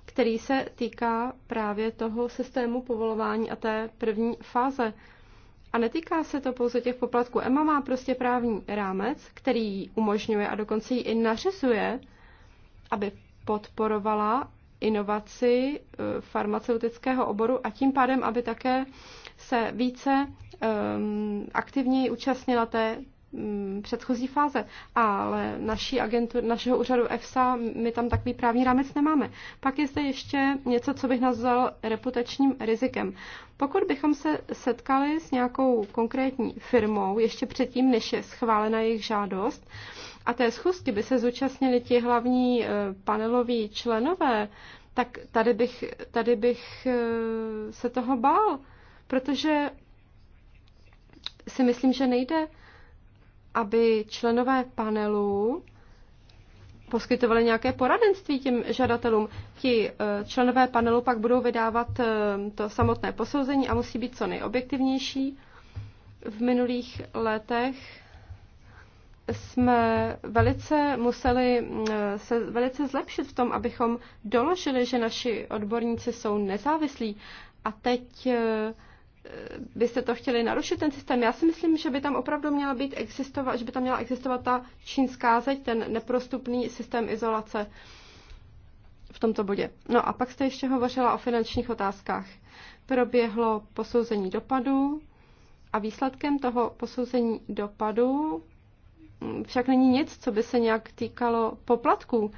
který se týká právě toho systému povolování a té první fáze a netýká se to pouze těch poplatků. EMA má prostě právní rámec, který umožňuje a dokonce ji i nařizuje, aby podporovala inovaci eh, farmaceutického oboru a tím pádem, aby také se více um, aktivněji účastnila té Mm, předchozí fáze, ale naší agentu našeho úřadu EFSA, my tam takový právní rámec nemáme. Pak je zde ještě něco, co bych nazval reputačním rizikem. Pokud bychom se setkali s nějakou konkrétní firmou ještě předtím, než je schválena jejich žádost, a té schůzky by se zúčastnili ti hlavní eh, paneloví členové, tak tady bych, tady bych eh, se toho bál, protože si myslím, že nejde aby členové panelu poskytovali nějaké poradenství těm žadatelům. Ti eh, členové panelu pak budou vydávat eh, to samotné posouzení a musí být co nejobjektivnější. V minulých letech jsme velice museli eh, se velice zlepšit v tom, abychom doložili, že naši odborníci jsou nezávislí. A teď byste to chtěli narušit, ten systém. Já si myslím, že by tam opravdu měla být existovat, že by tam měla existovat ta čínská zeď, ten neprostupný systém izolace v tomto bodě. No a pak jste ještě hovořila o finančních otázkách. Proběhlo posouzení dopadů a výsledkem toho posouzení dopadů však není nic, co by se nějak týkalo poplatků.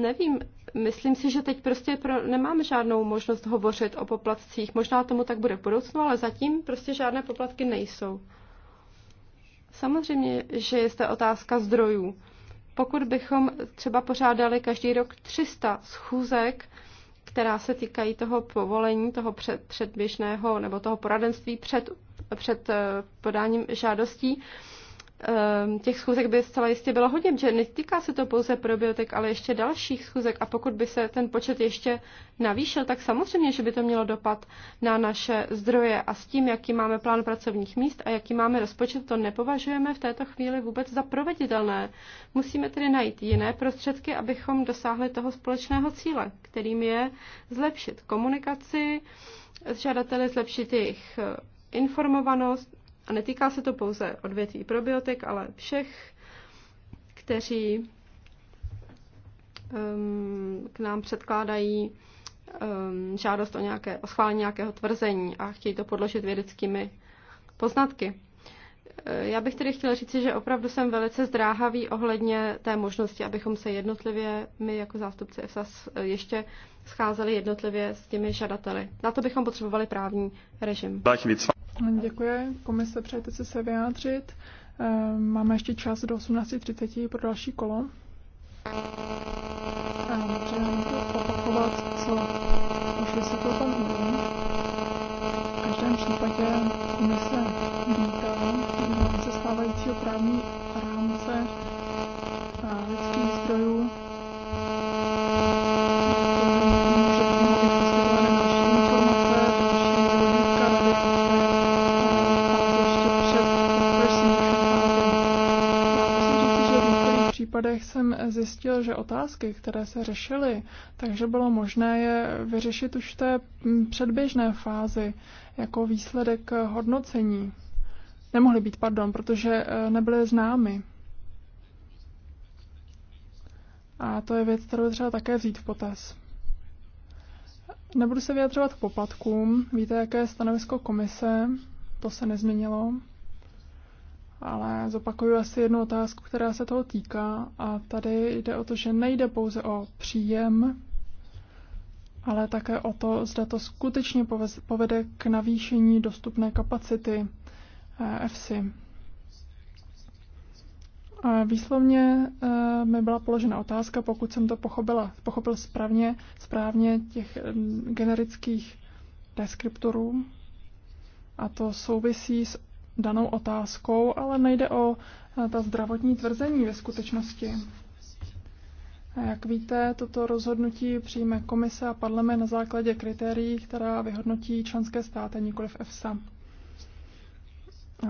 Nevím, Myslím si, že teď prostě pro, nemáme žádnou možnost hovořit o poplatcích. Možná tomu tak bude v budoucnu, ale zatím prostě žádné poplatky nejsou. Samozřejmě, že je zde otázka zdrojů. Pokud bychom třeba pořádali každý rok 300 schůzek, která se týkají toho povolení, toho před, předběžného nebo toho poradenství před, před eh, podáním žádostí, Ehm, těch schůzek by zcela jistě bylo hodně, že netýká se to pouze probiotik, ale ještě dalších schůzek a pokud by se ten počet ještě navýšil, tak samozřejmě, že by to mělo dopad na naše zdroje a s tím, jaký máme plán pracovních míst a jaký máme rozpočet, to nepovažujeme v této chvíli vůbec za proveditelné. Musíme tedy najít jiné prostředky, abychom dosáhli toho společného cíle, kterým je zlepšit komunikaci s žadateli, zlepšit jejich informovanost, a netýká se to pouze odvětví probiotik, ale všech, kteří um, k nám předkládají um, žádost o, nějaké, o schválení nějakého tvrzení a chtějí to podložit vědeckými poznatky. Eh, já bych tedy chtěla říct, že opravdu jsem velice zdráhavý ohledně té možnosti, abychom se jednotlivě, my jako zástupci EFSAS, eh, ještě scházeli jednotlivě s těmi žadateli. Na to bychom potřebovali právní režim. Děkuji. Komise, přejete se se vyjádřit. Eh, máme ještě čas do 18.30 pro další kolo. A můžeme opakovat, co už to tam Hudin. V každém případě komise vítá se stávajícího právní letech jsem zjistil, že otázky, které se řešily, takže bylo možné je vyřešit už v té mm, předběžné fázi jako výsledek hodnocení. Nemohly být, pardon, protože eh, nebyly známy. A to je věc, kterou třeba také vzít v potaz. Nebudu se vyjadřovat k poplatkům. Víte, jaké je stanovisko komise, to se nezměnilo ale zopakuju asi jednu otázku, která se toho týká. A tady jde o to, že nejde pouze o příjem, ale také o to, zda to skutečně povede k navýšení dostupné kapacity EFSI. Eh, výslovně eh, mi byla položena otázka, pokud jsem to pochopila, pochopil správně, správně těch eh, generických deskriptorů, a to souvisí s danou otázkou, ale nejde o eh, ta zdravotní tvrzení ve skutečnosti. A jak víte, toto rozhodnutí přijme komise a parlament na základě kritérií, která vyhodnotí členské státy, v EFSA.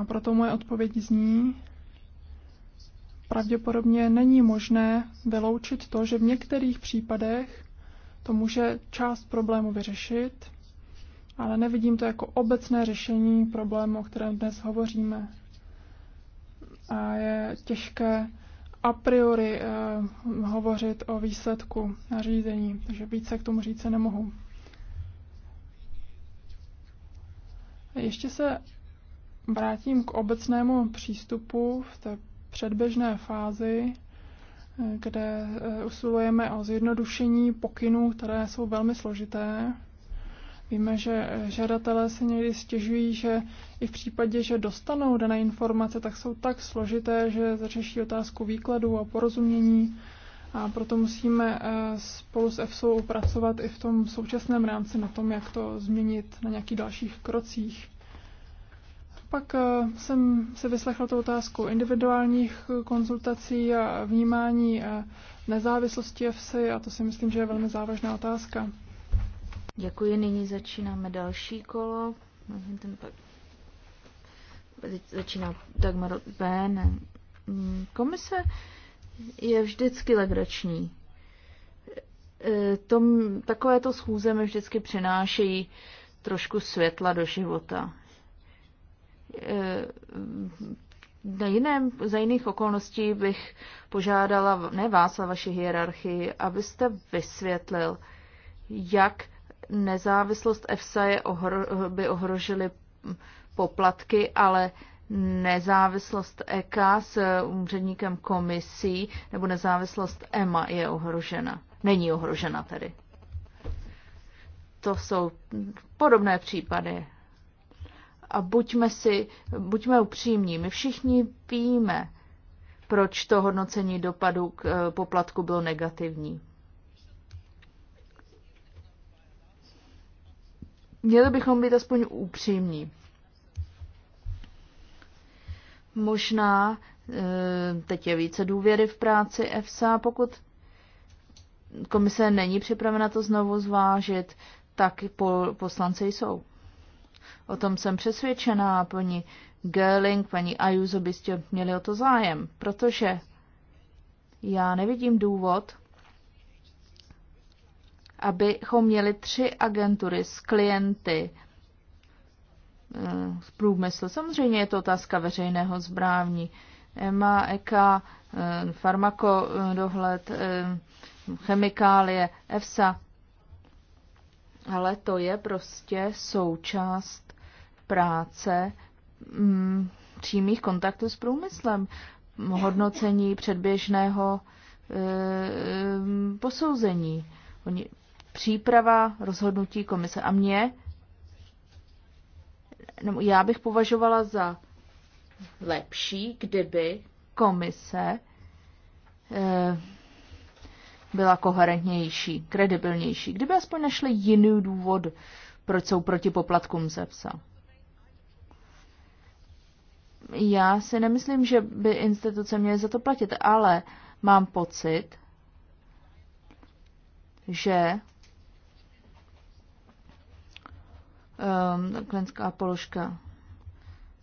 A proto moje odpověď zní, pravděpodobně není možné vyloučit to, že v některých případech to může část problému vyřešit, ale nevidím to jako obecné řešení problému, o kterém dnes hovoříme. A je těžké a priori eh, hovořit o výsledku nařízení, takže více k tomu říct se nemohu. Ještě se vrátím k obecnému přístupu v té předběžné fázi, eh, kde eh, usilujeme o zjednodušení pokynů, které jsou velmi složité. Víme, že žadatelé se někdy stěžují, že i v případě, že dostanou dané informace, tak jsou tak složité, že zařeší otázku výkladu a porozumění. A proto musíme eh, spolu s EFSO pracovat i v tom současném rámci na tom, jak to změnit na nějakých dalších krocích. Pak eh, jsem se vyslechla tu otázku individuálních konzultací a vnímání eh, nezávislosti EFSI a to si myslím, že je velmi závažná otázka. Děkuji, nyní začínáme další kolo. pak Začíná Dagmar Ben. Komise je vždycky legrační. E, Tom, takovéto schůze mi vždycky přinášejí trošku světla do života. E, na jiném, za jiných okolností bych požádala ne vás, ale vaši hierarchii, abyste vysvětlil, jak nezávislost EFSA je ohro, by ohrožily poplatky, ale nezávislost EK s úředníkem komisí nebo nezávislost EMA je ohrožena. Není ohrožena tedy. To jsou podobné případy. A buďme si, buďme upřímní. My všichni víme, proč to hodnocení dopadu k eh, poplatku bylo negativní. měli bychom být aspoň upřímní. Možná e, teď je více důvěry v práci EFSA, pokud komise není připravena to znovu zvážit, tak poslanci jsou. O tom jsem přesvědčená, paní Gerling, paní Ayuso byste měli o to zájem, protože já nevidím důvod, abychom měli tři agentury s klienty, z eh, průmyslu. Samozřejmě je to otázka veřejného zbrávní. EMA, EKA, eh, farmakodohled, eh, chemikálie, EFSA. Ale to je prostě součást práce mm, přímých kontaktů s průmyslem, hodnocení předběžného posouzení. Oni příprava rozhodnutí komise. A mě, no, já bych považovala za lepší, kdyby komise e, byla koherentnější, kredibilnější, kdyby aspoň našli jiný důvod, proč jsou proti poplatkům ze psa. Já si nemyslím, že by instituce měly za to platit, ale mám pocit, že Ehm, klinická položka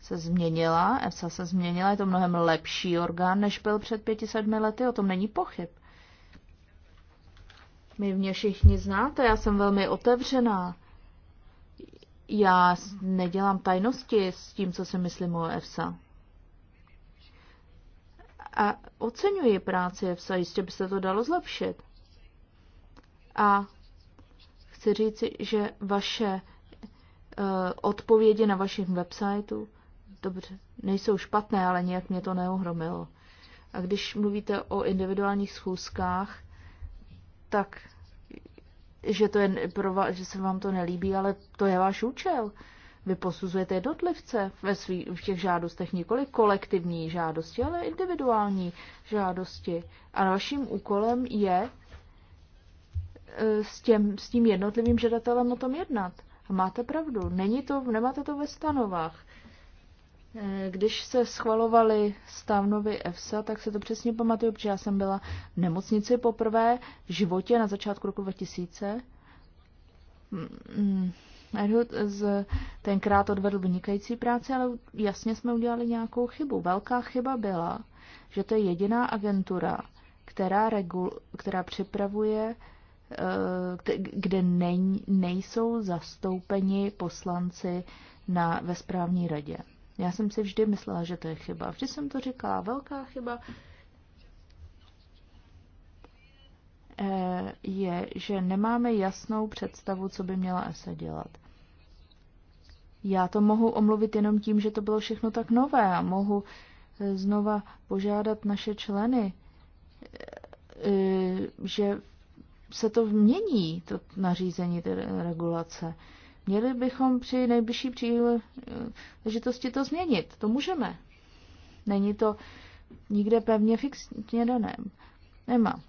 se změnila, EFSA se změnila, je to mnohem lepší orgán, než byl před pěti, sedmi lety, o tom není pochyb. My mě všichni znáte, já jsem velmi otevřená. Já nedělám tajnosti s tím, co si myslím o EFSA. A oceňuji práci EFSA, jistě by se to dalo zlepšit. A chci říci, že vaše Eh, odpovědi na vašich websiteu, dobře, nejsou špatné, ale nějak mě to neohromilo. A když mluvíte o individuálních schůzkách, tak že, to je pro vás, že se vám to nelíbí, ale to je váš účel. Vy posuzujete jednotlivce ve svý, v těch žádostech, nikoli kolektivní žádosti, ale individuální žádosti. A vaším úkolem je eh, s, těm, s tím jednotlivým žadatelem o tom jednat. A máte pravdu, není to, nemáte to ve stanovách. Eh, když se schvalovali stavnovy EFSA, tak se to přesně pamatuju, protože já jsem byla v nemocnici poprvé v životě na začátku roku 2000. Mm, mm, Edward z, tenkrát odvedl vynikající práci, ale jasně jsme udělali nějakou chybu. Velká chyba byla, že to je jediná agentura, která, regul, která připravuje Eh, kde nejsou zastoupeni poslanci na, ve správní radě. Já jsem si vždy myslela, že to je chyba. Vždy jsem to říkala, velká chyba eh, je, že nemáme jasnou představu, co by měla ESA dělat. Já to mohu omluvit jenom tím, že to bylo všechno tak nové a mohu eh, znova požádat naše členy, že se to mění, to nařízení té regulace. Měli bychom při nejbližší příležitosti to změnit. To můžeme. Není to nikde pevně fixně dané. Nemá.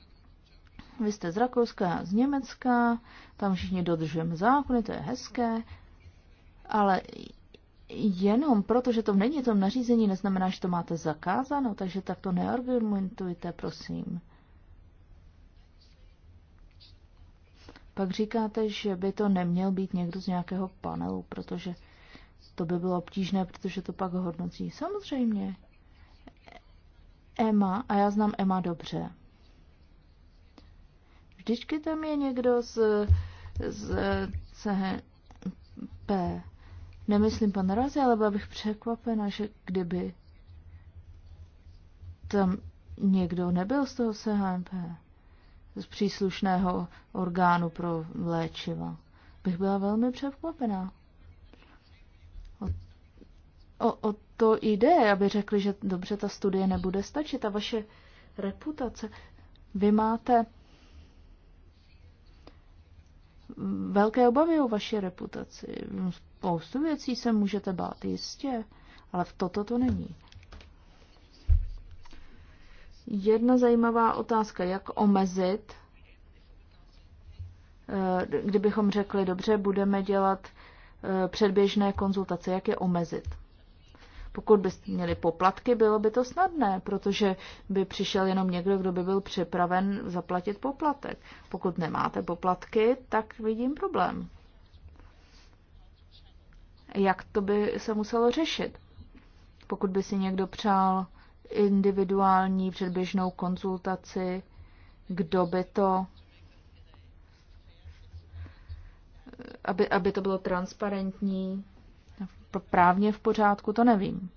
Vy jste z Rakouska, z Německa, tam všichni dodržujeme zákony, to je hezké, ale jenom proto, že to není to tom nařízení, neznamená, že to máte zakázáno, takže tak to neargumentujte, prosím. Pak říkáte, že by to neměl být někdo z nějakého panelu, protože to by bylo obtížné, protože to pak hodnotí. Samozřejmě. Emma, a já znám Emma dobře. Vždycky tam je někdo z, z CHP. Nemyslím pan Razi, ale byla bych překvapena, že kdyby tam někdo nebyl z toho CHP z příslušného orgánu pro léčiva. Bych byla velmi překvapená. O, o to jde, aby řekli, že dobře, ta studie nebude stačit. A vaše reputace, vy máte velké obavy o vaši reputaci. Spoustu věcí se můžete bát, jistě, ale v toto to není. Jedna zajímavá otázka, jak omezit, eh, kdybychom řekli, dobře, budeme dělat eh, předběžné konzultace, jak je omezit. Pokud byste měli poplatky, bylo by to snadné, protože by přišel jenom někdo, kdo by byl připraven zaplatit poplatek. Pokud nemáte poplatky, tak vidím problém. Jak to by se muselo řešit? Pokud by si někdo přál individuální předběžnou konzultaci, kdo by to, aby, aby to bylo transparentní, právně v pořádku, to nevím.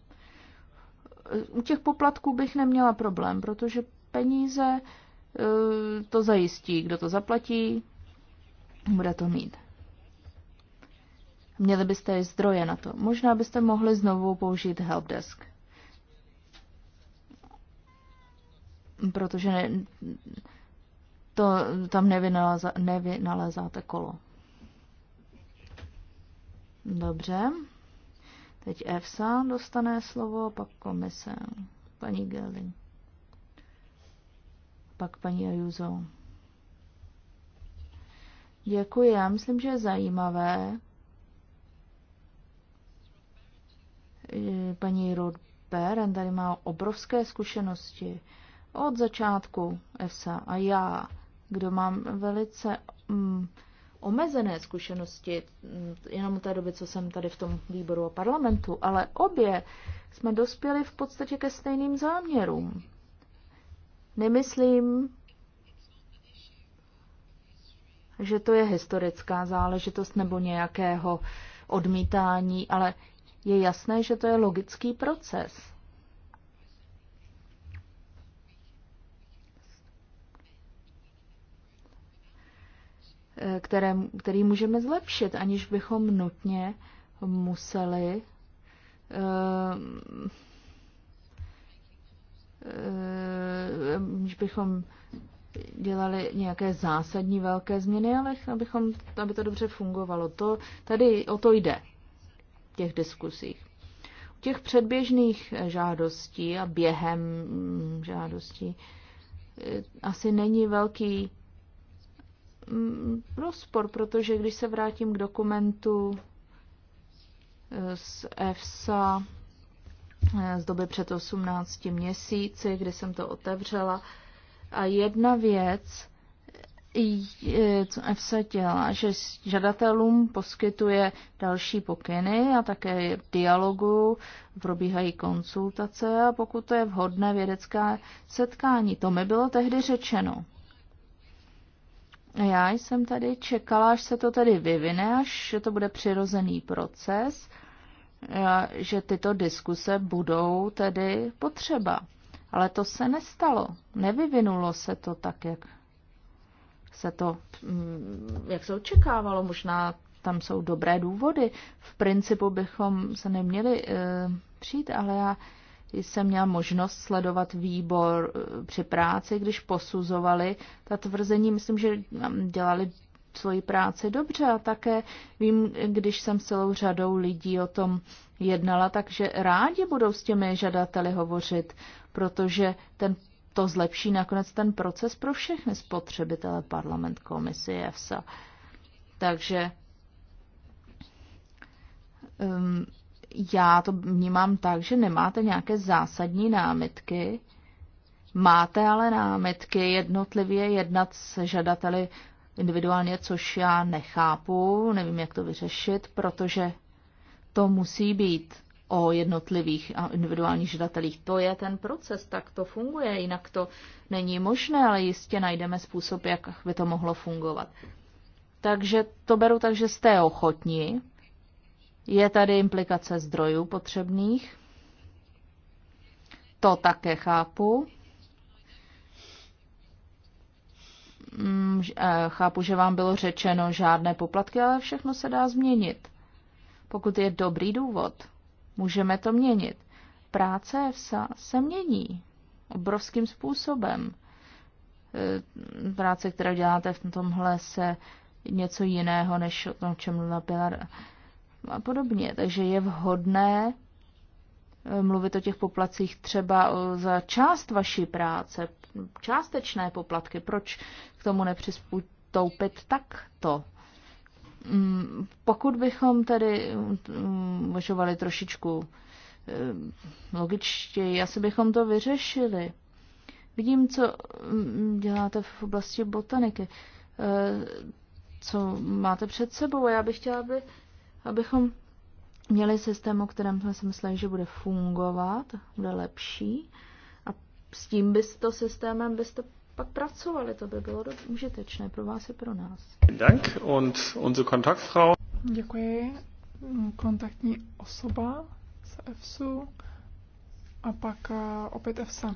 U těch poplatků bych neměla problém, protože peníze e, to zajistí, kdo to zaplatí, bude to mít. Měli byste i zdroje na to. Možná byste mohli znovu použít helpdesk. protože ne, to tam nevynaleza, nevynalezáte kolo. Dobře. Teď EFSA dostane slovo, pak komise, paní Gelling, pak paní Ajuzo. Děkuji, já myslím, že je zajímavé. Eh, paní Roth tady má obrovské zkušenosti od začátku EFSA a já, kdo mám velice mm, omezené zkušenosti, mm, jenom té doby, co jsem tady v tom výboru a parlamentu, ale obě jsme dospěli v podstatě ke stejným záměrům. Nemyslím, že to je historická záležitost nebo nějakého odmítání, ale je jasné, že to je logický proces. které, který můžeme zlepšit, aniž bychom nutně museli eh, eh, aniž bychom dělali nějaké zásadní velké změny, ale abychom, aby to dobře fungovalo. To, tady o to jde v těch diskusích. U těch předběžných žádostí a během mm, žádostí eh, asi není velký Mm, rozpor, protože když se vrátím k dokumentu eh, z EFSA eh, z doby před 18 měsíci, kdy jsem to otevřela, a jedna věc, eh, co EFSA dělá, že žadatelům poskytuje další pokyny a také v dialogu probíhají konsultace a pokud to je vhodné vědecká setkání. To mi bylo tehdy řečeno. Já jsem tady čekala, až se to tady vyvine, až že to bude přirozený proces, eh, že tyto diskuse budou tedy potřeba. Ale to se nestalo. Nevyvinulo se to tak, jak se to, mm, jak se očekávalo. Možná tam jsou dobré důvody. V principu bychom se neměli e, přijít, ale já jsem měl možnost sledovat výbor eh, při práci, když posuzovali ta tvrzení. Myslím, že dělali svoji práci dobře a také vím, když jsem s celou řadou lidí o tom jednala, takže rádi budou s těmi žadateli hovořit, protože ten, to zlepší nakonec ten proces pro všechny spotřebitele, parlament, komisi, EFSA. Takže um, já to vnímám tak, že nemáte nějaké zásadní námitky, máte ale námitky jednotlivě jednat s žadateli individuálně, což já nechápu, nevím, jak to vyřešit, protože to musí být o jednotlivých a individuálních žadatelích. To je ten proces, tak to funguje, jinak to není možné, ale jistě najdeme způsob, jak by to mohlo fungovat. Takže to beru tak, že jste ochotní je tady implikace zdrojů potřebných. To také chápu. Mm, eh, chápu, že vám bylo řečeno žádné poplatky, ale všechno se dá změnit. Pokud je dobrý důvod, můžeme to měnit. Práce se mění obrovským způsobem. Eh, práce, kterou děláte v tomhle, se něco jiného, než o tom, čem mluvila Pilar a podobně. Takže je vhodné eh, mluvit o těch poplacích třeba eh, za část vaší práce, částečné poplatky. Proč k tomu nepřistoupit takto? Mm, pokud bychom tedy mm, uvažovali trošičku eh, logičtěji, asi bychom to vyřešili. Vidím, co mm, děláte v oblasti botaniky, co máte před sebou. Já bych chtěla, aby abychom měli systém, o kterém jsme si mysleli, že bude fungovat, bude lepší a s tím byste systémem byste pak pracovali, to by bylo užitečné pro vás i pro nás. Dank und unsere Kontaktfrau. Děkuji. Kontaktní osoba z EFSU a pak eh, opět EFSA.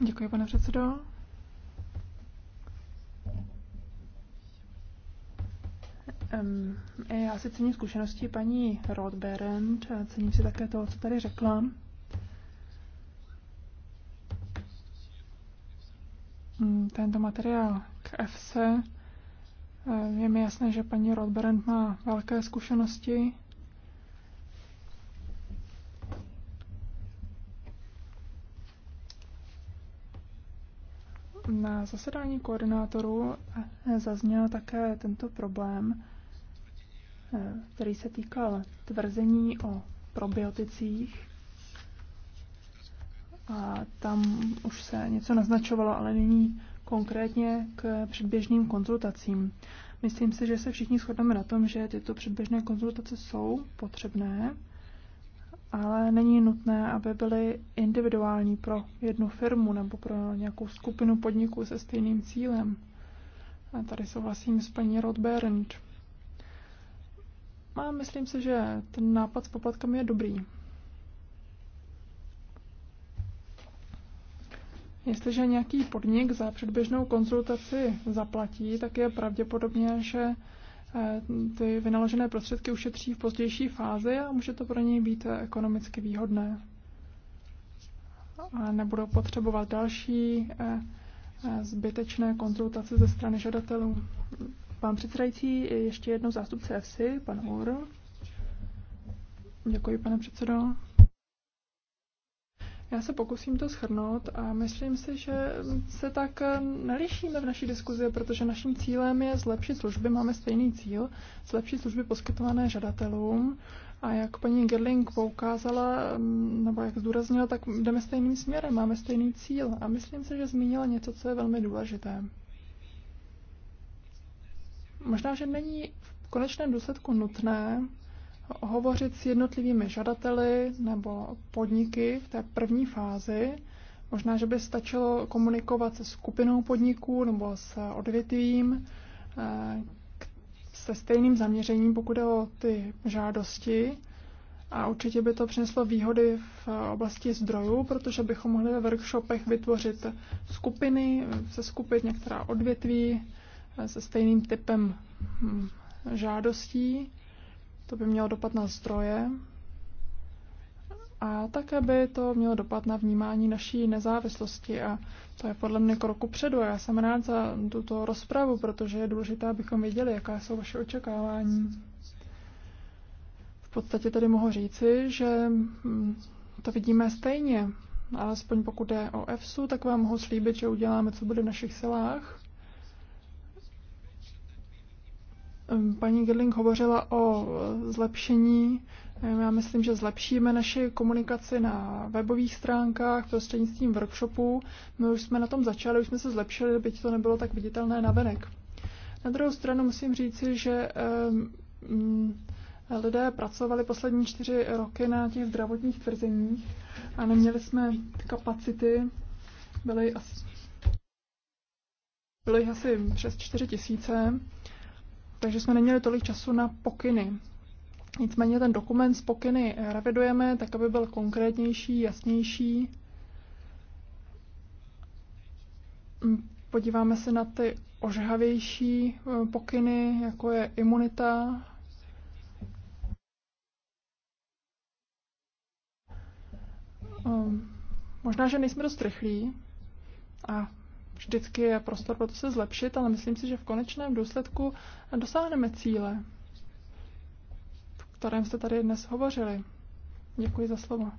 Děkuji, pane předsedo. Já si cením zkušenosti paní Rothberend, cením si také to, co tady řekla. Hmm, tento materiál k FC eh, je mi jasné, že paní Rothberend má velké zkušenosti. Na zasedání koordinátorů eh, zazněl také tento problém, Eh, který se týkal tvrzení o probioticích. A tam už se něco naznačovalo, ale nyní konkrétně k předběžným konzultacím. Myslím si, že se všichni shodneme na tom, že tyto předběžné konzultace jsou potřebné, ale není nutné, aby byly individuální pro jednu firmu nebo pro nějakou skupinu podniků se stejným cílem. A tady souhlasím s paní Rothbernd. A myslím si, že ten nápad s poplatkami je dobrý. Jestliže nějaký podnik za předběžnou konzultaci zaplatí, tak je pravděpodobně, že eh, ty vynaložené prostředky ušetří v pozdější fázi a může to pro něj být eh, ekonomicky výhodné. A nebudou potřebovat další eh, zbytečné konzultace ze strany žadatelů. Pán předsedající, ještě jednou zástupce FSI, pan Ur. Děkuji, pane předsedo. Já se pokusím to shrnout a myslím si, že se tak nelišíme v naší diskuzi, protože naším cílem je zlepšit služby, máme stejný cíl, zlepšit služby poskytované žadatelům a jak paní Gerling poukázala, mm, nebo jak zdůraznila, tak jdeme stejným směrem, máme stejný cíl a myslím si, že zmínila něco, co je velmi důležité. Možná, že není v konečném důsledku nutné hovořit s jednotlivými žadateli nebo podniky v té první fázi. Možná, že by stačilo komunikovat se skupinou podniků nebo s odvětvím eh, se stejným zaměřením, pokud je o ty žádosti. A určitě by to přineslo výhody v oblasti zdrojů, protože bychom mohli ve workshopech vytvořit skupiny, eh, se skupit některá odvětví, se stejným typem hm, žádostí. To by mělo dopad na zdroje. A také by to mělo dopad na vnímání naší nezávislosti a to je podle mě kroku předu. A já jsem rád za tuto rozpravu, protože je důležité, abychom věděli, jaká jsou vaše očekávání. V podstatě tedy mohu říci, že hm, to vidíme stejně. Alespoň pokud je o EFSU, tak vám mohu slíbit, že uděláme, co bude v našich silách, Ehm, paní Gerling hovořila o eh, zlepšení. Ehm, já myslím, že zlepšíme naši komunikaci na webových stránkách prostřednictvím workshopů. My už jsme na tom začali, už jsme se zlepšili, byť to nebylo tak viditelné na venek. Na druhou stranu musím říci, že ehm, mm, lidé pracovali poslední čtyři roky na těch zdravotních tvrzeních a neměli jsme kapacity. Byly asi, byly asi přes čtyři tisíce takže jsme neměli tolik času na pokyny. Nicméně ten dokument z pokyny revidujeme, tak aby byl konkrétnější, jasnější. Mm, podíváme se na ty ožhavější eh, pokyny, jako je imunita, ehm, Možná, že nejsme dost rychlí a Vždycky je prostor pro to se zlepšit, ale myslím si, že v konečném důsledku dosáhneme cíle, v kterém jste tady dnes hovořili. Děkuji za slovo.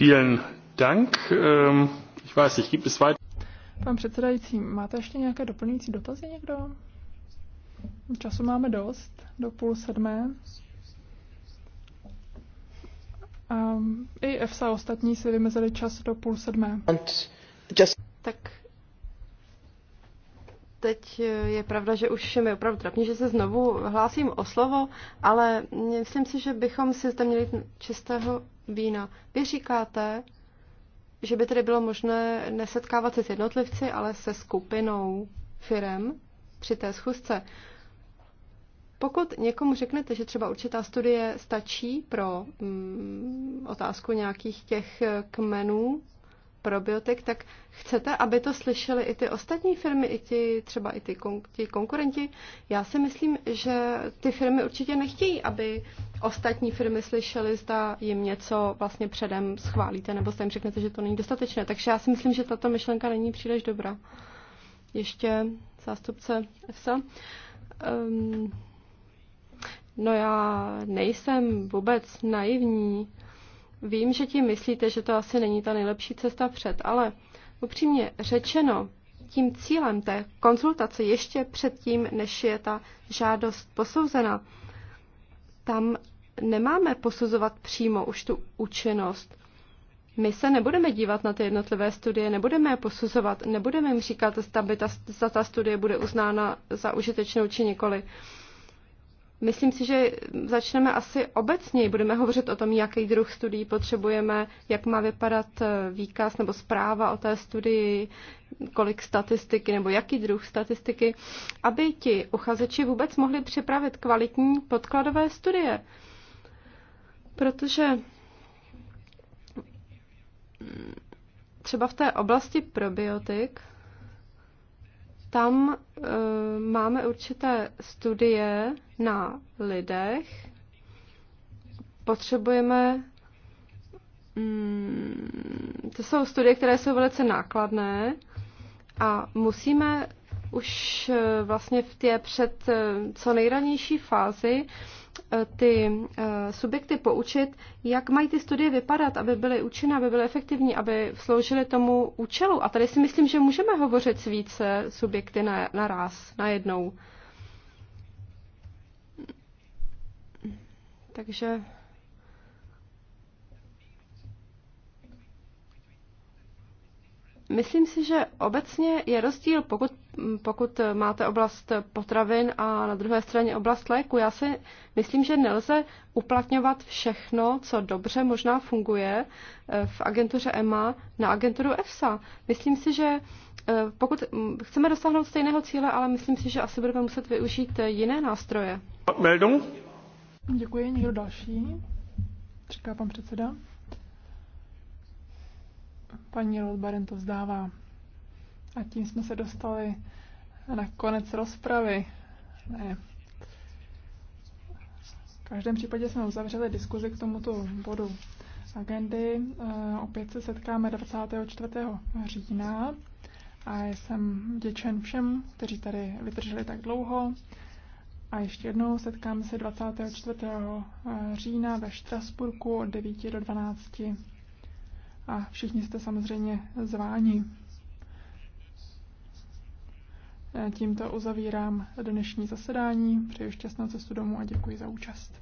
Vielen Dank. Ähm, ich weiß nicht, gibt es weiter? Pan předsedající, máte ještě nějaké doplňující dotazy někdo? Času máme dost, do půl sedmé. Um, I EFSA ostatní si vymezili čas do půl sedmé. Tak teď eh, je pravda, že už je mi opravdu trapně, že se znovu hlásím o slovo, ale myslím si, že bychom si zde měli čistého vína. Vy říkáte, že by tedy bylo možné nesetkávat se s jednotlivci, ale se skupinou firem při té schůzce. Pokud někomu řeknete, že třeba určitá studie stačí pro mm, otázku nějakých těch kmenů probiotik, tak chcete, aby to slyšeli i ty ostatní firmy, i ti, třeba i ty kon, ti konkurenti. Já si myslím, že ty firmy určitě nechtějí, aby ostatní firmy slyšely, zda jim něco vlastně předem schválíte, nebo jste jim řeknete, že to není dostatečné. Takže já si myslím, že tato myšlenka není příliš dobrá. Ještě zástupce EFSA. Um, ehm, No já nejsem vůbec naivní. Vím, že ti myslíte, že to asi není ta nejlepší cesta před, ale upřímně řečeno, tím cílem té konzultace ještě předtím, než je ta žádost posouzena, tam nemáme posuzovat přímo už tu účinnost. My se nebudeme dívat na ty jednotlivé studie, nebudeme je posuzovat, nebudeme jim říkat, zda, by ta, zda ta studie bude uznána za užitečnou či nikoli. Myslím si, že začneme asi obecněji. Budeme hovořit o tom, jaký druh studií potřebujeme, jak má vypadat eh, výkaz nebo zpráva o té studii, kolik statistiky nebo jaký druh statistiky, aby ti uchazeči vůbec mohli připravit kvalitní podkladové studie. Protože třeba v té oblasti probiotik tam e, máme určité studie na lidech. Potřebujeme. Mm, to jsou studie, které jsou velice nákladné a musíme už eh, vlastně v té před eh, co nejranější fázi Eh, ty eh, subjekty poučit, jak mají ty studie vypadat, aby byly účinné, aby byly efektivní, aby sloužily tomu účelu. A tady si myslím, že můžeme hovořit s více subjekty na, na najednou. Takže Myslím si, že obecně je rozdíl, pokud pokud máte oblast potravin a na druhé straně oblast léku. Já si myslím, že nelze uplatňovat všechno, co dobře možná funguje eh, v agentuře EMA na agenturu EFSA. Myslím si, že eh, pokud chceme dosáhnout stejného cíle, ale myslím si, že asi budeme muset využít eh, jiné nástroje. Meldung? Děkuji. Někdo další? Říká pan předseda. Paní Rodbaren to vzdává. A tím jsme se dostali na konec rozpravy. Ne. V každém případě jsme uzavřeli diskuzi k tomuto bodu agendy. Eh, opět se setkáme 24. října a jsem vděčen všem, kteří tady vydrželi tak dlouho. A ještě jednou setkáme se 24. Eh, října ve Štrasburku od 9 do 12. A všichni jste samozřejmě zváni. Tímto uzavírám dnešní zasedání. Přeji šťastnou cestu domů a děkuji za účast.